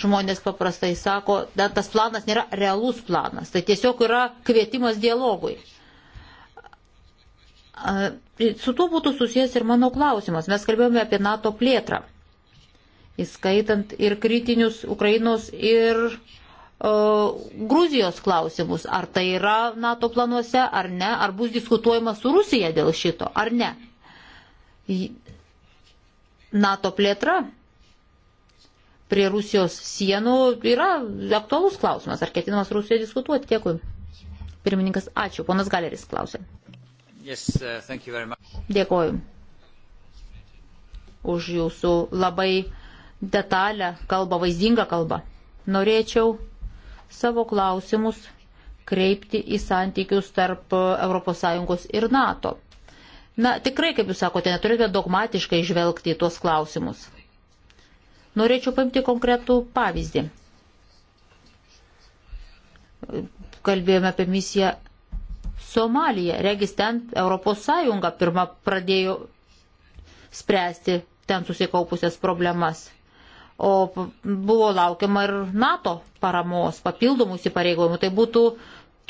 Žmonės paprastai sako, da, tas planas nėra realus planas, tai tiesiog yra kvietimas dialogui. Su tuo būtų susijęs ir mano klausimas. Mes kalbėjome apie NATO plėtrą, įskaitant ir kritinius Ukrainos ir E, Gruzijos klausimus, ar tai yra NATO planuose, ar ne, ar bus diskutuojama su Rusija dėl šito, ar ne. NATO plėtra prie Rusijos sienų yra aktualus klausimas, ar ketinamas Rusija diskutuoti. Dėkui. Pirmininkas, ačiū. Ponas Galeris klausė. Yes, uh, Dėkoju už jūsų labai detalę kalbą, vaizdingą kalbą. Norėčiau savo klausimus kreipti į santykius tarp ES ir NATO. Na, tikrai, kaip jūs sakote, neturėtume dogmatiškai žvelgti į tuos klausimus. Norėčiau paimti konkretų pavyzdį. Kalbėjome apie misiją Somalija. Regis ten ES pirmą pradėjo spręsti ten susikaupusias problemas o buvo laukiama ir NATO paramos, papildomų įsipareigojimų. Tai būtų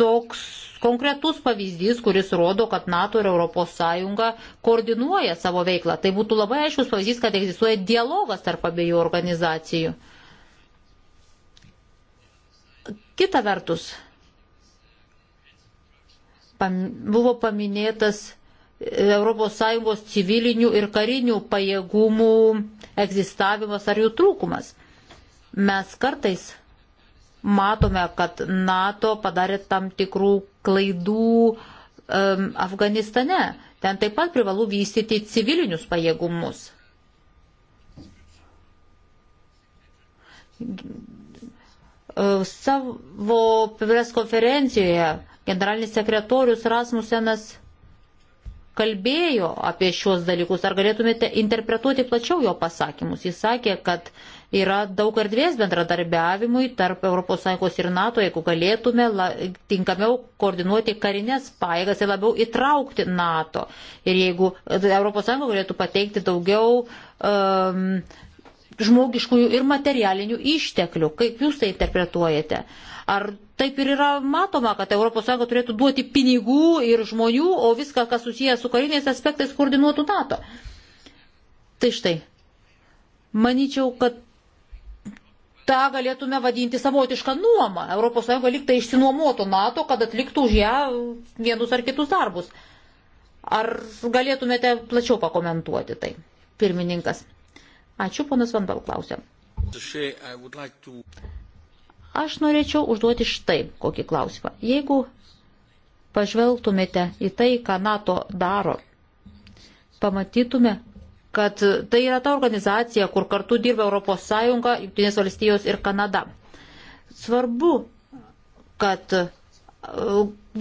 toks konkretus pavyzdys, kuris rodo, kad NATO ir ES koordinuoja savo veiklą. Tai būtų labai aiškus pavyzdys, kad egzistuoja dialogas tarp abiejų organizacijų. Kita vertus, pam, buvo paminėtas ES civilinių ir karinių pajėgumų egzistavimas ar jų trūkumas. Mes kartais matome, kad NATO padarė tam tikrų klaidų um, Afganistane. Ten taip pat privalu vystyti civilinius pajėgumus. Savo pres konferencijoje generalinis sekretorius Rasmusenas kalbėjo apie šios dalykus. Ar galėtumėte interpretuoti plačiau jo pasakymus? Jis sakė, kad yra daug erdvės bendradarbiavimui tarp ES ir NATO, jeigu galėtume la, tinkamiau koordinuoti karinės paėgas ir labiau įtraukti NATO. Ir jeigu tai ES galėtų pateikti daugiau um, žmogiškųjų ir materialinių išteklių, kaip jūs tai interpretuojate? Ar taip ir yra matoma, kad ES turėtų duoti pinigų ir žmonių, o viską, kas susijęs su kariniais aspektais, koordinuotų NATO. Tai štai, manyčiau, kad tą galėtume vadinti savotišką nuomą. ES liktai išsinuomotų NATO, kad atliktų už ją vienus ar kitus darbus. Ar galėtumėte plačiau pakomentuoti tai, pirmininkas? Ačiū, ponas Vandal klausė. Aš norėčiau užduoti štai kokį klausimą. Jeigu pažvelgtumėte į tai, ką NATO daro, pamatytume, kad tai yra ta organizacija, kur kartu dirba ES, Junktinės valstijos ir Kanada. Svarbu, kad e,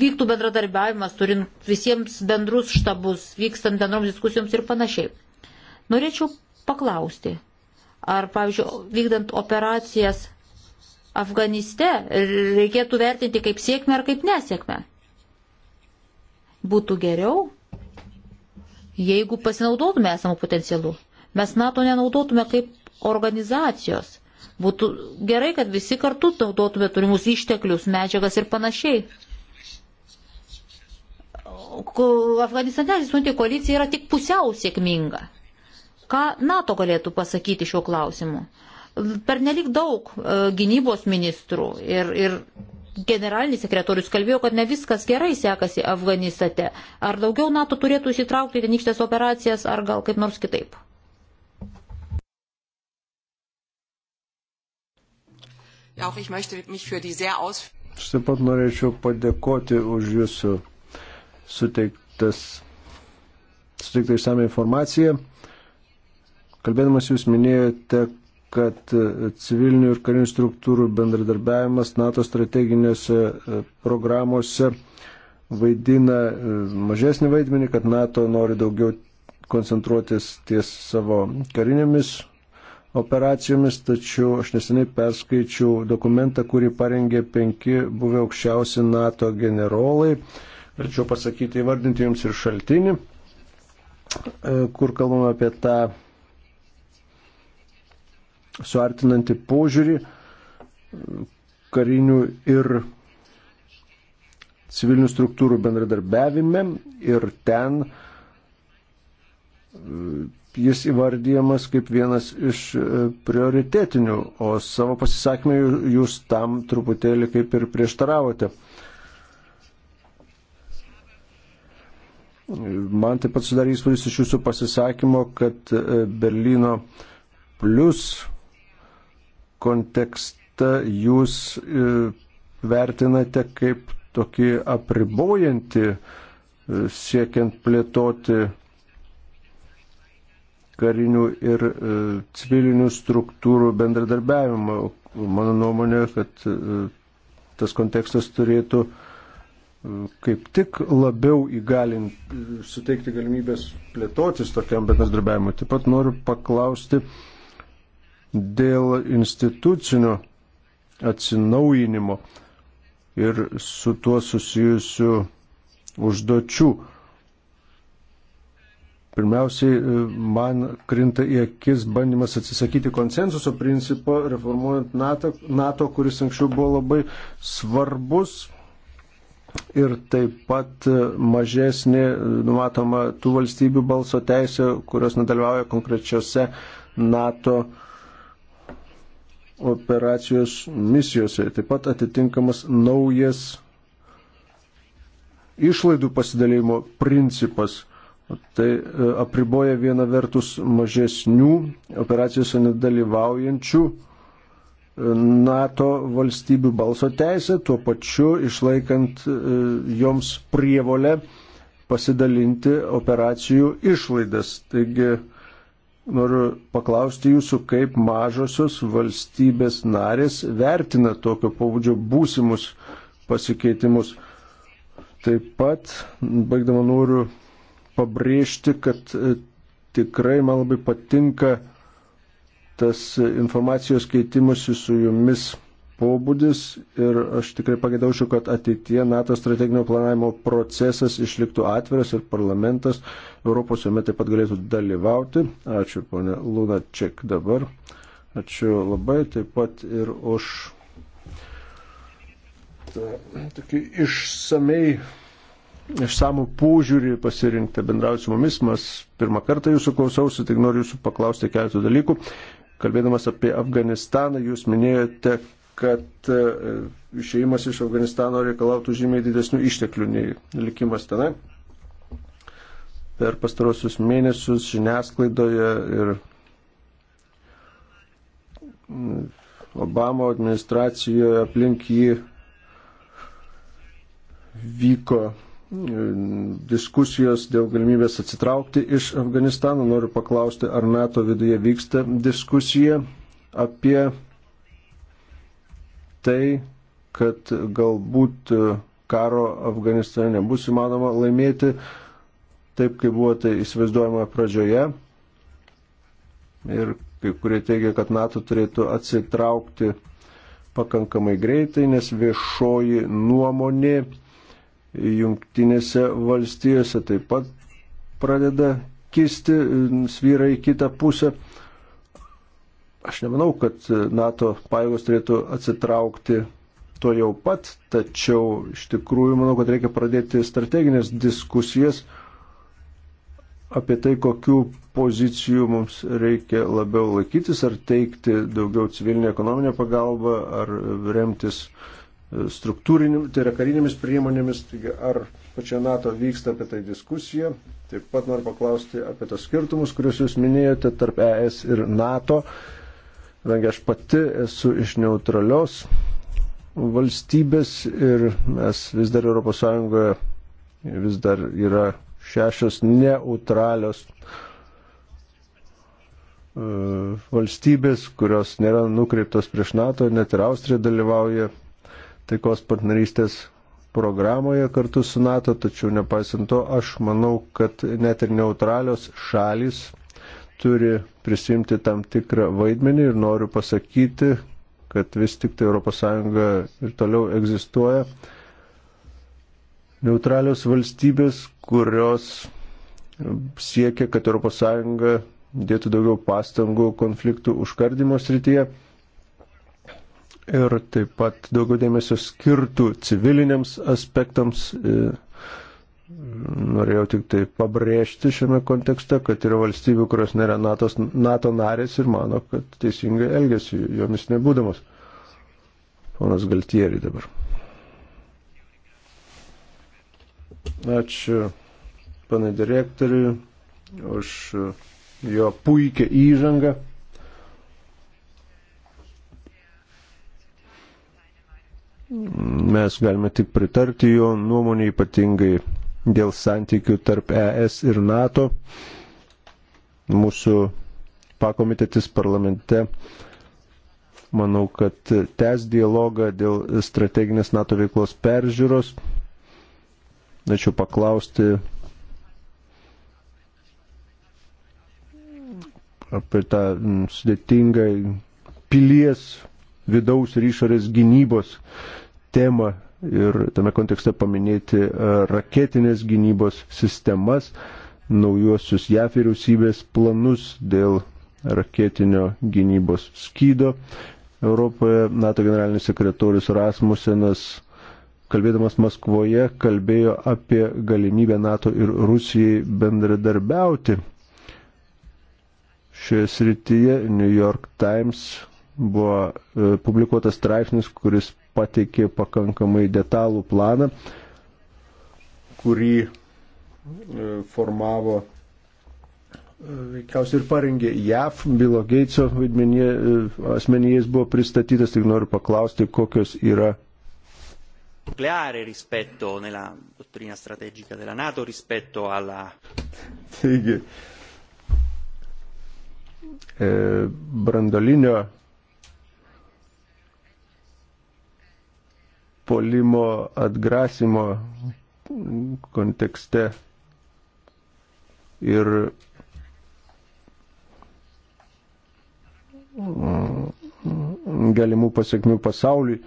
vyktų bendradarbiavimas, turint visiems bendrus štabus, vykstant bendroms diskusijoms ir panašiai. Norėčiau paklausti, ar, pavyzdžiui, vykdant operacijas Afganiste reikėtų vertinti kaip sėkmę ar kaip nesėkmę. Būtų geriau, jeigu pasinaudotume esamų potencialų. Mes NATO nenaudotume kaip organizacijos. Būtų gerai, kad visi kartu naudotume turimus išteklius, medžiagas ir panašiai. Afganistane egzistuojanti koalicija yra tik pusiau sėkminga. Ką NATO galėtų pasakyti šiuo klausimu? per nelik daug e, gynybos ministrų ir, ir generalinis sekretorius kalbėjo, kad ne viskas gerai sekasi Afganistate. Ar daugiau NATO turėtų įsitraukti į tenykštės operacijas, ar gal kaip nors kitaip? Aš taip pat norėčiau padėkoti už jūsų suteiktas, suteiktą išsame informaciją. Kalbėdamas jūs minėjote, kad e, civilinių ir karinių struktūrų bendradarbiavimas NATO strateginėse e, programuose vaidina e, mažesnį vaidmenį, kad NATO nori daugiau koncentruotis ties savo karinėmis operacijomis, tačiau aš neseniai perskaičiau dokumentą, kurį parengė penki buvę aukščiausi NATO generolai. Galėčiau pasakyti, įvardinti jums ir šaltinį, kur kalbam apie tą suartinanti požiūrį karinių ir civilinių struktūrų bendradarbiavime ir ten e, jis įvardyjamas kaip vienas iš e, prioritetinių, o savo pasisakymę jūs tam truputėlį kaip ir prieštaravote. Man taip pat sudarė įspūdis iš jūsų pasisakymo, kad e, Berlyno plus kontekstą jūs e, vertinate kaip tokį apribojantį e, siekiant plėtoti karinių ir e, civilinių struktūrų bendradarbiavimą. Mano nuomonė, kad tas kontekstas turėtų kaip tik labiau įgalinti, suteikti galimybės plėtotis tokiam bendradarbiavimui. Taip pat noriu paklausti, dėl institucinio atsinaujinimo ir su tuo susijusių užduočių. Pirmiausiai, e, man krinta į akis bandymas atsisakyti konsensuso principo, reformuojant NATO, NATO kuris anksčiau buvo labai svarbus ir taip pat e, mažesnė e, numatoma tų valstybių balso teisė, kurios nedalyvauja konkrečiose NATO uh, operacijos misijose. Taip pat atitinkamas naujas išlaidų pasidalymo principas. Tai e, apriboja viena vertus mažesnių operacijose nedalyvaujančių e, NATO valstybių balso teisę, tuo pačiu išlaikant e, joms prievolę pasidalinti operacijų išlaidas. Taigi Noriu paklausti jūsų, kaip mažosios valstybės narės vertina tokio pobūdžio būsimus pasikeitimus. Taip pat, baigdama noriu pabrėžti, kad e, tikrai man labai patinka tas informacijos keitimusi su jumis pobūdis ir aš tikrai pagėdaučiau, kad ateitie NATO strateginio planavimo procesas išliktų atviras ir parlamentas Europos jame taip pat galėtų dalyvauti. Ačiū, ponė Luna Ček dabar. Ačiū labai taip pat ir už tą tokį išsamei, išsamų požiūrį pasirinktą bendrauti su mumis. Mes pirmą kartą jūsų klausausi, tik noriu jūsų paklausti keletų dalykų. Kalbėdamas apie Afganistaną, jūs minėjote, kad e, išėjimas iš Afganistano reikalautų žymiai didesnių išteklių nei likimas tenai. Per pastarosius mėnesius žiniasklaidoje ir mm, Obamo administracijoje aplink jį vyko e, diskusijos dėl galimybės atsitraukti iš Afganistano. Noriu paklausti, ar NATO viduje vyksta diskusija apie tai, kad galbūt e, karo Afganistane nebus įmanoma laimėti taip, kaip buvo tai įsivaizduojama pradžioje. Ir kai kurie teigia, kad NATO turėtų atsitraukti pakankamai greitai, nes viešoji nuomonė jungtinėse valstijose taip pat pradeda kisti, svyra į kitą pusę. Aš nemanau, kad e, NATO pajėgos turėtų atsitraukti to jau pat, tačiau iš tikrųjų manau, kad reikia pradėti strateginės diskusijas apie tai, kokių pozicijų mums reikia labiau laikytis, ar teikti daugiau civilinę ekonominę pagalbą, ar remtis e, struktūrinėmis, tai yra karinėmis priemonėmis, taigi ar pačia NATO vyksta apie tai diskusija. Taip pat noriu paklausti apie tos skirtumus, kuriuos jūs minėjote tarp ES ir NATO. Uh, kadangi aš pati esu iš neutralios valstybės ir mes vis dar ES vis dar yra šešios neutralios e, valstybės, kurios nėra nukreiptos prieš NATO, net ir Austrija dalyvauja taikos partnerystės programoje kartu su NATO, tačiau nepaisant to, aš manau, kad net ir neutralios šalis turi prisimti tam tikrą vaidmenį ir noriu pasakyti, kad vis tik tai ES ir toliau egzistuoja neutralios valstybės, kurios siekia, kad ES dėtų daugiau pastangų konfliktų užkardimo srityje ir taip pat daugiau dėmesio skirtų civiliniams aspektams e, Norėjau tik tai pabrėžti šiame kontekste, kad yra valstybių, kurios nėra NATO, NATO narės ir mano, kad teisingai elgesi jomis nebūdamas. Ponas Galtieri dabar. Ačiū panai direktoriui už jo puikią įžangą. Mes galime tik pritarti jo nuomonį ypatingai dėl santykių tarp ES ir NATO. Mūsų pakomitetis parlamente, manau, kad tęs dialogą dėl strateginės NATO veiklos peržiūros. Norėčiau paklausti apie tą mm, sudėtingą pilies vidaus ir išorės gynybos temą ir tame kontekste paminėti e, raketinės gynybos sistemas, naujuosius JAF vyriausybės planus dėl raketinio gynybos skydo. Europoje NATO generalinis sekretorius Rasmusenas, kalbėdamas Maskvoje, kalbėjo apie galimybę NATO ir Rusijai bendradarbiauti. Šioje srityje New York Times buvo e, publikuotas straipsnis, kuris pateikė pakankamai detalų planą, kurį e, formavo e, veikiausiai ir parengė JAF, Bilo Geitso e, asmenyje jis buvo pristatytas, tik noriu paklausti, kokios yra. nucleare rispetto nella dottrina strategica della Nato rispetto alla. Taigi, brandolinio polimo atgrasimo kontekste ir mm, galimų pasiekmių pasauliui.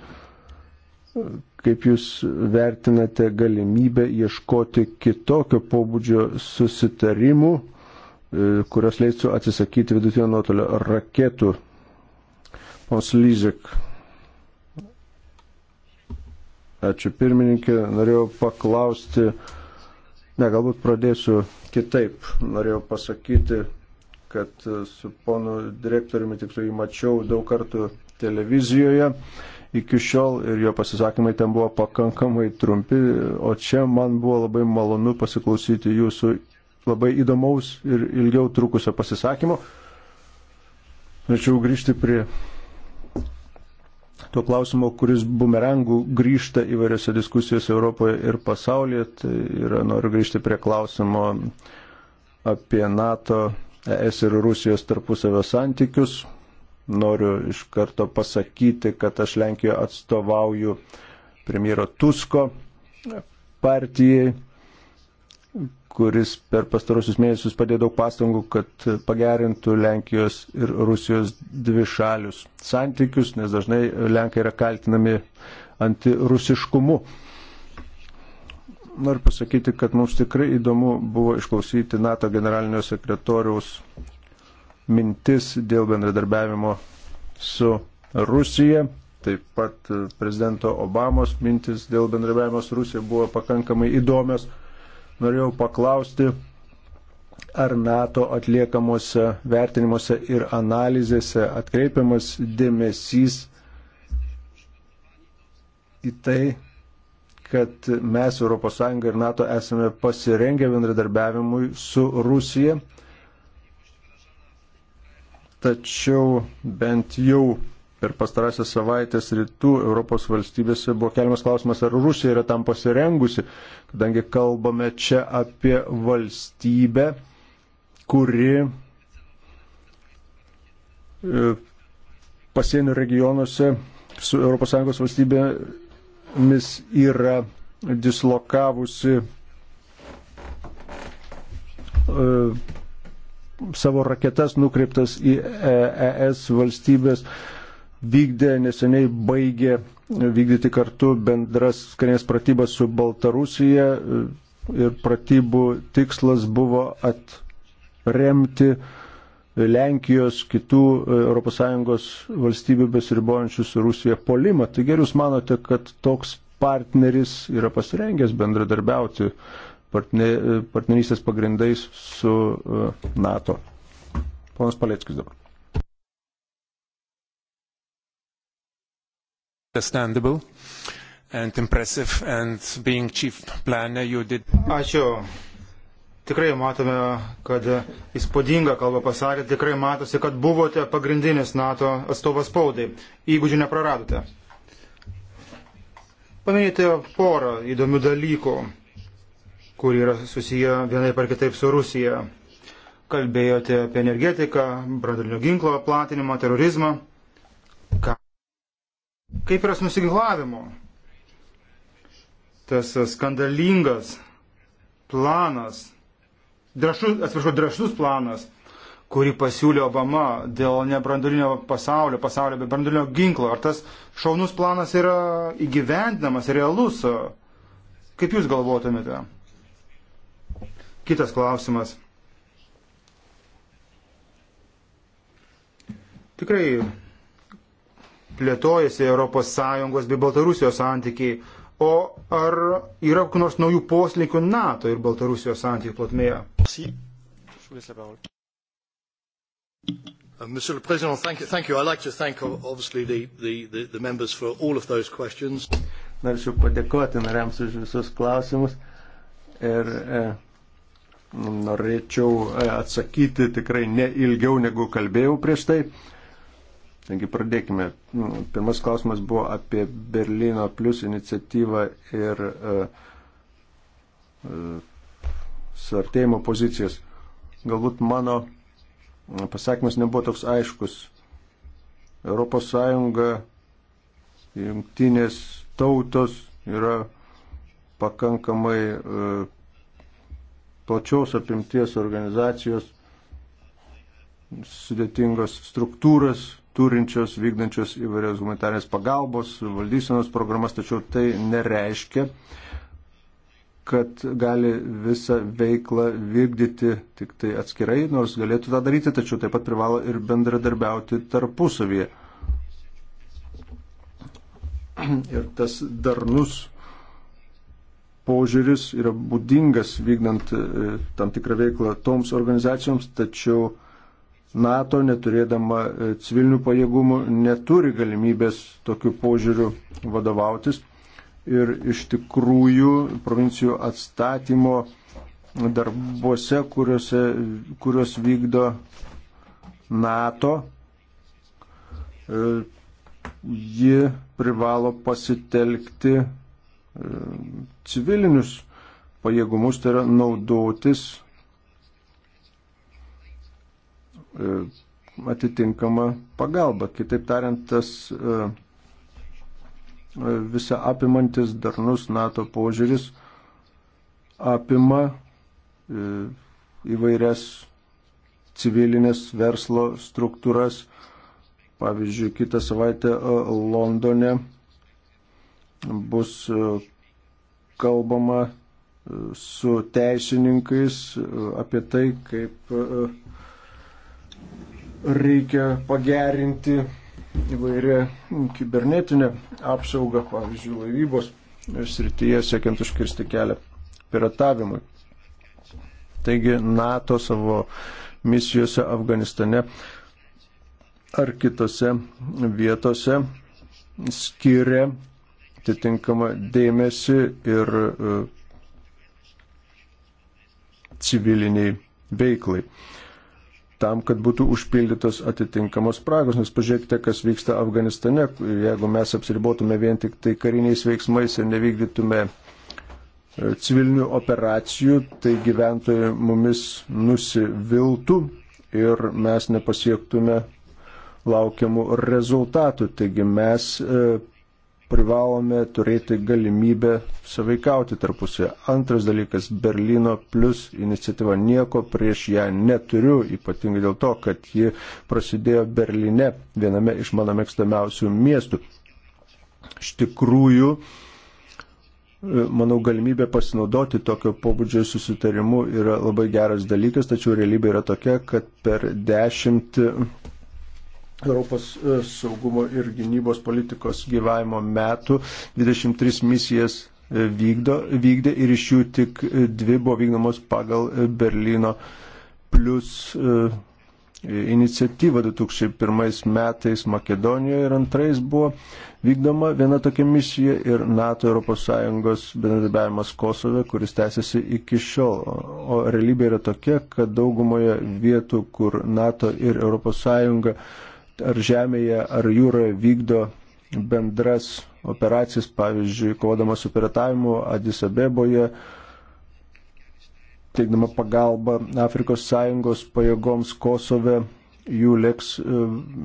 Kaip Jūs vertinate galimybę ieškoti kitokio pobūdžio susitarimų, e, kurios leistų atsisakyti vidutinio nuotolio raketų? Pons Lyzik. Ačiū pirmininkė, norėjau paklausti, ne, galbūt pradėsiu kitaip. Norėjau pasakyti, kad su ponu direktoriumi tiksliau jį mačiau daug kartų televizijoje iki šiol ir jo pasisakymai ten buvo pakankamai trumpi, o čia man buvo labai malonu pasiklausyti jūsų labai įdomaus ir ilgiau trukusio pasisakymo. Norėčiau grįžti prie tuo klausimu, kuris bumerangų grįžta įvairiose diskusijose Europoje ir pasaulyje. Tai yra, noriu grįžti prie klausimo apie NATO, ES ir Rusijos tarpusavio santykius. Noriu iš karto pasakyti, kad aš Lenkijoje atstovauju premjero Tusko partijai kuris per pastarosius mėnesius padėjo daug pastangų, kad pagerintų Lenkijos ir Rusijos dvi šalius santykius, nes dažnai Lenkai yra kaltinami antirusiškumu. Noriu pasakyti, kad mums tikrai įdomu buvo išklausyti NATO generalinio sekretoriaus mintis dėl bendradarbiavimo su Rusija. Taip pat prezidento Obamos mintis dėl bendradarbiavimo su Rusija buvo pakankamai įdomios norėjau paklausti, ar NATO atliekamuose vertinimuose ir analizėse atkreipiamas dėmesys į tai, kad mes ES ir NATO esame pasirengę bendradarbiavimui su Rusija, tačiau bent jau per pastarąsias savaitės rytų Europos valstybėse buvo keliamas klausimas, ar Rusija yra tam pasirengusi, kadangi kalbame čia apie valstybę, kuri e, pasienio regionuose su ES valstybėmis yra dislokavusi e, savo raketas nukreiptas į ES e valstybės vykdė, neseniai baigė vykdyti kartu bendras karinės pratybas su Baltarusija ir pratybų tikslas buvo atremti Lenkijos, kitų ES valstybių besiribojančių su Rusija polimą. Taigi jūs manote, kad toks partneris yra pasirengęs bendradarbiauti partnerystės pagrindais su e, NATO? Ponas Paleckis dabar. understandable and impressive and being chief planner you did. Ačiū. Tikrai matome, kad įspūdinga kalba pasakė, tikrai matosi, kad buvote pagrindinis NATO atstovas spaudai, įgūdžių nepraradote. Paminėjote porą įdomių dalykų, kur yra susiję vienai par kitaip su Rusija. Kalbėjote apie energetiką, brandalinio ginklo platinimą, terorizmą. Ką? Kaip yra su nusiginklavimo? Tas skandalingas planas, drašus, atsiprašau, drašus planas, kurį pasiūlė Obama dėl nebrandulinio pasaulio, pasaulio be brandulinio ginklo. Ar tas šaunus planas yra įgyvendinamas, realus? Kaip Jūs galvotumėte? Kitas klausimas. Tikrai plėtojasi ES bei Baltarusijos santykiai, o ar yra kokių nors naujų poslinkių NATO ir Baltarusijos santykių plotmėje? Uh, Mr. President, thank you. Thank you. I'd like to thank, obviously, the, the, the members for all of those questions. Norėčiau padėkoti nariams už visus klausimus ir e, norėčiau e, atsakyti tikrai ne ilgiau negu kalbėjau prieš tai. E, Taigi pradėkime. Nu, pirmas klausimas buvo apie Berlyno plus iniciatyvą ir uh, e, uh, e, sartėjimo pozicijas. Galbūt mano pasakymas nebuvo toks aiškus. Europos Sąjunga, jungtinės tautos yra pakankamai uh, e, plačiaus apimties organizacijos, sudėtingos struktūros turinčios, vykdančios įvairios humanitarės pagalbos, valdysenos programas, tačiau tai nereiškia, kad gali visą veiklą vykdyti tik tai atskirai, nors galėtų tą daryti, tačiau taip pat privalo ir bendradarbiauti tarpusavyje. Ir tas darnus požiūris yra būdingas vykdant e, tam tikrą veiklą toms organizacijoms, tačiau NATO, neturėdama e, civilinių pajėgumų, neturi galimybės tokiu požiūriu vadovautis. Ir iš tikrųjų provincijų atstatymo darbuose, kuriuose, kuriuos vykdo NATO, e, ji privalo pasitelkti e, civilinius pajėgumus, tai yra naudotis E, atitinkama pagalba. Kitaip tariant, tas e, e, visą apimantis darnus NATO požiūris apima įvairias civilinės verslo struktūras. Pavyzdžiui, kitą savaitę Londone bus kalbama su teisininkais apie tai, kaip reikia pagerinti įvairią kibernetinę apsaugą, pavyzdžiui, laivybos srityje, siekiant užkirsti kelią piratavimui. Taigi NATO savo misijose Afganistane ar kitose vietose skiria atitinkamą dėmesį ir e, civiliniai veiklai tam, kad būtų užpildytos atitinkamos spragos. Nes pažiūrėkite, kas vyksta Afganistane. Jeigu mes apsiribotume vien tik tai kariniais veiksmais ir nevykdytume e, civilinių operacijų, tai gyventojai mumis nusiviltų ir mes nepasiektume laukiamų rezultatų. Taigi mes e, privalome turėti galimybę saveikauti tarpusavę. Antras dalykas - Berlyno plus iniciatyva. Nieko prieš ją neturiu, ypatingai dėl to, kad ji prasidėjo Berlyne, viename iš mano mėgstamiausių miestų. Iš tikrųjų, manau, galimybė pasinaudoti tokio pobūdžio susitarimu yra labai geras dalykas, tačiau realybė yra tokia, kad per dešimt Europos e, saugumo ir gynybos politikos gyvavimo metų 23 misijas e, vykdo, vykdė ir iš jų tik e, dvi buvo vykdomos pagal Berlyno plus iniciatyva 2001 metais Makedonijoje ir antrais buvo vykdoma viena tokia misija ir NATO ES bendradarbiavimas Kosove, kuris tęsiasi iki šiol. O realybė yra tokia, kad daugumoje vietų, kur NATO ir ES ar žemėje, ar jūroje vykdo bendras operacijas, pavyzdžiui, kovodama su piratavimu Adis Abeboje, teikdama pagalbą Afrikos Sąjungos pajėgoms Kosove, Juleks e,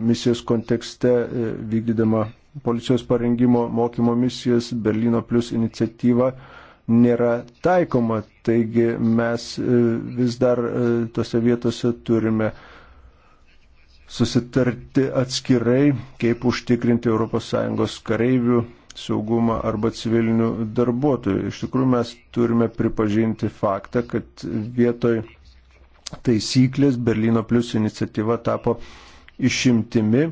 misijos kontekste, e, vykdydama policijos parengimo mokymo misijas Berlyno plus iniciatyva nėra taikoma. Taigi mes e, vis dar tose vietose turime uh, susitarti atskirai, kaip užtikrinti ES kareivių saugumą arba civilinių darbuotojų. Iš tikrųjų mes turime pripažinti faktą, kad vietoj taisyklės Berlyno plus iniciatyva tapo išimtimi.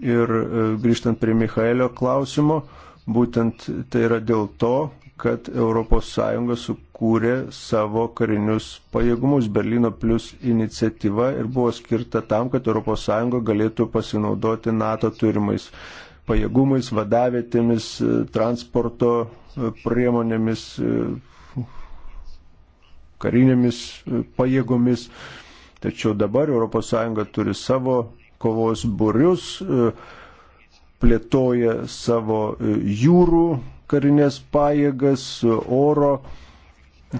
Ir e, grįžtant prie Michaelio klausimo, būtent tai yra dėl to, kad ES su kūrė savo karinius pajėgumus. Berlyno plus iniciatyva ir buvo skirta tam, kad ES galėtų pasinaudoti NATO turimais pajėgumais, vadavietėmis, e, transporto e, priemonėmis, e, karinėmis pajėgomis. Tačiau dabar ES turi savo kovos būrius, plėtoja savo jūrų karinės pajėgas, oro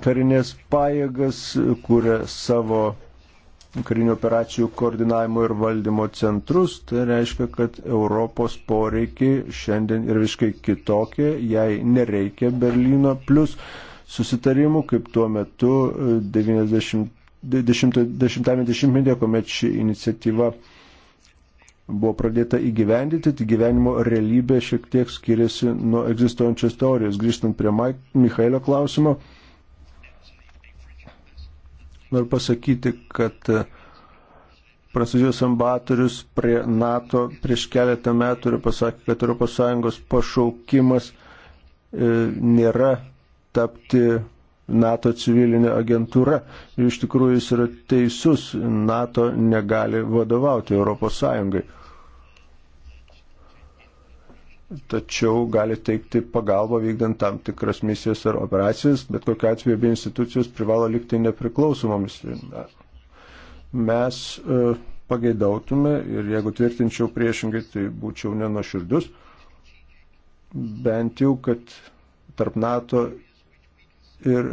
karinės pajėgas, kuria savo karinių operacijų koordinavimo ir valdymo centrus, tai reiškia, kad Europos poreikiai šiandien ir visiškai kitokie, jai nereikia Berlyno plus susitarimų, kaip tuo metu 90-metyje, kuomet ši iniciatyva buvo pradėta įgyvendyti, tai gyvenimo realybė šiek tiek skiriasi nuo egzistuojančios teorijos. Grįžtant prie Mike, Michaelio klausimo, Noriu pasakyti, kad e, Prancūzijos ambatorius prie NATO prieš keletą metų yra pasakė, kad ES pašaukimas e, nėra tapti NATO civilinė agentūra. Ir iš tikrųjų jis yra teisus, NATO negali vadovauti ES tačiau gali teikti pagalbą vykdant tam tikras misijas ar operacijas, bet kokiu atveju abi institucijos privalo likti nepriklausomomis. Mes e, pageidautume ir jeigu tvirtinčiau priešingai, tai būčiau nenuširdus, bent jau, kad tarp NATO ir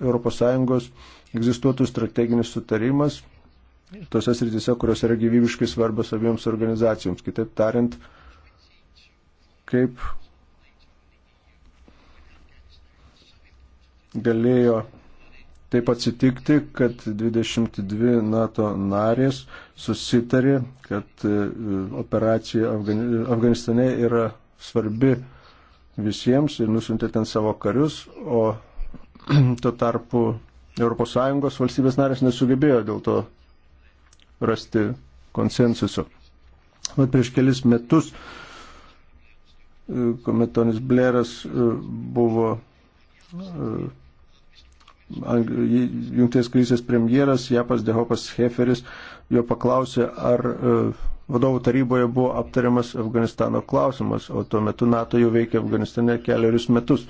ES egzistuotų strateginis sutarimas tose srityse, kurios yra gyvybiškai svarbios abiems organizacijoms. Kitaip tariant, kaip galėjo taip atsitikti, kad 22 NATO narės susitarė, kad e, operacija Afganistane yra svarbi visiems ir nusintė ten savo karius, o tuo tarpu ES valstybės narės nesugebėjo dėl to rasti konsensuso. Bet prieš kelis metus kuomet Tonis Blairas e, buvo e, Junktinės krysės premjeras Japas Dehopas Heferis jo paklausė, ar e, vadovų taryboje buvo aptariamas Afganistano klausimas, o tuo metu NATO jau veikia Afganistane keliarius metus.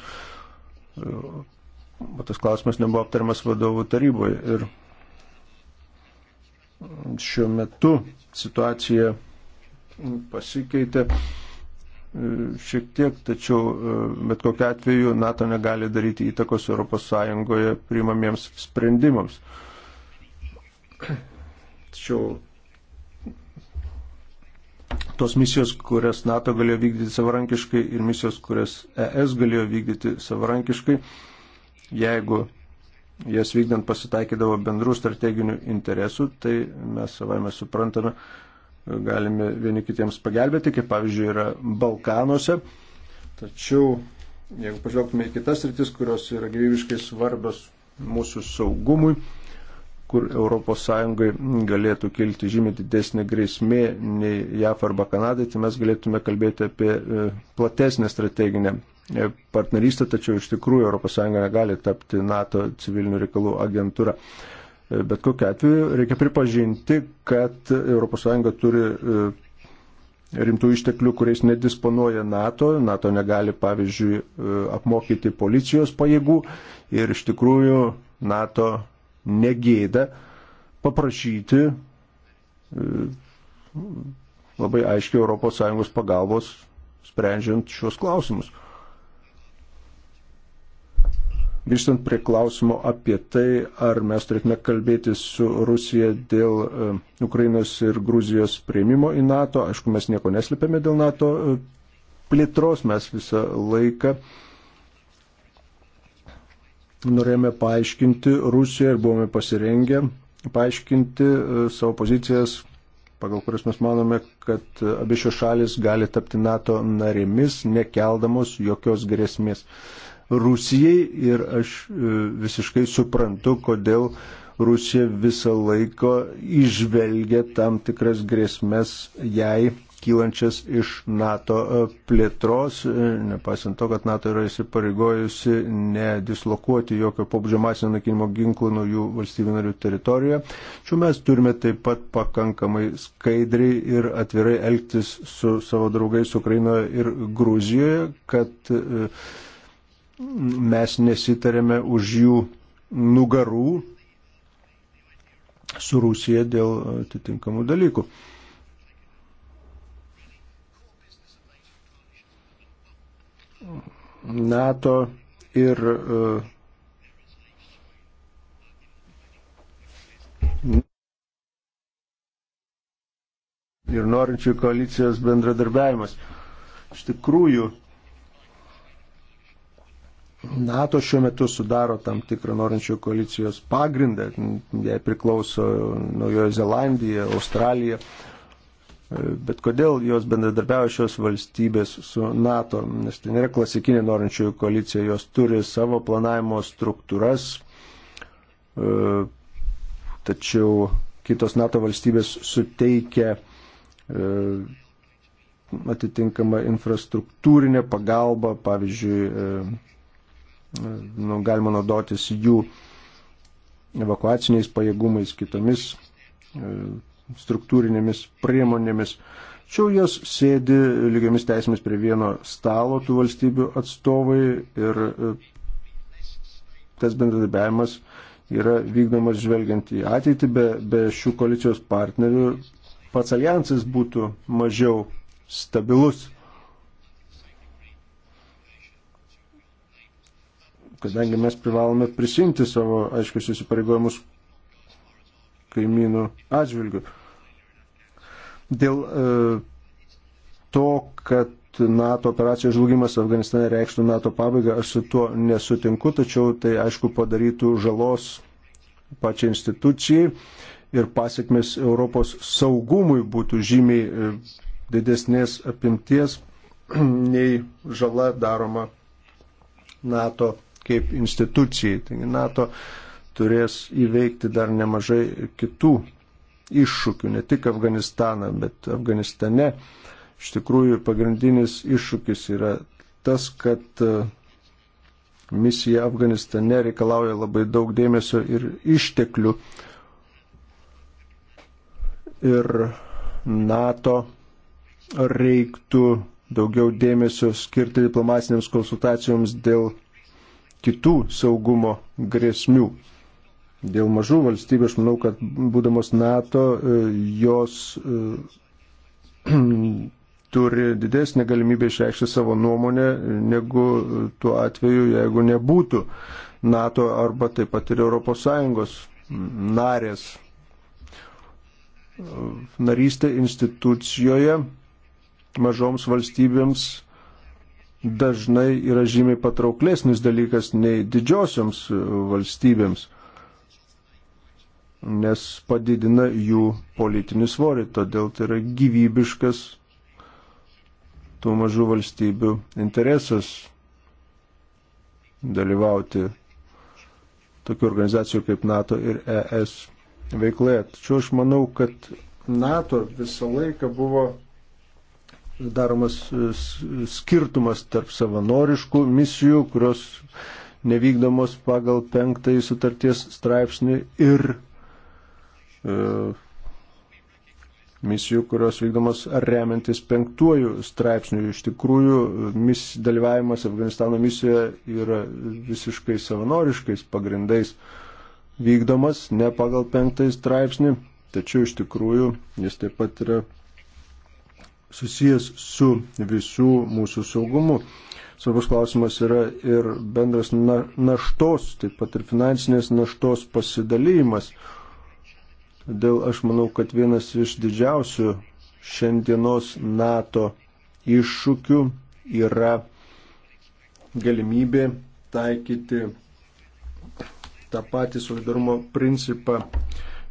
O tas klausimas nebuvo aptariamas vadovų taryboje. Ir šiuo metu situacija pasikeitė šiek tiek, tačiau e, bet kokiu atveju NATO negali daryti įtakos ES priimamiems sprendimams. Tačiau tos misijos, kurias NATO galėjo vykdyti savarankiškai ir misijos, kurias ES galėjo vykdyti savarankiškai, jeigu jas vykdant pasitaikydavo bendrų strateginių interesų, tai mes savai mes suprantame, galime vieni kitiems pagelbėti, kaip pavyzdžiui yra Balkanuose. Tačiau, jeigu pažvelgtume į kitas rytis, kurios yra gyvybiškai svarbios mūsų saugumui, kur ES galėtų kilti žymiai didesnė grėsmė nei JAF arba Kanadai, tai mes galėtume kalbėti apie e, platesnę strateginę e, partnerystę, tačiau iš tikrųjų ES negali tapti NATO civilinių reikalų agentūra. E, bet kokiu atveju reikia pripažinti, kad ES turi e, rimtų išteklių, kuriais nedisponuoja NATO. NATO negali, pavyzdžiui, e, apmokyti policijos pajėgų ir iš tikrųjų NATO negėda paprašyti labai aiškiai ES pagalbos sprendžiant šios klausimus. Grįžtant prie klausimo apie tai, ar mes turėtume kalbėti su Rusija dėl e, Ukrainos ir Gruzijos prieimimo į NATO, aišku, mes nieko neslėpėme dėl NATO e, plėtros, mes visą laiką norėjome paaiškinti Rusiją ir buvome pasirengę paaiškinti e, savo pozicijas, pagal kurias mes manome, kad abi šios šalis gali tapti NATO narėmis, nekeldamos jokios grėsmės. Rusijai ir aš e, visiškai suprantu, kodėl Rusija visą laiką išvelgia tam tikras grėsmės jai kylančias iš NATO e, plėtros, e, nepaisant to, kad NATO yra įsipareigojusi nedislokuoti jokio pobūdžio masinio nakinimo ginklų nuo jų valstybių narių teritorijoje. Čia mes turime taip pat pakankamai skaidriai ir atvirai elgtis su savo draugais Ukrainoje ir Gruzijoje, kad mes nesitarėme už jų nugarų su Rusija dėl atitinkamų dalykų. NATO ir uh, ir norinčių koalicijos bendradarbiavimas. Iš tikrųjų, NATO šiuo metu sudaro tam tikrą norinčių koalicijos pagrindą, jai priklauso Naujojo Zelandija, Australija. Bet kodėl jos bendradarbiavo šios valstybės su NATO? Nes tai nėra klasikinė norinčiųjų koalicija, jos turi savo planavimo struktūras, e, tačiau kitos NATO valstybės suteikia e, atitinkamą infrastruktūrinę pagalbą, pavyzdžiui, e, nu, galima naudotis jų evakuaciniais pajėgumais, kitomis e, struktūrinėmis priemonėmis. Čia jos sėdi lygiamis teisėmis prie vieno stalo tų valstybių atstovai ir e, tas bendradarbiavimas yra vykdomas žvelgiant į ateitį, be, be šių koalicijos partnerių pats alijansas būtų mažiau stabilus. kadangi mes privalome prisimti savo aiškius įsipareigojimus kaimynų atžvilgių. Dėl e, to, kad NATO operacijos žlugimas Afganistane reikštų NATO pabaigą, aš su tuo nesutinku, tačiau tai aišku padarytų žalos pačiai institucijai ir pasiekmes Europos saugumui būtų žymiai e, didesnės apimties nei žala daroma NATO kaip institucijai. Taigi NATO turės įveikti dar nemažai kitų iššūkių, ne tik Afganistaną, bet Afganistane. Iš tikrųjų, pagrindinis iššūkis yra tas, kad e, misija Afganistane reikalauja labai daug dėmesio ir išteklių. Ir NATO reiktų daugiau dėmesio skirti diplomatinėms konsultacijoms dėl kitų saugumo grėsmių. Dėl mažų valstybių aš manau, kad būdamos NATO, e, jos e, turi didesnį galimybę išreikšti savo nuomonę negu tuo atveju, jeigu nebūtų NATO arba taip pat ir ES narės narystė institucijoje mažoms valstybėms dažnai yra žymiai patrauklesnis dalykas nei didžiosioms valstybėms, nes padidina jų politinį svorį, todėl tai yra gyvybiškas tų mažų valstybių interesas dalyvauti tokių organizacijų kaip NATO ir ES veikloje. Tačiau aš manau, kad NATO visą laiką buvo daromas e, skirtumas tarp savanoriškų misijų, kurios nevykdomos pagal penktąjį sutarties straipsnį ir e, misijų, kurios vykdomos remiantis penktuoju straipsniu. Iš tikrųjų, mis, dalyvavimas Afganistano misijoje yra visiškai savanoriškais pagrindais vykdomas, ne pagal penktąjį straipsnį, tačiau iš tikrųjų jis taip pat yra susijęs su visų mūsų saugumu. Svarbus klausimas yra ir bendras na, naštos, taip pat ir finansinės naštos pasidalymas. Todėl aš manau, kad vienas iš didžiausių šiandienos NATO iššūkių yra galimybė taikyti tą patį solidarumo principą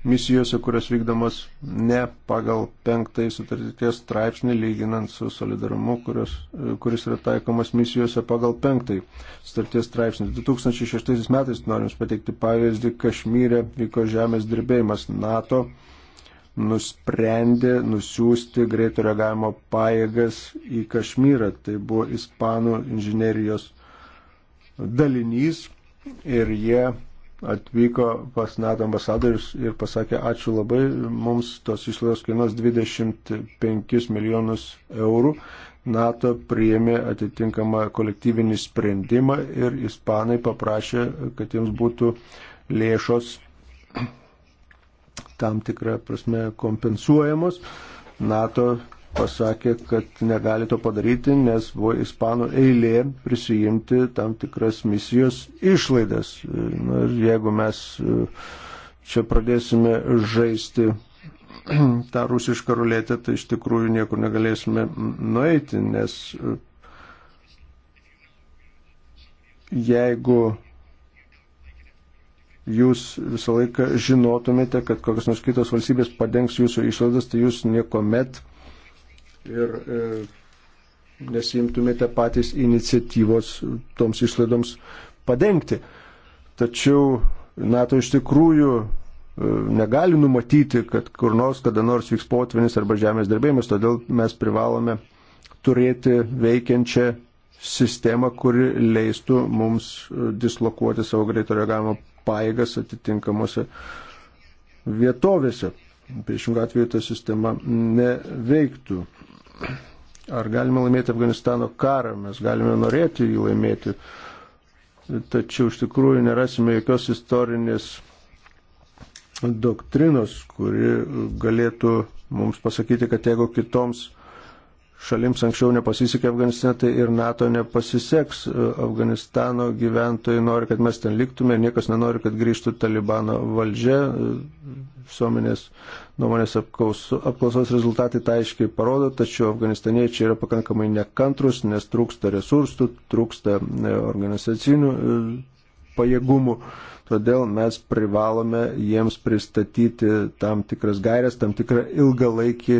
misijose, kurios vykdomos ne pagal penktąjį sutarties straipsnį, lyginant su solidarumu, kurios, kuris yra taikomas misijose pagal penktąjį sutarties straipsnį. 2006 metais norim pateikti pavyzdį, Kašmyre vyko žemės dirbėjimas NATO nusprendė nusiųsti greito reagavimo pajėgas į Kašmyrą. Tai buvo ispanų inžinerijos dalinys ir jie atvyko pas NATO ambasadorius ir pasakė, ačiū labai, mums tos išlaidos kainuos 25 milijonus eurų. NATO priėmė atitinkamą kolektyvinį sprendimą ir ispanai paprašė, kad jiems būtų lėšos tam tikrą prasme kompensuojamos. NATO pasakė, kad negali to padaryti, nes buvo ispanų eilė prisijimti tam tikras misijos išlaidas. Na, ir jeigu mes e, čia pradėsime žaisti tą rusišką ruletę, tai iš tikrųjų niekur negalėsime nueiti, nes e, jeigu jūs visą laiką žinotumėte, kad kokios nors kitos valstybės padengs jūsų išlaidas, tai jūs niekuomet ir e, nesimtumėte patys iniciatyvos toms išlaidoms padengti. Tačiau NATO iš tikrųjų e, negali numatyti, kad kur nors kada nors vyks potvinis arba žemės darbėjimas, todėl mes privalome turėti veikiančią sistemą, kuri leistų mums e, dislokuoti savo greito reagavimo paėgas atitinkamuose vietovėse. Priešingų atveju ta sistema neveiktų. Ar galime laimėti Afganistano karą? Mes galime norėti jį laimėti, tačiau iš tikrųjų nerasime jokios istorinės doktrinos, kuri galėtų mums pasakyti, kad jeigu kitoms šalims anksčiau nepasisekė Afganistane, tai ir NATO nepasiseks. Afganistano gyventojai nori, kad mes ten liktume ir niekas nenori, kad grįžtų Talibano valdžia. Visuomenės nuomonės apklausos rezultatai tai aiškiai parodo, tačiau afganistaniečiai yra pakankamai nekantrus, nes trūksta resursų, trūksta e, organizacinių e, pajėgumų. Todėl mes privalome jiems pristatyti tam tikras gairias, tam tikrą ilgalaikį laikį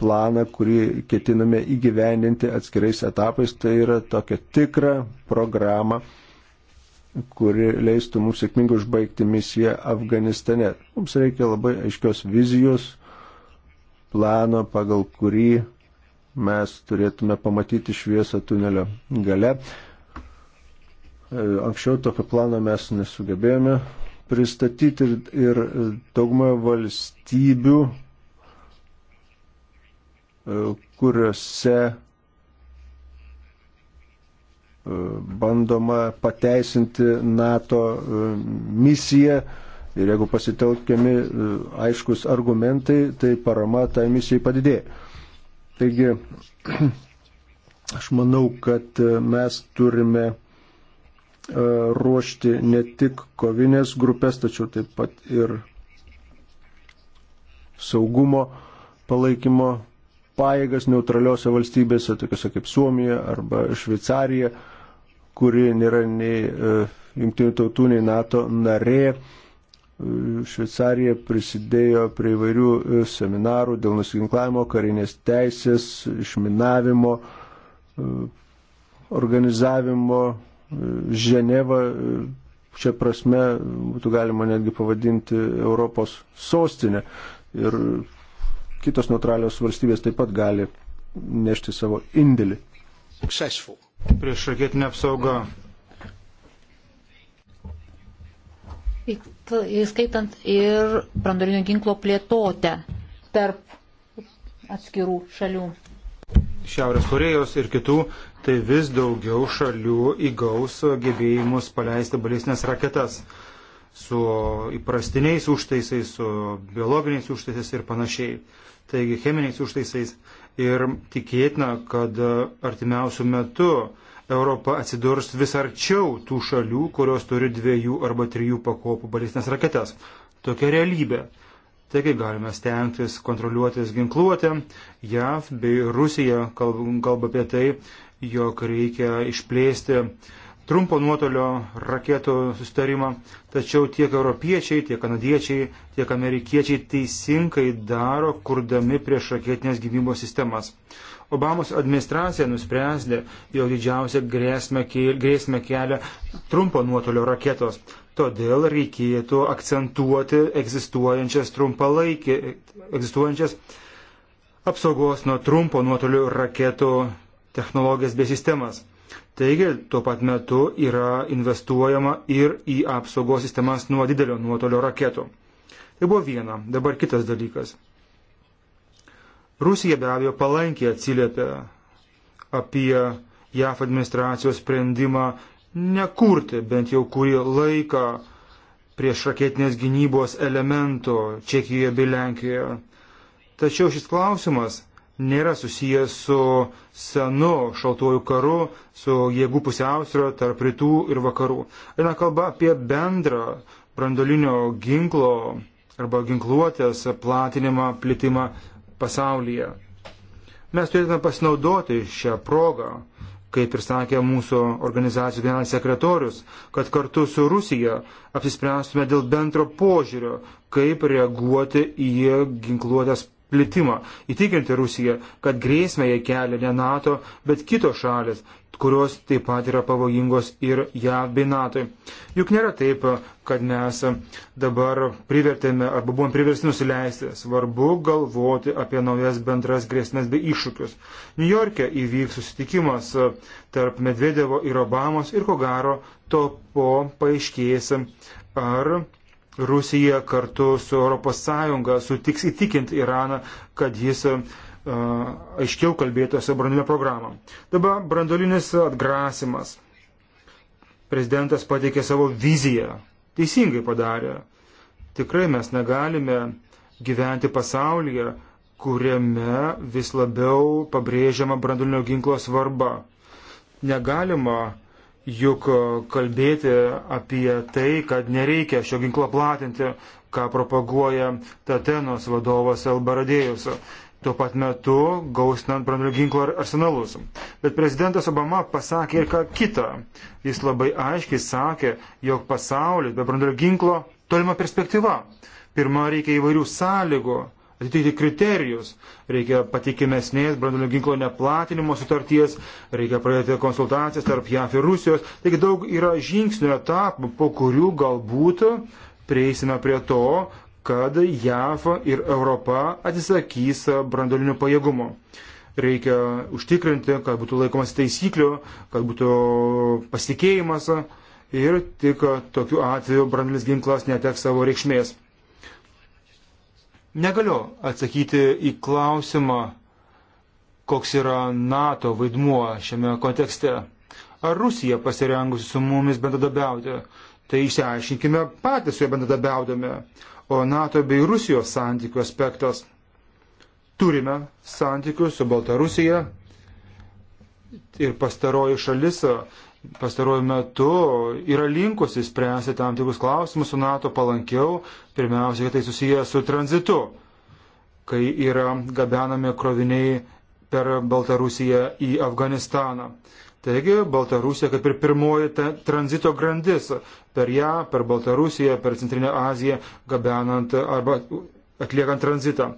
planą, kurį ketiname įgyvendinti atskirais etapais. Tai yra tokia tikra programa, kuri leistų mums sėkmingai užbaigti misiją Afganistane. Mums reikia labai aiškios vizijos, plano, pagal kurį mes turėtume pamatyti šviesą tunelio gale. E, anksčiau tokio plano mes nesugebėjome pristatyti ir, ir daugumą valstybių kuriuose e, bandoma pateisinti NATO e, misiją ir jeigu pasitelkiami e, aiškus argumentai, tai parama tai misijai padidėja. Taigi, aš manau, kad mes turime ruošti ne tik kovinės grupės, tačiau taip pat ir saugumo palaikymo pajėgas neutraliuose valstybėse, tokiuose kaip Suomija arba Šveicarija, kuri nėra nei e, jungtinių tautų, nei NATO narė. E, Šveicarija prisidėjo prie įvairių e, seminarų dėl nusiginklavimo, karinės teisės, išminavimo, organizavimo. Ženeva čia prasme būtų galima netgi pavadinti Europos sostinę. Ir kitos neutralios valstybės taip pat gali nešti savo indėlį. Prieš raketinę apsaugą. Įskaitant ir brandolinio ginklo plėtotę tarp atskirų šalių. Šiaurės Korejos ir kitų, tai vis daugiau šalių įgaus gebėjimus paleisti balistinės raketas su įprastiniais užtaisais, su biologiniais užtaisais ir panašiai. Taigi cheminiais užtaisais ir tikėtina, kad artimiausių metų Europa atsidurs vis arčiau tų šalių, kurios turi dviejų arba trijų pakopų balistinės raketas. Tokia realybė. Taigi galime stengtis kontroliuotis ginkluotę. JAV bei Rusija kalba apie tai, jog reikia išplėsti uh, trumpo nuotolio raketų sustarimą, tačiau tiek europiečiai, tiek kanadiečiai, tiek amerikiečiai teisingai daro, kurdami prieš raketinės gynybos sistemas. Obamos administracija nusprendė, jog didžiausia grėsmė, grėsmė kelia trumpo nuotolio raketos. Todėl reikėtų akcentuoti egzistuojančias trumpalaikį, egzistuojančias apsaugos nuo trumpo nuotolio raketų technologijas bei sistemas. Taigi, tuo pat metu yra investuojama ir į apsaugos sistemas nuo didelio nuotolio raketų. Tai buvo viena, dabar kitas dalykas. Rusija be abejo palankiai atsiliepia apie JAF administracijos sprendimą nekurti bent jau kurį laiką prieš raketinės gynybos elemento Čekijoje bei Lenkijoje. Tačiau šis klausimas nėra susijęs su senu šaltuoju karu, su jėgų pusiausvėro tarp rytų ir vakarų. Eina kalba apie bendrą brandolinio ginklo arba ginkluotės platinimą, plitimą pasaulyje. Mes turėtume pasinaudoti šią progą, kaip ir sakė mūsų organizacijos generalinis sekretorius, kad kartu su Rusija apsispręstume dėl bendro požiūrio, kaip reaguoti į ginkluotės plitimą, įtikinti Rusiją, kad grėsmę jai kelia ne NATO, bet kitos šalis, kurios taip pat yra pavojingos ir JAV bei NATO. Juk nėra taip, kad mes dabar privertėme arba buvom priversti nusileisti. Svarbu galvoti apie naujas bendras grėsmės bei iššūkius. New York'e įvyks susitikimas tarp Medvedevo ir Obamos ir ko gero to po paaiškės, ar Rusija kartu su ES sutiks įtikint Iraną, kad jis uh, aiškiau kalbėtų apie branduolinę programą. Dabar branduolinis atgrasimas. Prezidentas pateikė savo viziją. Teisingai padarė. Tikrai mes negalime gyventi pasaulyje, kuriame vis labiau pabrėžiama branduolinio ginklo svarba. Negalima juk e, kalbėti apie tai, kad nereikia šio ginklo platinti, ką propaguoja Tatenos vadovas Elbaradėjus, tuo pat metu gausinant branduolinio ginklo arsenalus. Bet prezidentas Obama pasakė ir ką kitą. Jis labai aiškiai sakė, jog pasaulis be branduolinio ginklo tolima perspektyva. Pirma, reikia įvairių sąlygų, atitikti kriterijus. Reikia patikimesnės branduolinio ginklo neplatinimo sutarties, reikia pradėti konsultacijas tarp JAF ir Rusijos. Taigi daug yra žingsnių etapų, po kurių galbūt prieisime prie to, kad JAF ir Europa atsisakys branduolinio pajėgumo. Reikia užtikrinti, kad būtų laikomas taisyklių, kad būtų pasitikėjimas ir tik tokiu atveju branduolinis ginklas neteks savo reikšmės. Negaliu atsakyti į klausimą, koks yra NATO vaidmuo šiame kontekste. Ar Rusija pasirengusi su mumis bendradabiauti? Tai išsiaiškinkime patys su ja bendradabiaudami. O NATO bei Rusijos santykių aspektas. Turime santykių su Baltarusija ir pastaroji šalis pastaruoju metu yra linkusi spręsti tam tikrus klausimus su NATO palankiau, pirmiausia, kad tai susiję su tranzitu, kai yra gabenami kroviniai per Baltarusiją į Afganistaną. Taigi Baltarusija kaip ir pirmoji ta, tranzito grandis per ją, per Baltarusiją, per Centrinę Aziją, gabenant arba atliekant tranzitą.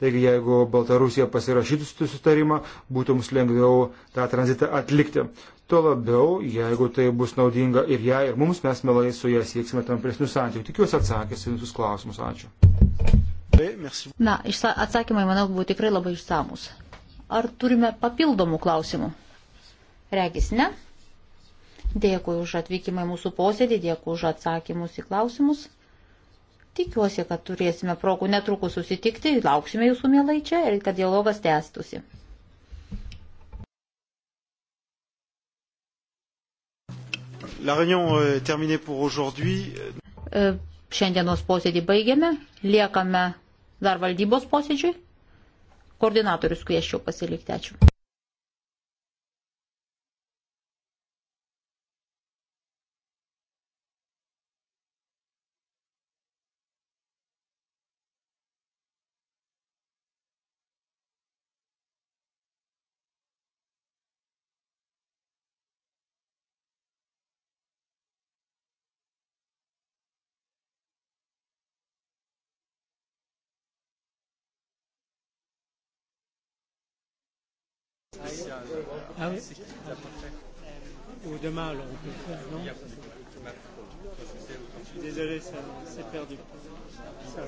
Taigi jeigu Baltarusija pasirašytų sutarimą, būtų mums lengviau tą tranzitą atlikti. Tuo labiau, jeigu tai bus naudinga ir jai, ir mums, mes melai su ja sieksime tam presnių santykių. Tikiuosi atsakęs į visus klausimus. Ačiū. Na, atsakymai, manau, buvo tikrai labai išsamus. Ar turime papildomų klausimų? Regis ne. Dėkui už atvykimą į mūsų posėdį, dėkui už atsakymus į klausimus. Tikiuosi, kad turėsime progų netrukus susitikti, lauksime jūsų mielai čia ir kad dialogas tęstusi. La réunion euh, est terminée pour aujourd'hui. E, šiandienos posėdį baigiame, liekame dar valdybos posėdžiui. Koordinatorius kvieščiau pasilikti. Ačiū. Ah oui Ou demain, alors on peut le faire, non Je suis désolé, c'est perdu. Ça,